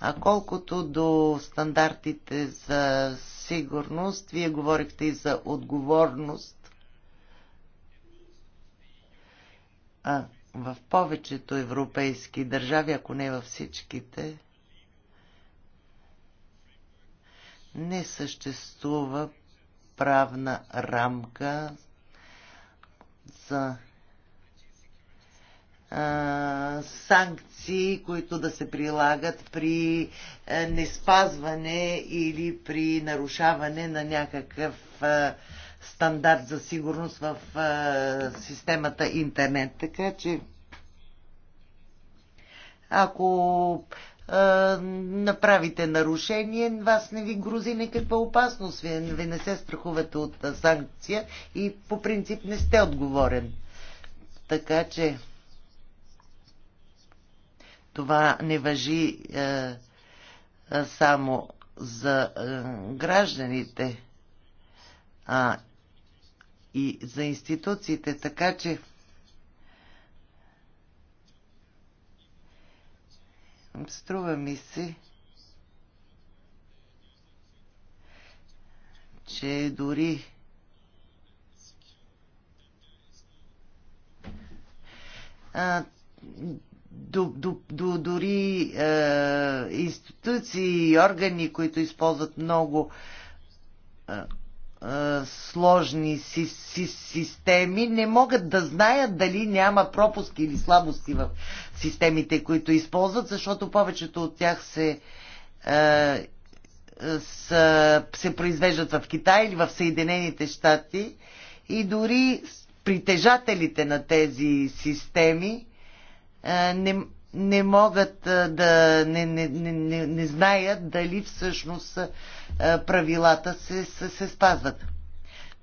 А колкото до стандартите за сигурност, вие говорихте и за отговорност. А, в повечето европейски държави, ако не във всичките, не съществува правна рамка за санкции, които да се прилагат при неспазване или при нарушаване на някакъв стандарт за сигурност в системата интернет. Така че ако а, направите нарушение, вас не ви грози никаква опасност. Вие, ви не се страхувате от санкция и по принцип не сте отговорен. Така че това не въжи а, е, а, само за а, е, гражданите, а и за институциите, така че струва ми се, че дори а, до, до, до, дори е, институции и органи, които използват много е, сложни си, си, системи не могат да знаят дали няма пропуски или слабости в системите, които използват, защото повечето от тях се, е, са, се произвеждат в Китай или в Съединените щати и дори притежателите на тези системи е, не, не могат да не, не, не, не знаят дали всъщност правилата се, се, се спазват.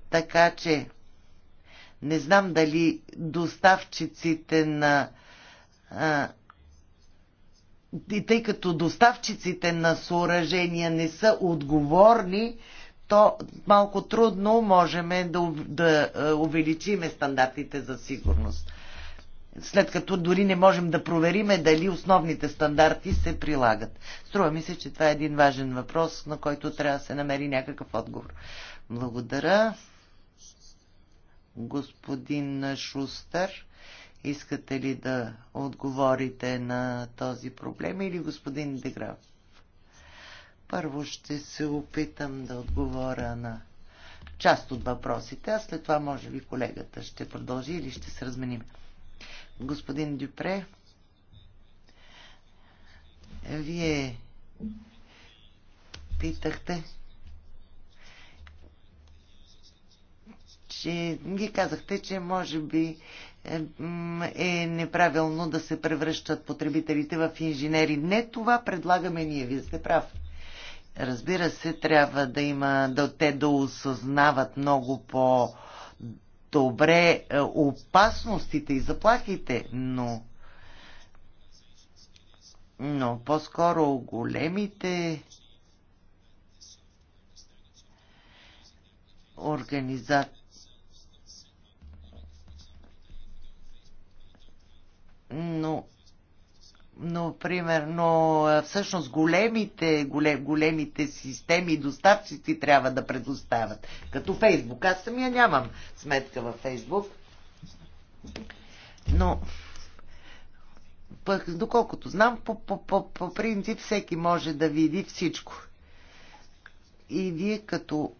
Така че не знам дали доставчиците на. А, и тъй като доставчиците на съоръжения не са отговорни, то малко трудно можем да, да увеличиме стандартите за сигурност след като дори не можем да провериме дали основните стандарти се прилагат. Струва ми се, че това е един важен въпрос, на който трябва да се намери някакъв отговор. Благодаря. Господин Шустър, искате ли да отговорите на този проблем или господин Деграв, Първо ще се опитам да отговоря на част от въпросите, а след това може би колегата ще продължи или ще се разменим господин Дюпре, вие питахте, че ги казахте, че може би е неправилно да се превръщат потребителите в инженери. Не това предлагаме ние, вие сте прав. Разбира се, трябва да има да те да осъзнават много по- добре е, опасностите и заплахите, но но по-скоро големите организации. Но но, примерно, е, всъщност големите, голем, големите системи и доставчици трябва да предоставят. Като Фейсбук. Аз самия нямам сметка във Фейсбук. Но, пък, доколкото знам, по, по, по, по принцип всеки може да види всичко. И вие като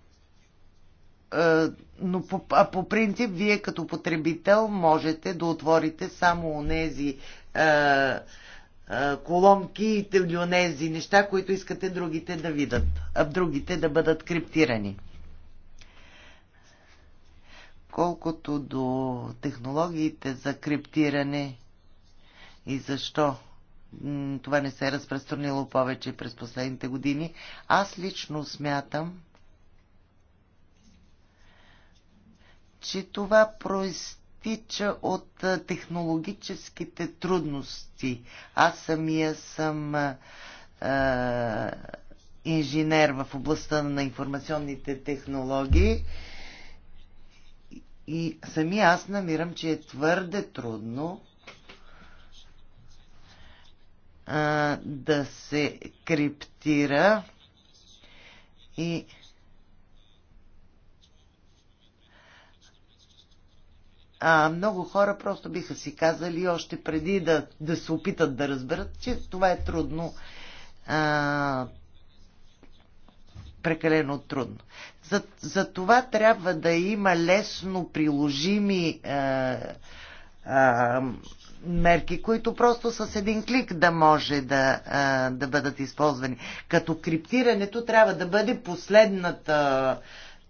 е, но по, а по принцип вие като потребител можете да отворите само тези. Е, колонки и тези неща, които искате другите да видят, а другите да бъдат криптирани. Колкото до технологиите за криптиране и защо това не се е разпространило повече през последните години, аз лично смятам, че това проистича проистича от технологическите трудности. Аз самия съм е, инженер в областта на информационните технологии и самия аз намирам, че е твърде трудно е, да се криптира и а, много хора просто биха си казали още преди да, да се опитат да разберат, че това е трудно. А, прекалено трудно. За, за това трябва да има лесно приложими а, е, а, е, мерки, които просто с един клик да може да, а, е, да бъдат използвани. Като криптирането трябва да бъде последната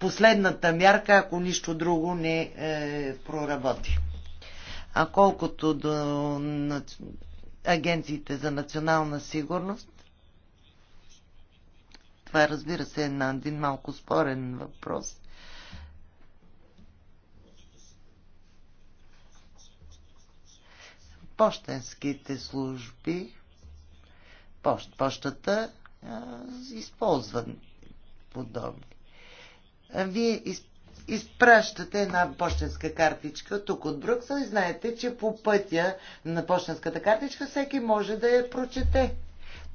последната мярка, ако нищо друго не е, проработи. А колкото до на, агенциите за национална сигурност, това разбира се е на един малко спорен въпрос. Пощенските служби, пощ, пощата, използват подобни вие изпращате една почтенска картичка тук от Брюксел и знаете, че по пътя на почтенската картичка всеки може да я прочете.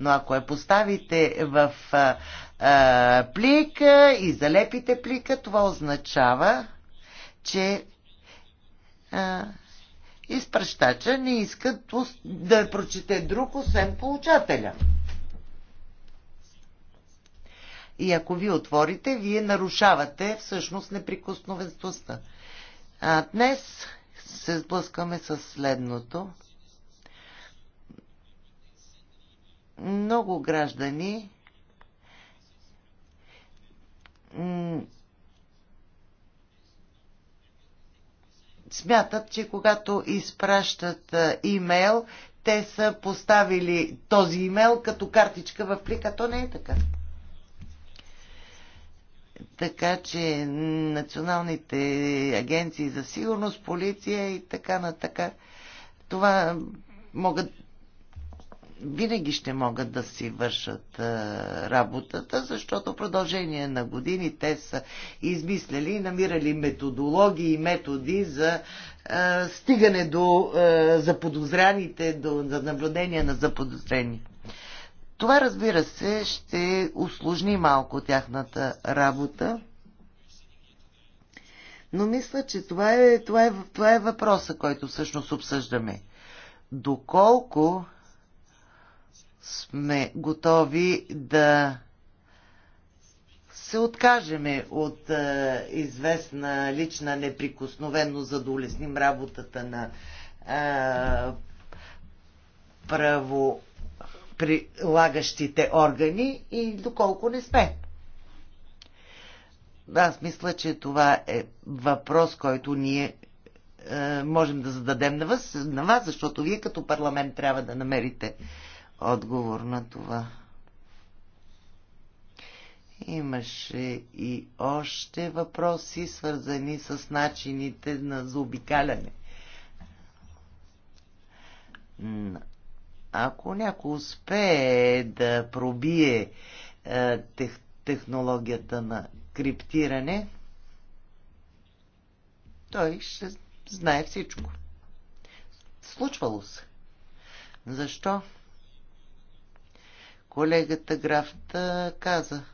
Но ако я поставите в а, а, плика и залепите плика, това означава, че а, изпращача не иска да прочете друг, освен получателя. И ако ви отворите, вие нарушавате всъщност неприкосновеността. А днес се сблъскаме с следното. Много граждани смятат, че когато изпращат имейл, те са поставили този имейл като картичка в плика. То не е така така че националните агенции за сигурност, полиция и така на така, това могат винаги ще могат да си вършат работата, защото в продължение на години те са измисляли и намирали методологии и методи за стигане до заподозряните, до, за наблюдение на заподозрени. Това, разбира се, ще усложни малко тяхната работа. Но мисля, че това е, това е, това е въпроса, който всъщност обсъждаме. Доколко сме готови да се откажеме от е, известна лична неприкосновеност, за да улесним работата на е, право прилагащите органи и доколко не сме. Аз мисля, че това е въпрос, който ние е, можем да зададем на вас, на вас, защото вие като парламент трябва да намерите отговор на това. Имаше и още въпроси, свързани с начините на заобикаляне ако някой успее да пробие е, тех, технологията на криптиране, той ще знае всичко. Случвало се. Защо? Колегата Графта каза.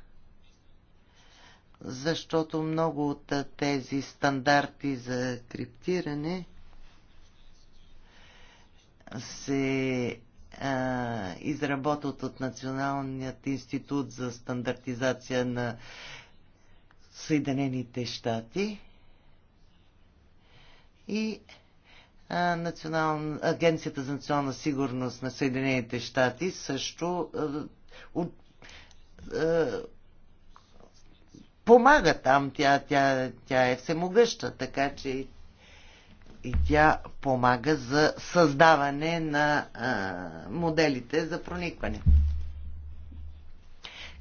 Защото много от тези стандарти за криптиране се изработват от Националният институт за стандартизация на Съединените щати и Национал... Агенцията за национална сигурност на Съединените щати също от... помага там. Тя, тя, тя е всемогъща, така че и тя помага за създаване на а, моделите за проникване.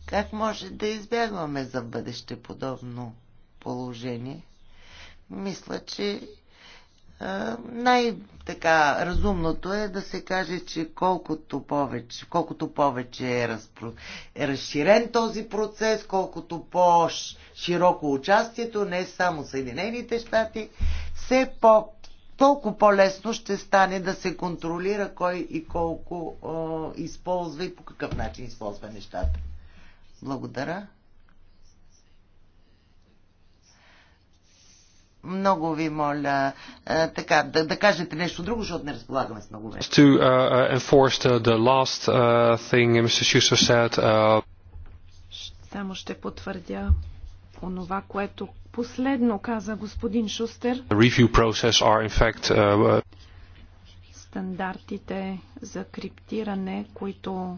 Как може да избягваме за бъдеще подобно положение? Мисля, че най-така разумното е да се каже, че колкото повече, колкото повече е, разпро... е разширен този процес, колкото по-широко участието, не само Съединените щати, все по толкова по-лесно ще стане да се контролира кой и колко о, използва и по какъв начин използва нещата. Благодаря. Много ви моля така, да, да кажете нещо друго, защото не разполагаме с много време. To uh, uh enforce the, the last uh, thing Mr. Schuster said. Uh... Само ще потвърдя онова, което последно каза господин Шустер. Uh, uh, Стандартите за криптиране, които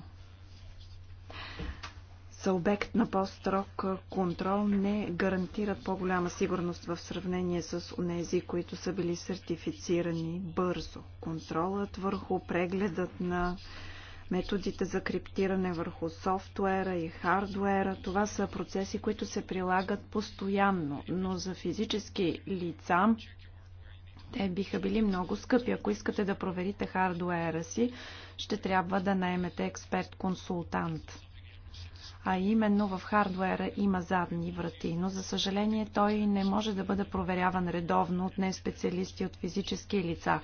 са обект на по-строг контрол, не гарантират по-голяма сигурност в сравнение с онези, които са били сертифицирани бързо. Контролът върху прегледът на методите за криптиране върху софтуера и хардуера. Това са процеси, които се прилагат постоянно, но за физически лица те биха били много скъпи. Ако искате да проверите хардуера си, ще трябва да наймете експерт-консултант. А именно в хардуера има задни врати, но за съжаление той не може да бъде проверяван редовно от неспециалисти от физически лица.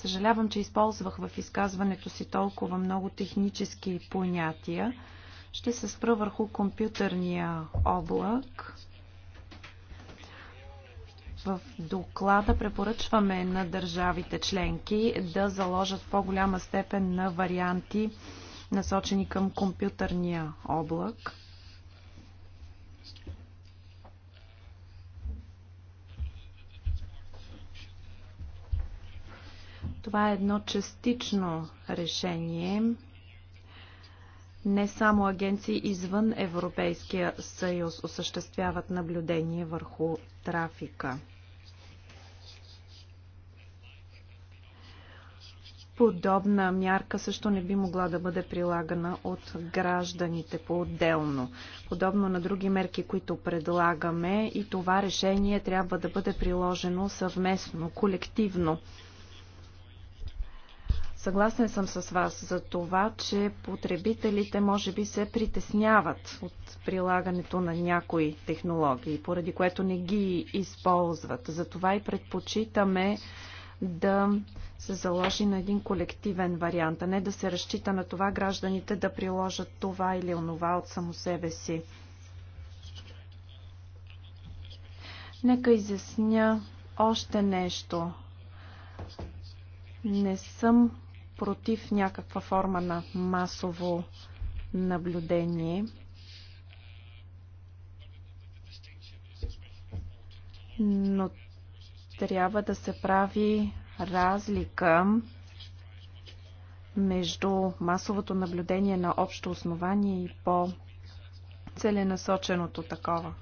Съжалявам, че използвах в изказването си толкова много технически понятия. Ще се спра върху компютърния облак. В доклада препоръчваме на държавите членки да заложат в по-голяма степен на варианти, насочени към компютърния облак. Това е едно частично решение. Не само агенции извън Европейския съюз осъществяват наблюдение върху трафика. подобна мярка също не би могла да бъде прилагана от гражданите по-отделно. Подобно на други мерки, които предлагаме и това решение трябва да бъде приложено съвместно, колективно. Съгласен съм с вас за това, че потребителите може би се притесняват от прилагането на някои технологии, поради което не ги използват. Затова и предпочитаме да се заложи на един колективен вариант, а не да се разчита на това гражданите да приложат това или онова от само себе си. Нека изясня още нещо. Не съм против някаква форма на масово наблюдение. Но трябва да се прави разлика между масовото наблюдение на общо основание и по-целенасоченото такова.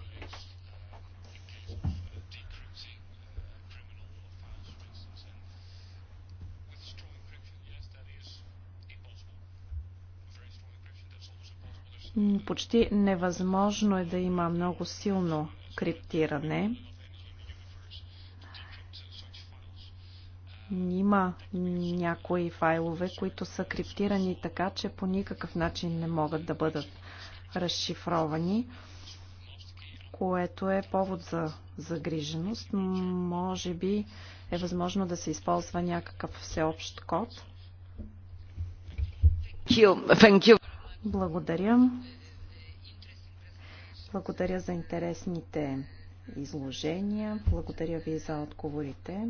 Почти невъзможно е да има много силно криптиране. Има някои файлове, които са криптирани така, че по никакъв начин не могат да бъдат разшифровани, което е повод за загриженост. Може би е възможно да се използва някакъв всеобщ код. Thank you. Thank you. Благодаря. Благодаря за интересните изложения. Благодаря ви за отговорите.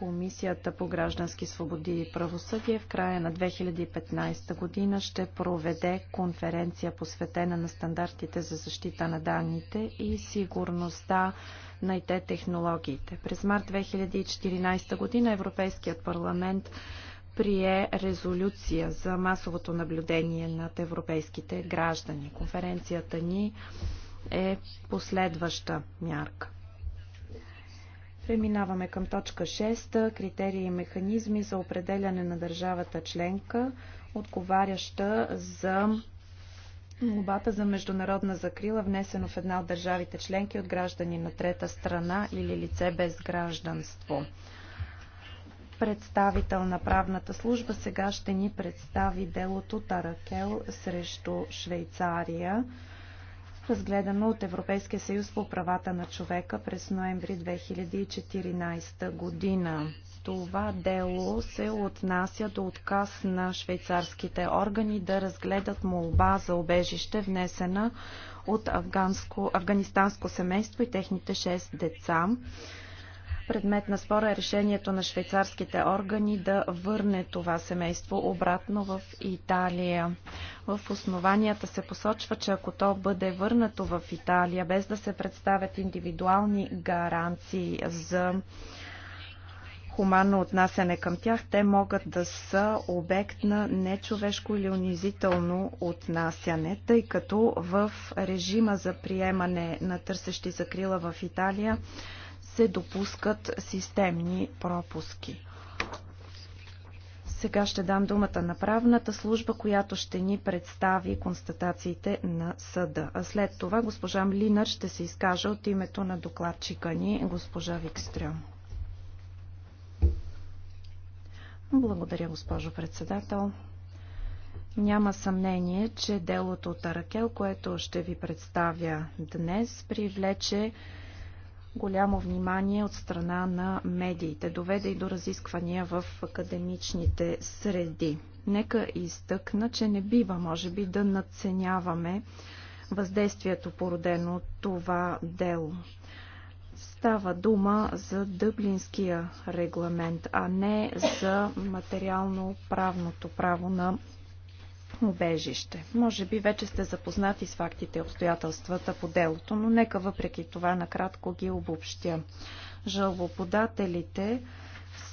Комисията по граждански свободи и правосъдие в края на 2015 година ще проведе конференция посветена на стандартите за защита на данните и сигурността на ИТ технологиите. През март 2014 година Европейският парламент прие резолюция за масовото наблюдение над европейските граждани. Конференцията ни е последваща мярка. Преминаваме към точка 6. Критерии и механизми за определяне на държавата членка, отговаряща за Молбата за международна закрила, внесено в една от държавите членки от граждани на трета страна или лице без гражданство. Представител на правната служба сега ще ни представи делото Таракел срещу Швейцария разгледано от Европейския съюз по правата на човека през ноември 2014 година. Това дело се отнася до отказ на швейцарските органи да разгледат молба за обежище, внесена от афганско, афганистанско семейство и техните 6 деца Предмет на спора е решението на швейцарските органи да върне това семейство обратно в Италия. В основанията се посочва, че ако то бъде върнато в Италия, без да се представят индивидуални гаранции за хуманно отнасяне към тях, те могат да са обект на нечовешко или унизително отнасяне, тъй като в режима за приемане на търсещи закрила в Италия се допускат системни пропуски. Сега ще дам думата на правната служба, която ще ни представи констатациите на съда. А след това госпожа Млинар ще се изкаже от името на докладчика ни, госпожа Викстрюм. Благодаря, госпожо председател. Няма съмнение, че делото от Аракел, което ще ви представя днес, привлече голямо внимание от страна на медиите. Доведе и до разисквания в академичните среди. Нека изтъкна, че не бива, може би, да надценяваме въздействието породено от това дело. Става дума за дъблинския регламент, а не за материално-правното право на убежище. Може би вече сте запознати с фактите и обстоятелствата по делото, но нека въпреки това накратко ги обобщя. Жалбоподателите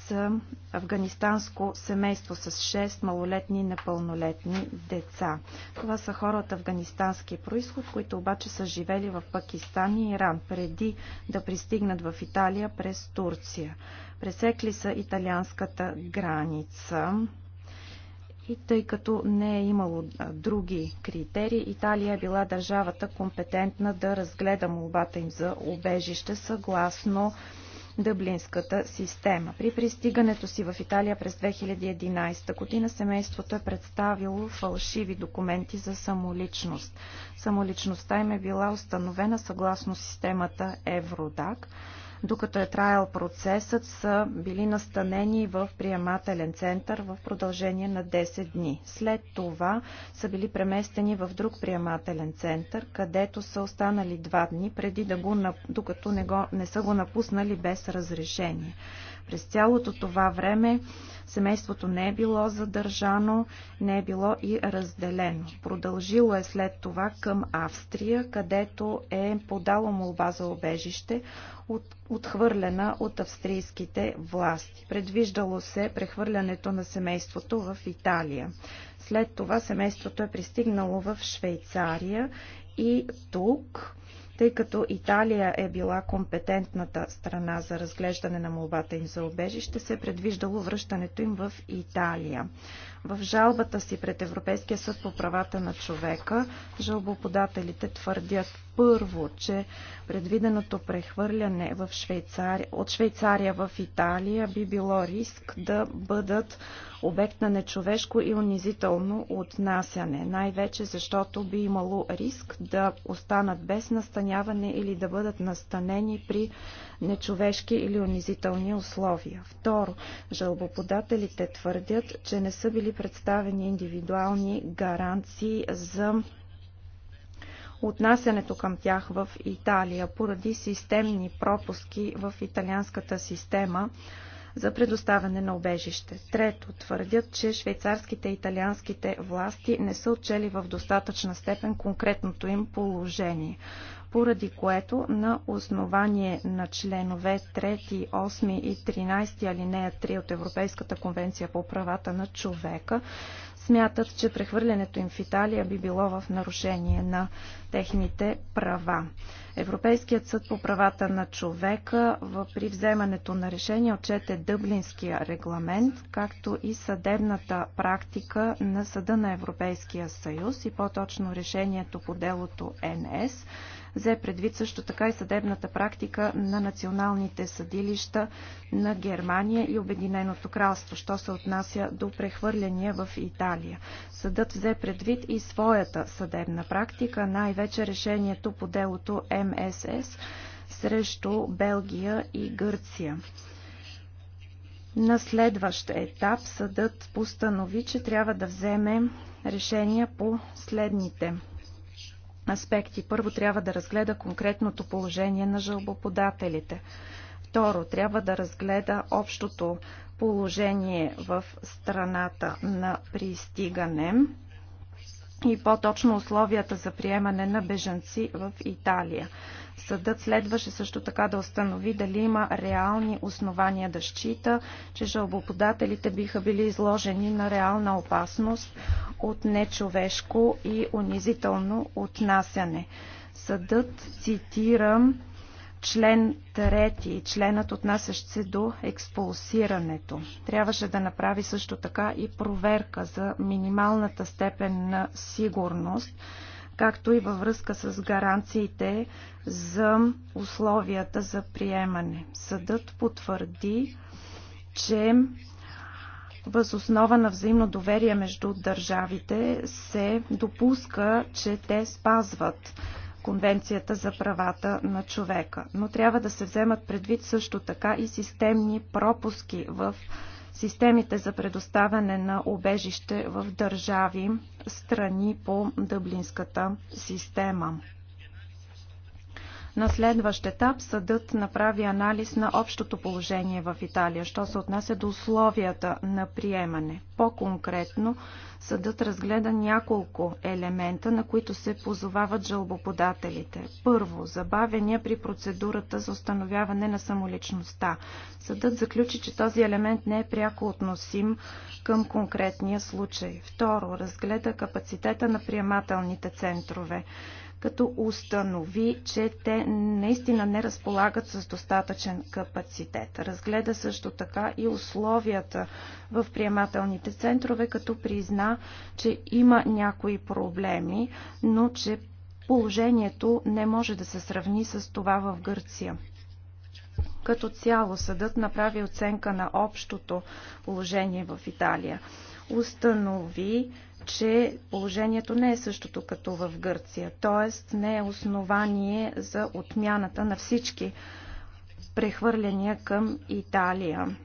са афганистанско семейство с 6 малолетни и непълнолетни деца. Това са хора от афганистански происход, които обаче са живели в Пакистан и Иран, преди да пристигнат в Италия през Турция. Пресекли са италианската граница и тъй като не е имало други критерии, Италия е била държавата компетентна да разгледа молбата им за обежище съгласно дъблинската система. При пристигането си в Италия през 2011 година семейството е представило фалшиви документи за самоличност. Самоличността им е била установена съгласно системата Евродак докато е траял процесът, са били настанени в приемателен център в продължение на 10 дни. След това са били преместени в друг приемателен център, където са останали два дни, преди да го, докато не, го, не са го напуснали без разрешение. През цялото това време семейството не е било задържано, не е било и разделено. Продължило е след това към Австрия, където е подало молба за обежище, от, отхвърлена от австрийските власти. Предвиждало се прехвърлянето на семейството в Италия. След това семейството е пристигнало в Швейцария и тук тъй като Италия е била компетентната страна за разглеждане на молбата им за обежище, се е предвиждало връщането им в Италия. В жалбата си пред Европейския съд по правата на човека, жалбоподателите твърдят първо, че предвиденото прехвърляне в Швейцари... от Швейцария в Италия би било риск да бъдат обект на нечовешко и унизително отнасяне, най-вече защото би имало риск да останат без настаняване или да бъдат настанени при нечовешки или унизителни условия. Второ, жалбоподателите твърдят, че не са били били представени индивидуални гаранции за отнасянето към тях в Италия поради системни пропуски в италианската система за предоставяне на обежище. Трето, твърдят, че швейцарските и италианските власти не са отчели в достатъчна степен конкретното им положение поради което на основание на членове 3, 8 и 13 алинея 3 от Европейската конвенция по правата на човека смятат, че прехвърлянето им в Италия би било в нарушение на техните права. Европейският съд по правата на човека при вземането на решение отчете Дъблинския регламент, както и съдебната практика на Съда на Европейския съюз и по-точно решението по делото НС, Взе предвид също така и съдебната практика на националните съдилища на Германия и Обединеното кралство, що се отнася до прехвърляния в Италия. Съдът взе предвид и своята съдебна практика, най-вече решението по делото МСС срещу Белгия и Гърция. На следващ етап съдът постанови, че трябва да вземе решения по следните аспекти. Първо, трябва да разгледа конкретното положение на жалбоподателите. Второ, трябва да разгледа общото положение в страната на пристигане и по-точно условията за приемане на бежанци в Италия. Съдът следваше също така да установи дали има реални основания да счита, че жалбоподателите биха били изложени на реална опасност от нечовешко и унизително отнасяне. Съдът, цитирам, Член 3, членът отнасящ се до експулсирането. Трябваше да направи също така и проверка за минималната степен на сигурност, както и във връзка с гаранциите за условията за приемане. Съдът потвърди, че въз основа на взаимно доверие между държавите се допуска, че те спазват Конвенцията за правата на човека. Но трябва да се вземат предвид също така и системни пропуски в системите за предоставяне на обежище в държави, страни по дъблинската система. На следващ етап съдът направи анализ на общото положение в Италия, що се отнася до условията на приемане. По-конкретно, съдът разгледа няколко елемента, на които се позовават жалбоподателите. Първо, забавения при процедурата за установяване на самоличността. Съдът заключи, че този елемент не е пряко относим към конкретния случай. Второ, разгледа капацитета на приемателните центрове като установи, че те наистина не разполагат с достатъчен капацитет. Разгледа също така и условията в приемателните центрове, като призна, че има някои проблеми, но че положението не може да се сравни с това в Гърция. Като цяло съдът направи оценка на общото положение в Италия. Установи, че положението не е същото като в Гърция, т.е. не е основание за отмяната на всички прехвърляния към Италия.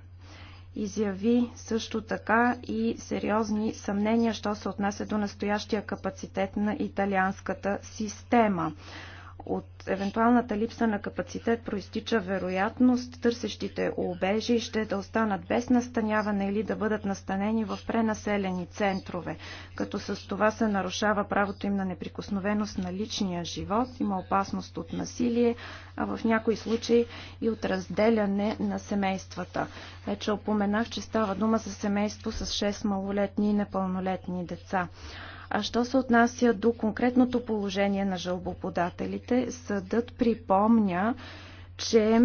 Изяви също така и сериозни съмнения, що се отнася до настоящия капацитет на италианската система. От евентуалната липса на капацитет проистича вероятност търсещите убежище да останат без настаняване или да бъдат настанени в пренаселени центрове, като с това се нарушава правото им на неприкосновеност на личния живот, има опасност от насилие, а в някои случаи и от разделяне на семействата. Вече опоменах, че става дума за семейство с 6 малолетни и непълнолетни деца. А що се отнася до конкретното положение на жалбоподателите, съдът припомня, че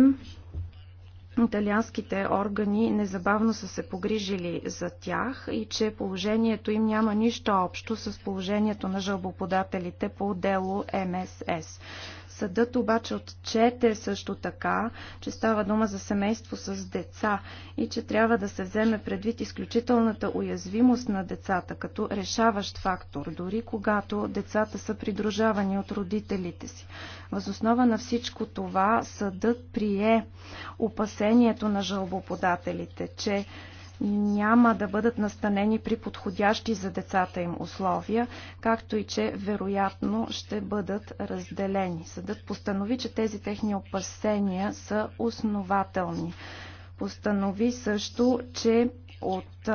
италианските органи незабавно са се погрижили за тях и че положението им няма нищо общо с положението на жалбоподателите по дело МСС. Съдът обаче отчете също така, че става дума за семейство с деца и че трябва да се вземе предвид изключителната уязвимост на децата като решаващ фактор, дори когато децата са придружавани от родителите си. Възоснова на всичко това съдът прие опасението на жалбоподателите, че няма да бъдат настанени при подходящи за децата им условия, както и че вероятно ще бъдат разделени. Съдът постанови, че тези техни опасения са основателни. Постанови също, че от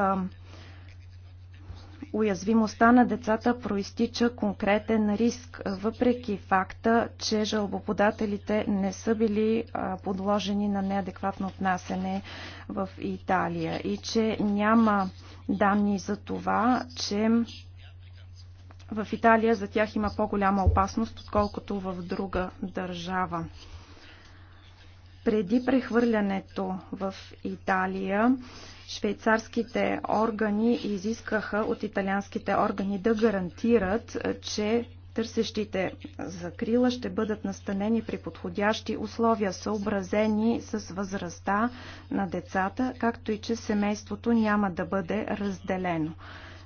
уязвимостта на децата проистича конкретен риск, въпреки факта, че жалбоподателите не са били подложени на неадекватно отнасене в Италия и че няма данни за това, че в Италия за тях има по-голяма опасност, отколкото в друга държава. Преди прехвърлянето в Италия швейцарските органи изискаха от италианските органи да гарантират, че търсещите закрила ще бъдат настанени при подходящи условия, съобразени с възрастта на децата, както и че семейството няма да бъде разделено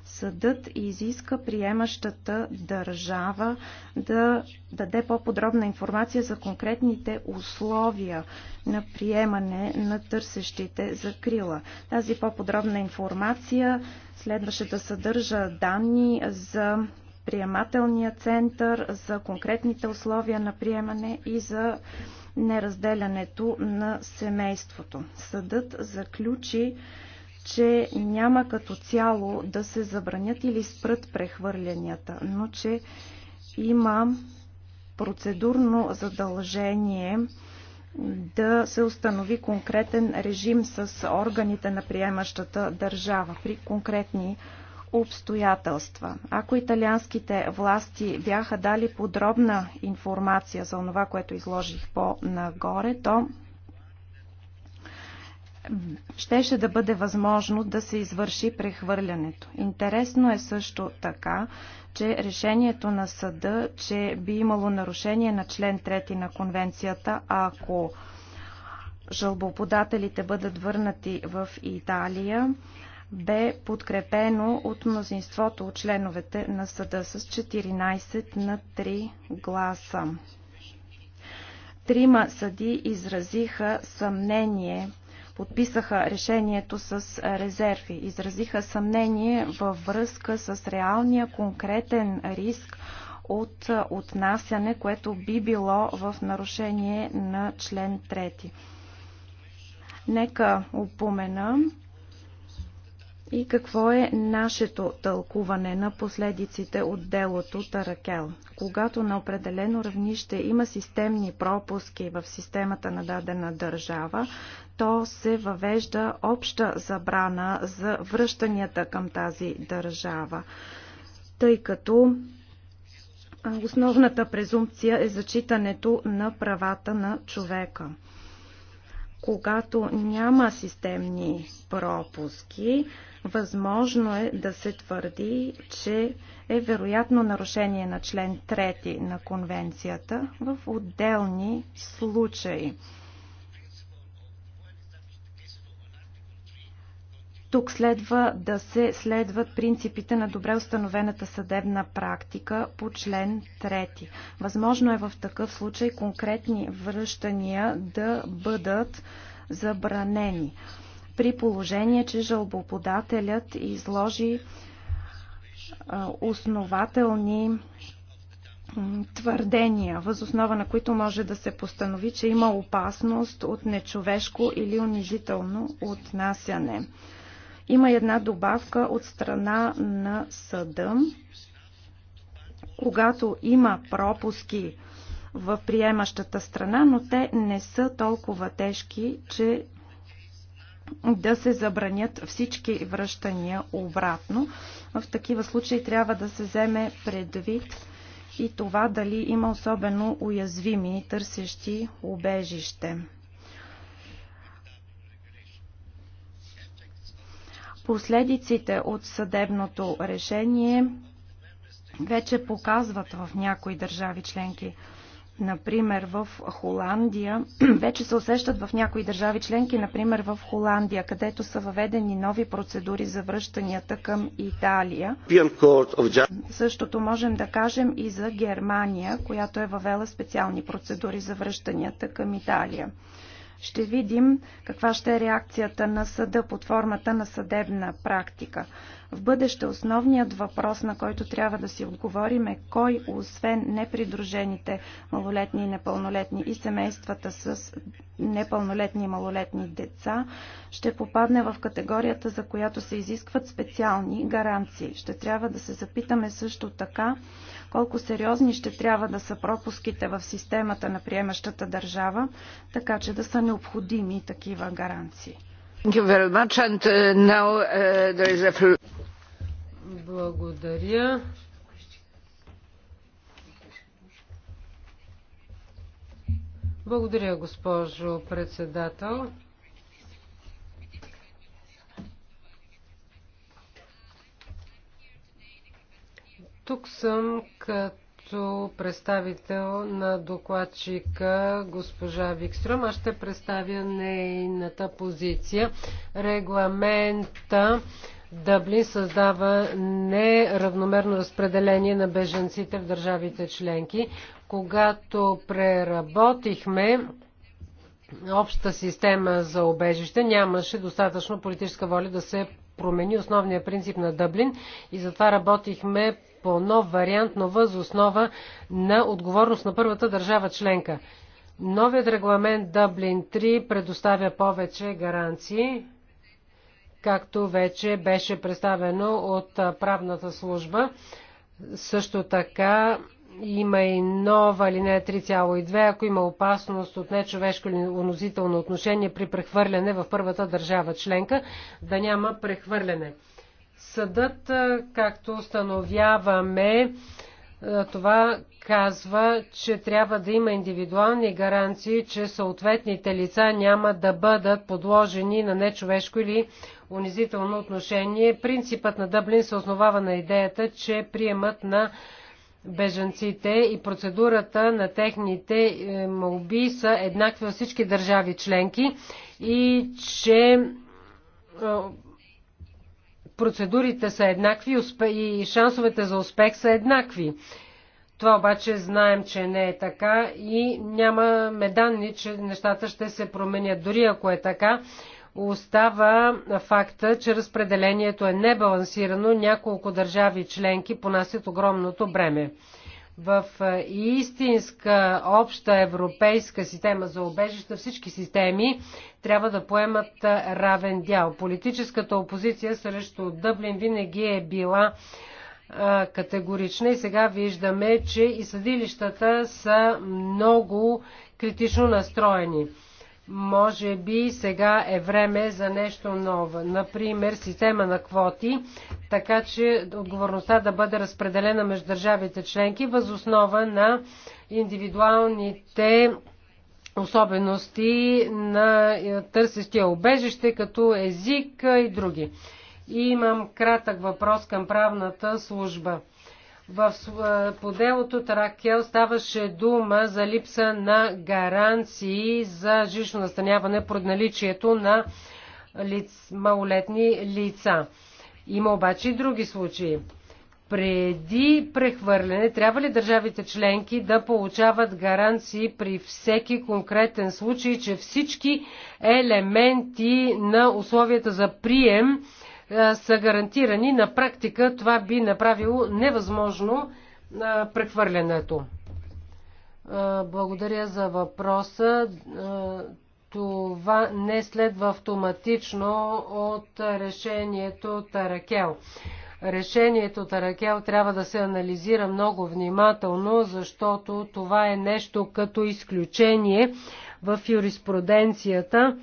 съдът изиска приемащата държава да даде по-подробна информация за конкретните условия на приемане на търсещите закрила. Тази по-подробна информация следваше да съдържа данни за приемателния център, за конкретните условия на приемане и за неразделянето на семейството. Съдът заключи, че няма като цяло да се забранят или спрат прехвърлянията, но че има процедурно задължение да се установи конкретен режим с органите на приемащата държава при конкретни обстоятелства. Ако италианските власти бяха дали подробна информация за това, което изложих по-нагоре, то щеше да бъде възможно да се извърши прехвърлянето. Интересно е също така, че решението на съда, че би имало нарушение на член 3 на конвенцията, ако жалбоподателите бъдат върнати в Италия, бе подкрепено от мнозинството от членовете на съда с 14 на 3 гласа. Трима съди изразиха съмнение – подписаха решението с резерви. Изразиха съмнение във връзка с реалния конкретен риск от отнасяне, което би било в нарушение на член 3. Нека упомена и какво е нашето тълкуване на последиците от делото Таракел? Когато на определено равнище има системни пропуски в системата на дадена държава, то се въвежда обща забрана за връщанията към тази държава, тъй като основната презумпция е зачитането на правата на човека. Когато няма системни пропуски, възможно е да се твърди, че е вероятно нарушение на член 3 на конвенцията в отделни случаи. Тук следва да се следват принципите на добре установената съдебна практика по член 3. Възможно е в такъв случай конкретни връщания да бъдат забранени. При положение, че жалбоподателят изложи основателни твърдения, възоснова на които може да се постанови, че има опасност от нечовешко или унизително отнасяне. Има една добавка от страна на съда. Когато има пропуски в приемащата страна, но те не са толкова тежки, че да се забранят всички връщания обратно. В такива случаи трябва да се вземе предвид и това дали има особено уязвими и търсещи убежище. Последиците от съдебното решение вече показват в някои държави членки. Например, в Холандия, вече се усещат в някои държави членки, например в Холандия, където са въведени нови процедури за връщанията към Италия. Същото можем да кажем и за Германия, която е въвела специални процедури за връщанията към Италия. Ще видим каква ще е реакцията на съда под формата на съдебна практика. В бъдеще основният въпрос, на който трябва да си отговорим е кой, освен непридружените малолетни и непълнолетни и семействата с непълнолетни и малолетни деца, ще попадне в категорията, за която се изискват специални гаранции. Ще трябва да се запитаме също така колко сериозни ще трябва да са пропуските в системата на приемащата държава, така че да са необходими такива гаранции. Uh, now, uh, благодаря. Благодаря, госпожо председател. Тук съм като представител на докладчика госпожа Викстром. Аз ще представя нейната позиция. Регламента Дъблин създава неравномерно разпределение на беженците в държавите членки. Когато преработихме обща система за обежище, нямаше достатъчно политическа воля да се промени основния принцип на Дъблин и затова работихме по нов вариант, но въз основа на отговорност на първата държава членка. Новият регламент Дъблин 3 предоставя повече гаранции както вече беше представено от правната служба. Също така има и нова линия 3.2, ако има опасност от нечовешко или унозително отношение при прехвърляне в първата държава членка, да няма прехвърляне. Съдът, както установяваме, това казва, че трябва да има индивидуални гаранции, че съответните лица няма да бъдат подложени на нечовешко или унизително отношение. Принципът на Дъблин се основава на идеята, че приемат на бежанците и процедурата на техните е, молби са еднакви във всички държави членки и че е, процедурите са еднакви и шансовете за успех са еднакви. Това обаче знаем, че не е така и нямаме данни, че нещата ще се променят. Дори ако е така, Остава факта, че разпределението е небалансирано. Няколко държави членки понасят огромното бреме. В е, истинска обща европейска система за обежища всички системи трябва да поемат е, равен дял. Политическата опозиция срещу Дъблин винаги е била е, категорична и сега виждаме, че и съдилищата са много критично настроени. Може би сега е време за нещо ново, например система на квоти, така че отговорността да бъде разпределена между държавите членки възоснова на индивидуалните особености на е, търсещия обежище, като език и други. И имам кратък въпрос към правната служба. В, по делото Таракел ставаше дума за липса на гаранции за жилищно настаняване пред наличието на лиц, малолетни лица. Има обаче и други случаи. Преди прехвърляне, трябва ли държавите членки да получават гаранции при всеки конкретен случай, че всички елементи на условията за прием е, са гарантирани. На практика това би направило невъзможно е, прехвърлянето. Е, благодаря за въпроса. Това не следва автоматично от решението Таракел. Решението Таракел трябва да се анализира много внимателно, защото това е нещо като изключение в юриспруденцията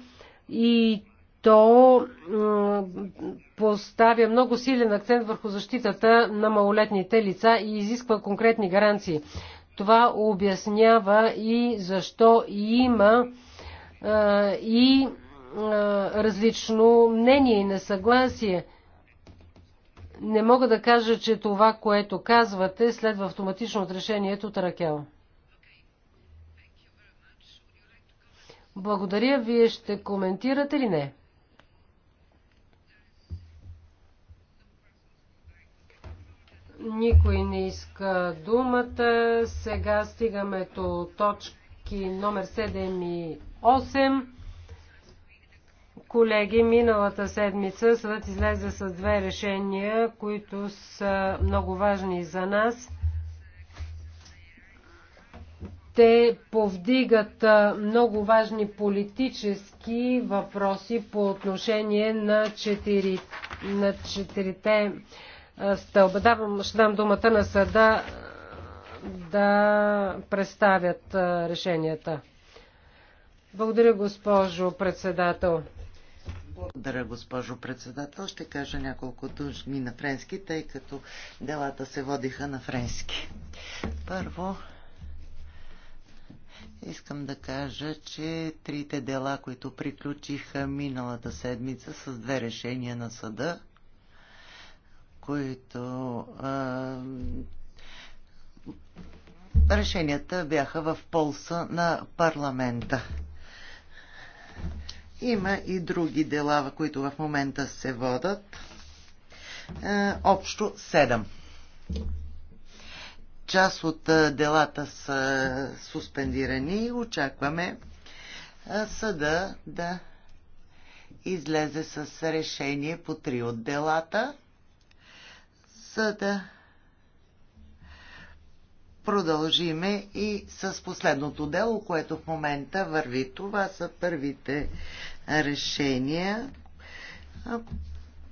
и то поставя много силен акцент върху защитата на малолетните лица и изисква конкретни гаранции. Това обяснява и защо има и различно мнение и несъгласие. Не мога да кажа, че това, което казвате, следва автоматично от решението Таракел. Благодаря. Вие ще коментирате ли не? Никой не иска думата. Сега стигаме до точки номер 7 и 8. Колеги, миналата седмица съдът излезе с две решения, които са много важни за нас. Те повдигат много важни политически въпроси по отношение на четирите, на четирите стълба. Давам, ще дам думата на съда да представят решенията. Благодаря, госпожо председател. Благодаря, госпожо председател. Ще кажа няколко думи на френски, тъй като делата се водиха на френски. Първо, искам да кажа, че трите дела, които приключиха миналата седмица с две решения на съда, които а, решенията бяха в полса на парламента. Има и други дела, които в момента се водат. А, общо 7. Част от делата са суспендирани и очакваме съда да излезе с решение по три от делата за да продължиме и с последното дело, което в момента върви. Това са първите решения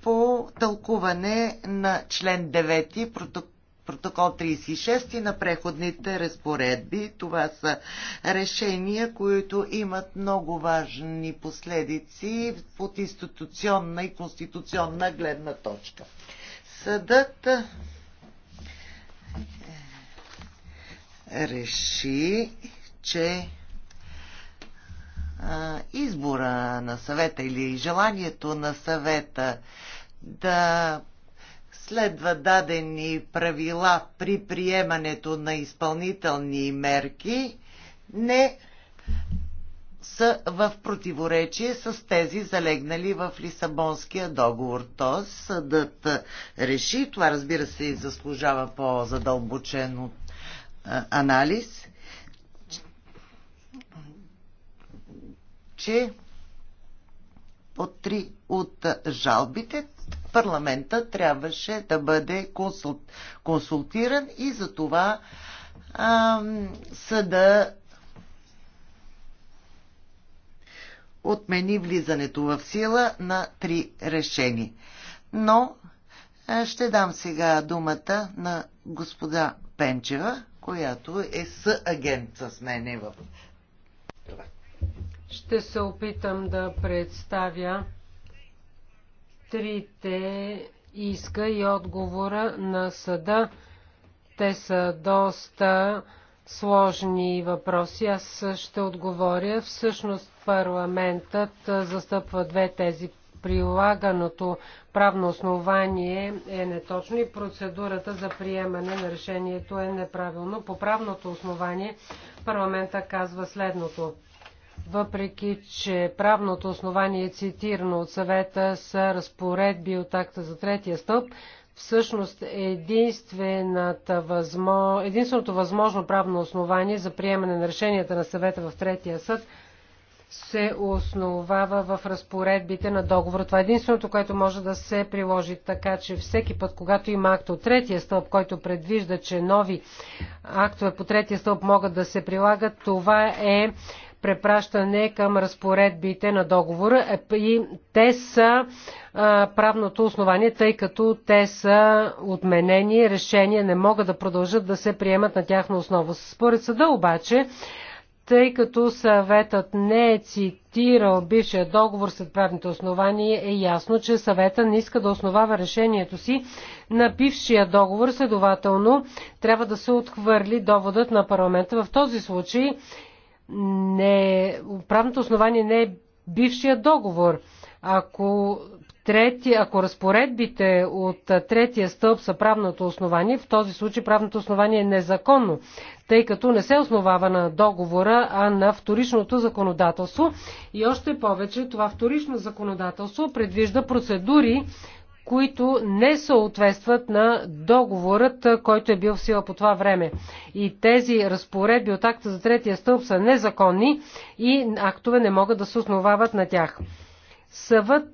по тълкуване на член 9 протокол протокол 36 на преходните разпоредби. Това са решения, които имат много важни последици от институционна и конституционна гледна точка. Съдът е, реши, че е, избора на съвета или желанието на съвета да следва дадени правила при приемането на изпълнителни мерки не са в противоречие с тези залегнали в Лисабонския договор. Т.е. съдът реши, това разбира се и заслужава по-задълбочен анализ, че по три от жалбите парламента трябваше да бъде консулт, консултиран и за това съда отмени влизането в сила на три решени. Но е, ще дам сега думата на господа Пенчева, която е агент с мене в това. Ще се опитам да представя трите иска и отговора на съда. Те са доста сложни въпроси. Аз ще отговоря. Всъщност парламентът застъпва две тези. Прилаганото правно основание е неточно и процедурата за приемане на решението е неправилно. По правното основание парламента казва следното. Въпреки, че правното основание е цитирано от съвета са разпоредби от акта за третия стълб, всъщност възмо... единственото възможно правно основание за приемане на решенията на съвета в третия съд – се основава в разпоредбите на договора. Това е единственото, което може да се приложи така, че всеки път, когато има акт от третия стълб, който предвижда, че нови актове по третия стълб могат да се прилагат, това е препращане към разпоредбите на договора е, и те са а, правното основание, тъй като те са отменени, решения не могат да продължат да се приемат на тяхна основа. Според съда обаче тъй като съветът не е цитирал бившия договор след правните основания, е ясно, че съвета не иска да основава решението си на бившия договор, следователно трябва да се отхвърли доводът на парламента. В този случай не, правното основание не е бившия договор. Ако трети, ако разпоредбите от третия стълб са правното основание, в този случай правното основание е незаконно, тъй като не се основава на договора, а на вторичното законодателство. И още повече това вторично законодателство предвижда процедури, които не съответстват на договорът, който е бил в сила по това време. И тези разпоредби от акта за третия стълб са незаконни и актове не могат да се основават на тях. Съвът,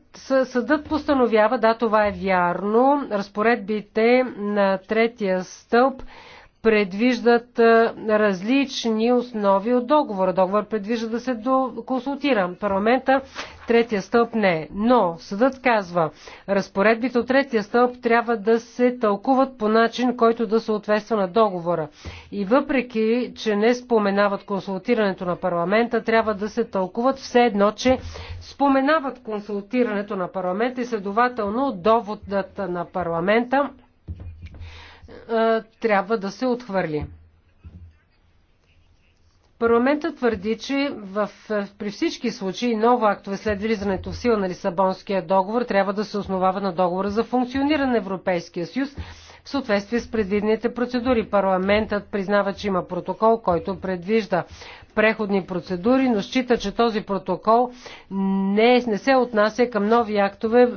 съдът постановява, да, това е вярно, разпоредбите на третия стълб предвиждат различни основи от договора. Договор предвижда да се консултира. Парламента третия стълб не е. Но съдът казва, разпоредбите от третия стълб трябва да се тълкуват по начин, който да съответства на договора. И въпреки, че не споменават консултирането на парламента, трябва да се тълкуват все едно, че споменават консултирането на парламента и следователно доводът на парламента трябва да се отхвърли. Парламентът твърди, че в, при всички случаи нова актове след влизането в сила на Лисабонския договор трябва да се основава на договора за функциониране на Европейския съюз в съответствие с предвидените процедури. Парламентът признава, че има протокол, който предвижда преходни процедури, но счита, че този протокол не, не се отнася към нови актове, е,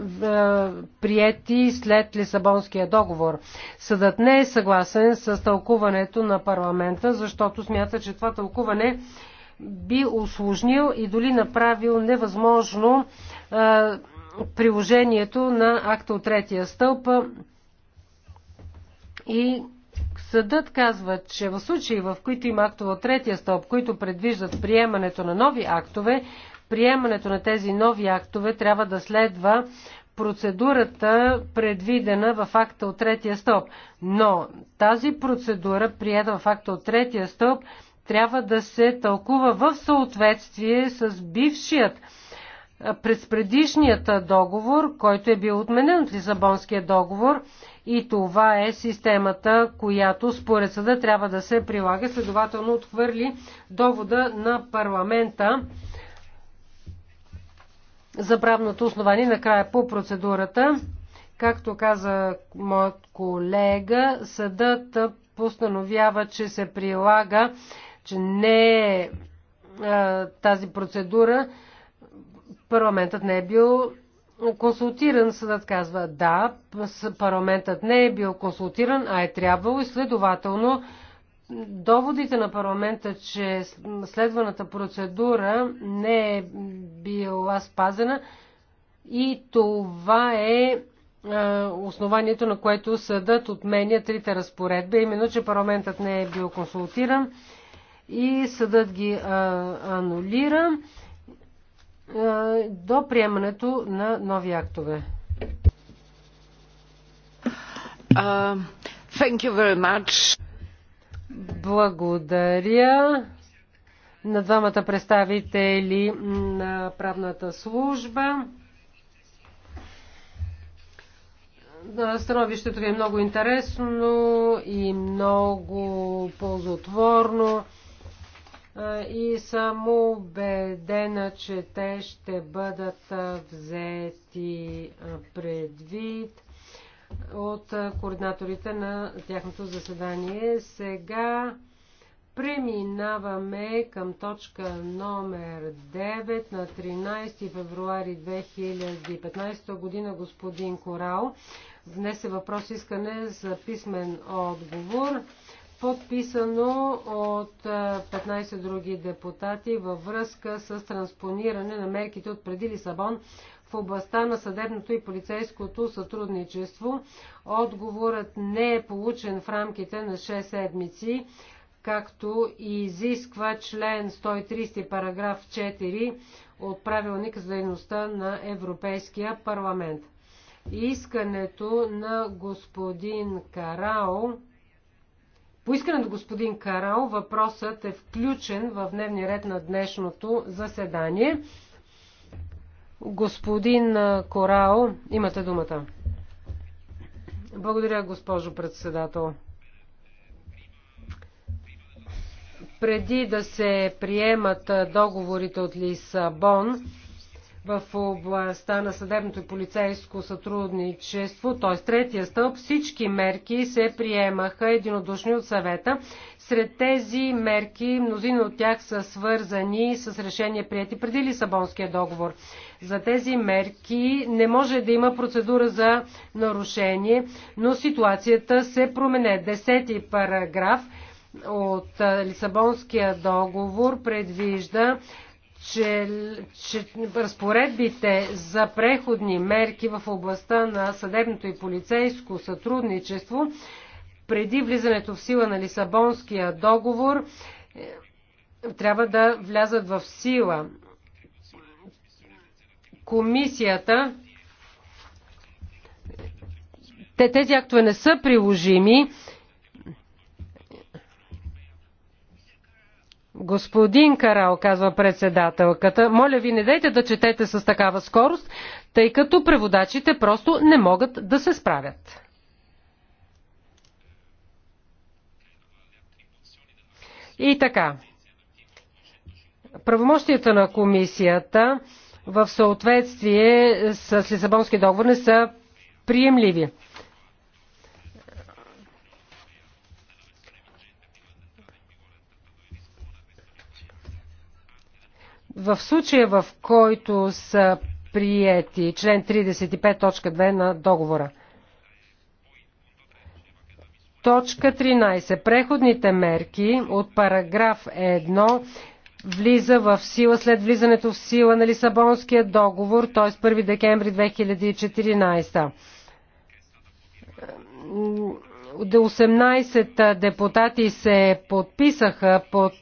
приети след Лисабонския договор. Съдът не е съгласен с тълкуването на парламента, защото смята, че това тълкуване би усложнил и дори направил невъзможно е, приложението на акта от третия стълб и съдът казва, че в случаи, в които има актове от третия стоп, които предвиждат приемането на нови актове, приемането на тези нови актове трябва да следва процедурата, предвидена в акта от третия стоп. Но тази процедура, приета в акта от третия стоп, трябва да се тълкува в съответствие с бившият през предишният договор, който е бил отменен от Лисабонския договор и това е системата, която според съда трябва да се прилага. Следователно отхвърли довода на парламента за правното основание. Накрая по процедурата, както каза моят колега, съдът постановява, че се прилага, че не е тази процедура. Парламентът не е бил консултиран, съдът казва да, парламентът не е бил консултиран, а е трябвало и следователно доводите на парламента, че следваната процедура не е била спазена и това е основанието, на което съдът отменя трите разпоредби, именно, че парламентът не е бил консултиран и съдът ги а, анулира е, до приемането на нови актове. Uh, thank you very much. Благодаря на двамата представители на правната служба. Становището ви е много интересно и много ползотворно и съм убедена, че те ще бъдат взети предвид от координаторите на тяхното заседание. Сега преминаваме към точка номер 9 на 13 февруари 2015 година господин Корал внесе въпрос искане за писмен отговор подписано от 15 други депутати във връзка с транспониране на мерките от преди Лисабон в областта на съдебното и полицейското сътрудничество. Отговорът не е получен в рамките на 6 седмици, както и изисква член 130 параграф 4 от правилника за дейността на Европейския парламент. Искането на господин Карао по искане на господин Карал въпросът е включен в дневния ред на днешното заседание. Господин Корал, имате думата. Благодаря, госпожо председател. Преди да се приемат договорите от Лисабон, в областта на съдебното и полицейско сътрудничество, т.е. третия стълб, всички мерки се приемаха единодушни от съвета. Сред тези мерки, мнозина от тях са свързани с решения прияти преди Лисабонския договор. За тези мерки не може да има процедура за нарушение, но ситуацията се промене. Десети параграф от Лисабонския договор предвижда че, че разпоредбите за преходни мерки в областта на съдебното и полицейско сътрудничество преди влизането в сила на Лисабонския договор е, трябва да влязат в сила. Комисията те, тези актове не са приложими Господин Карал, казва председателката, моля ви не дайте да четете с такава скорост, тъй като преводачите просто не могат да се справят. И така. Правомощията на комисията в съответствие с Лисабонски договор не са приемливи. В случая, в който са приети член 35.2 на договора. Точка 13. Преходните мерки от параграф 1 влиза в сила след влизането в сила на Лисабонския договор, т.е. 1 декември 2014. 18 депутати се подписаха под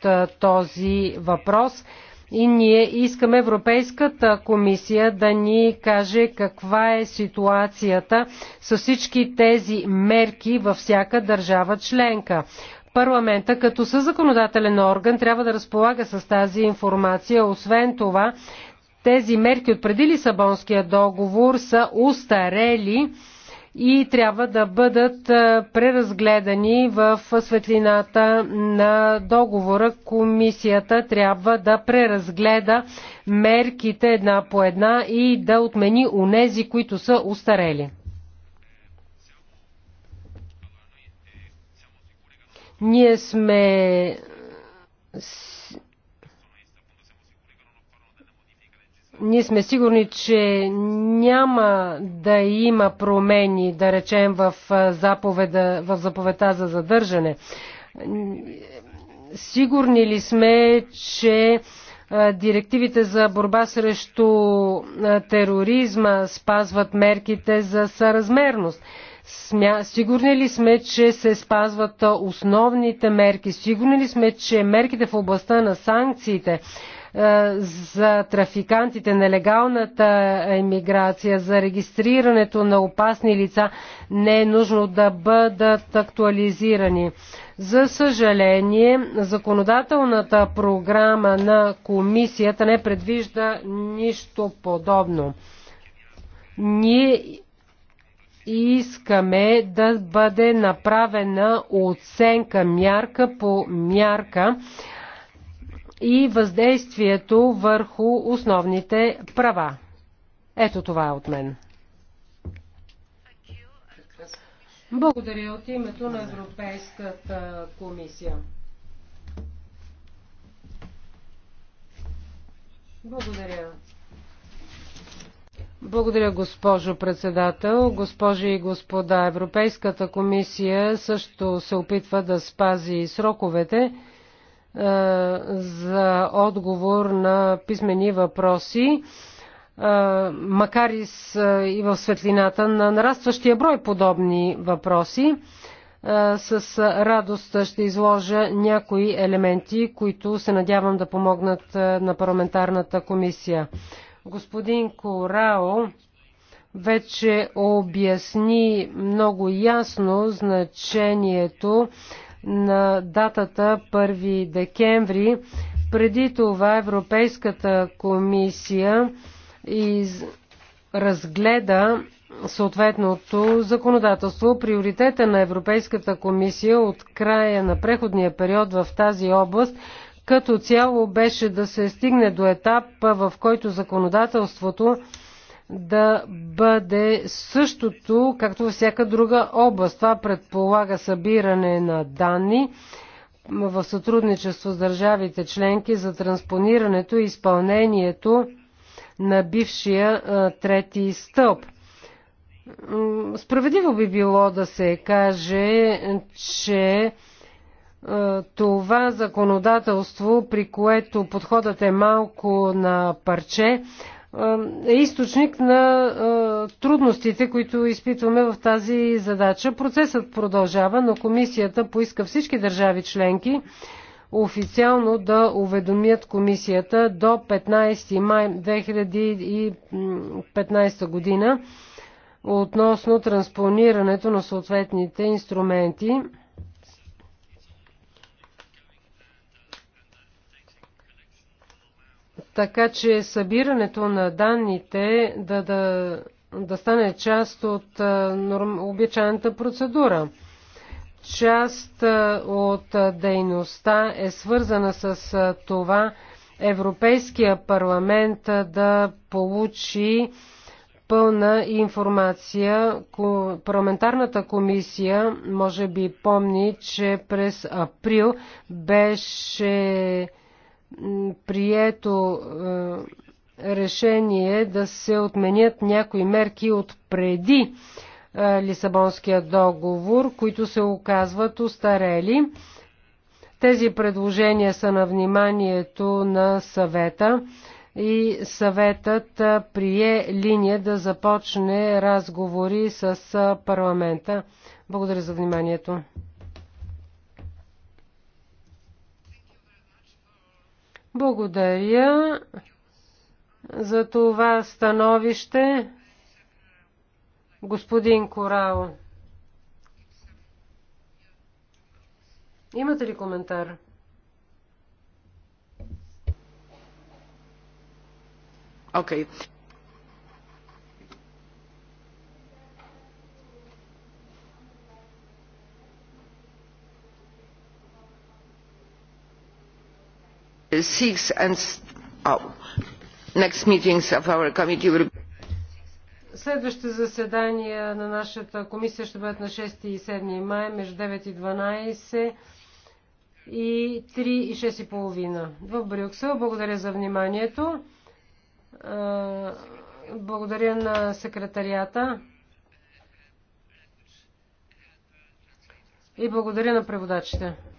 този въпрос. И ние искаме Европейската комисия да ни каже каква е ситуацията с всички тези мерки във всяка държава членка. Парламента като съзаконодателен орган трябва да разполага с тази информация. Освен това, тези мерки от преди Лисабонския договор са устарели и трябва да бъдат преразгледани в светлината на договора. Комисията трябва да преразгледа мерките една по една и да отмени унези, които са устарели. Ние сме ние сме сигурни, че няма да има промени, да речем, в, заповеда, в заповедта за задържане. Сигурни ли сме, че директивите за борба срещу тероризма спазват мерките за съразмерност? Сигурни ли сме, че се спазват основните мерки? Сигурни ли сме, че мерките в областта на санкциите е, за трафикантите, нелегалната емиграция, за регистрирането на опасни лица не е нужно да бъдат актуализирани. За съжаление, законодателната програма на комисията не предвижда нищо подобно. Ние искаме да бъде направена оценка мярка по мярка и въздействието върху основните права. Ето това е от мен. Благодаря от името на Европейската комисия. Благодаря. Благодаря, госпожо председател. Госпожи и господа, Европейската комисия също се опитва да спази сроковете. Е, за отговор на писмени въпроси, е, макар е, и, в светлината на нарастващия брой подобни въпроси. С радост ще изложа някои елементи, които се надявам да помогнат на парламентарната комисия. Господин Корао вече обясни много ясно значението на датата 1 декември. Преди това Европейската комисия из... разгледа съответното законодателство. Приоритета на Европейската комисия от края на преходния период в тази област като цяло беше да се стигне до етап, в който законодателството да бъде същото, както във всяка друга област. Това предполага събиране на данни в сътрудничество с държавите членки за транспонирането и изпълнението на бившия трети стълб. Справедливо би било да се каже, че това законодателство, при което подходът е малко на парче, е източник на трудностите, които изпитваме в тази задача. Процесът продължава, но комисията поиска всички държави членки официално да уведомят комисията до 15 май 2015 година относно транспонирането на съответните инструменти. така че събирането на данните да, да, да стане част от норм, обичайната процедура. Част от дейността е свързана с това Европейския парламент да получи пълна информация. Парламентарната комисия може би помни, че през април беше прието е, решение да се отменят някои мерки от преди е, Лисабонския договор, които се оказват устарели. Тези предложения са на вниманието на съвета и съветът е, прие линия да започне разговори с парламента. Благодаря за вниманието. Благодаря за това становище, господин Корал. Имате ли коментар? Окей. Okay. six and oh, next meetings of our committee will Следващите заседания на нашата комисия ще бъдат на 6 и 7 май между 9 и 12 и 3 и 6 и половина в Брюксел. Благодаря за вниманието. Благодаря на секретарията. И благодаря на преводачите.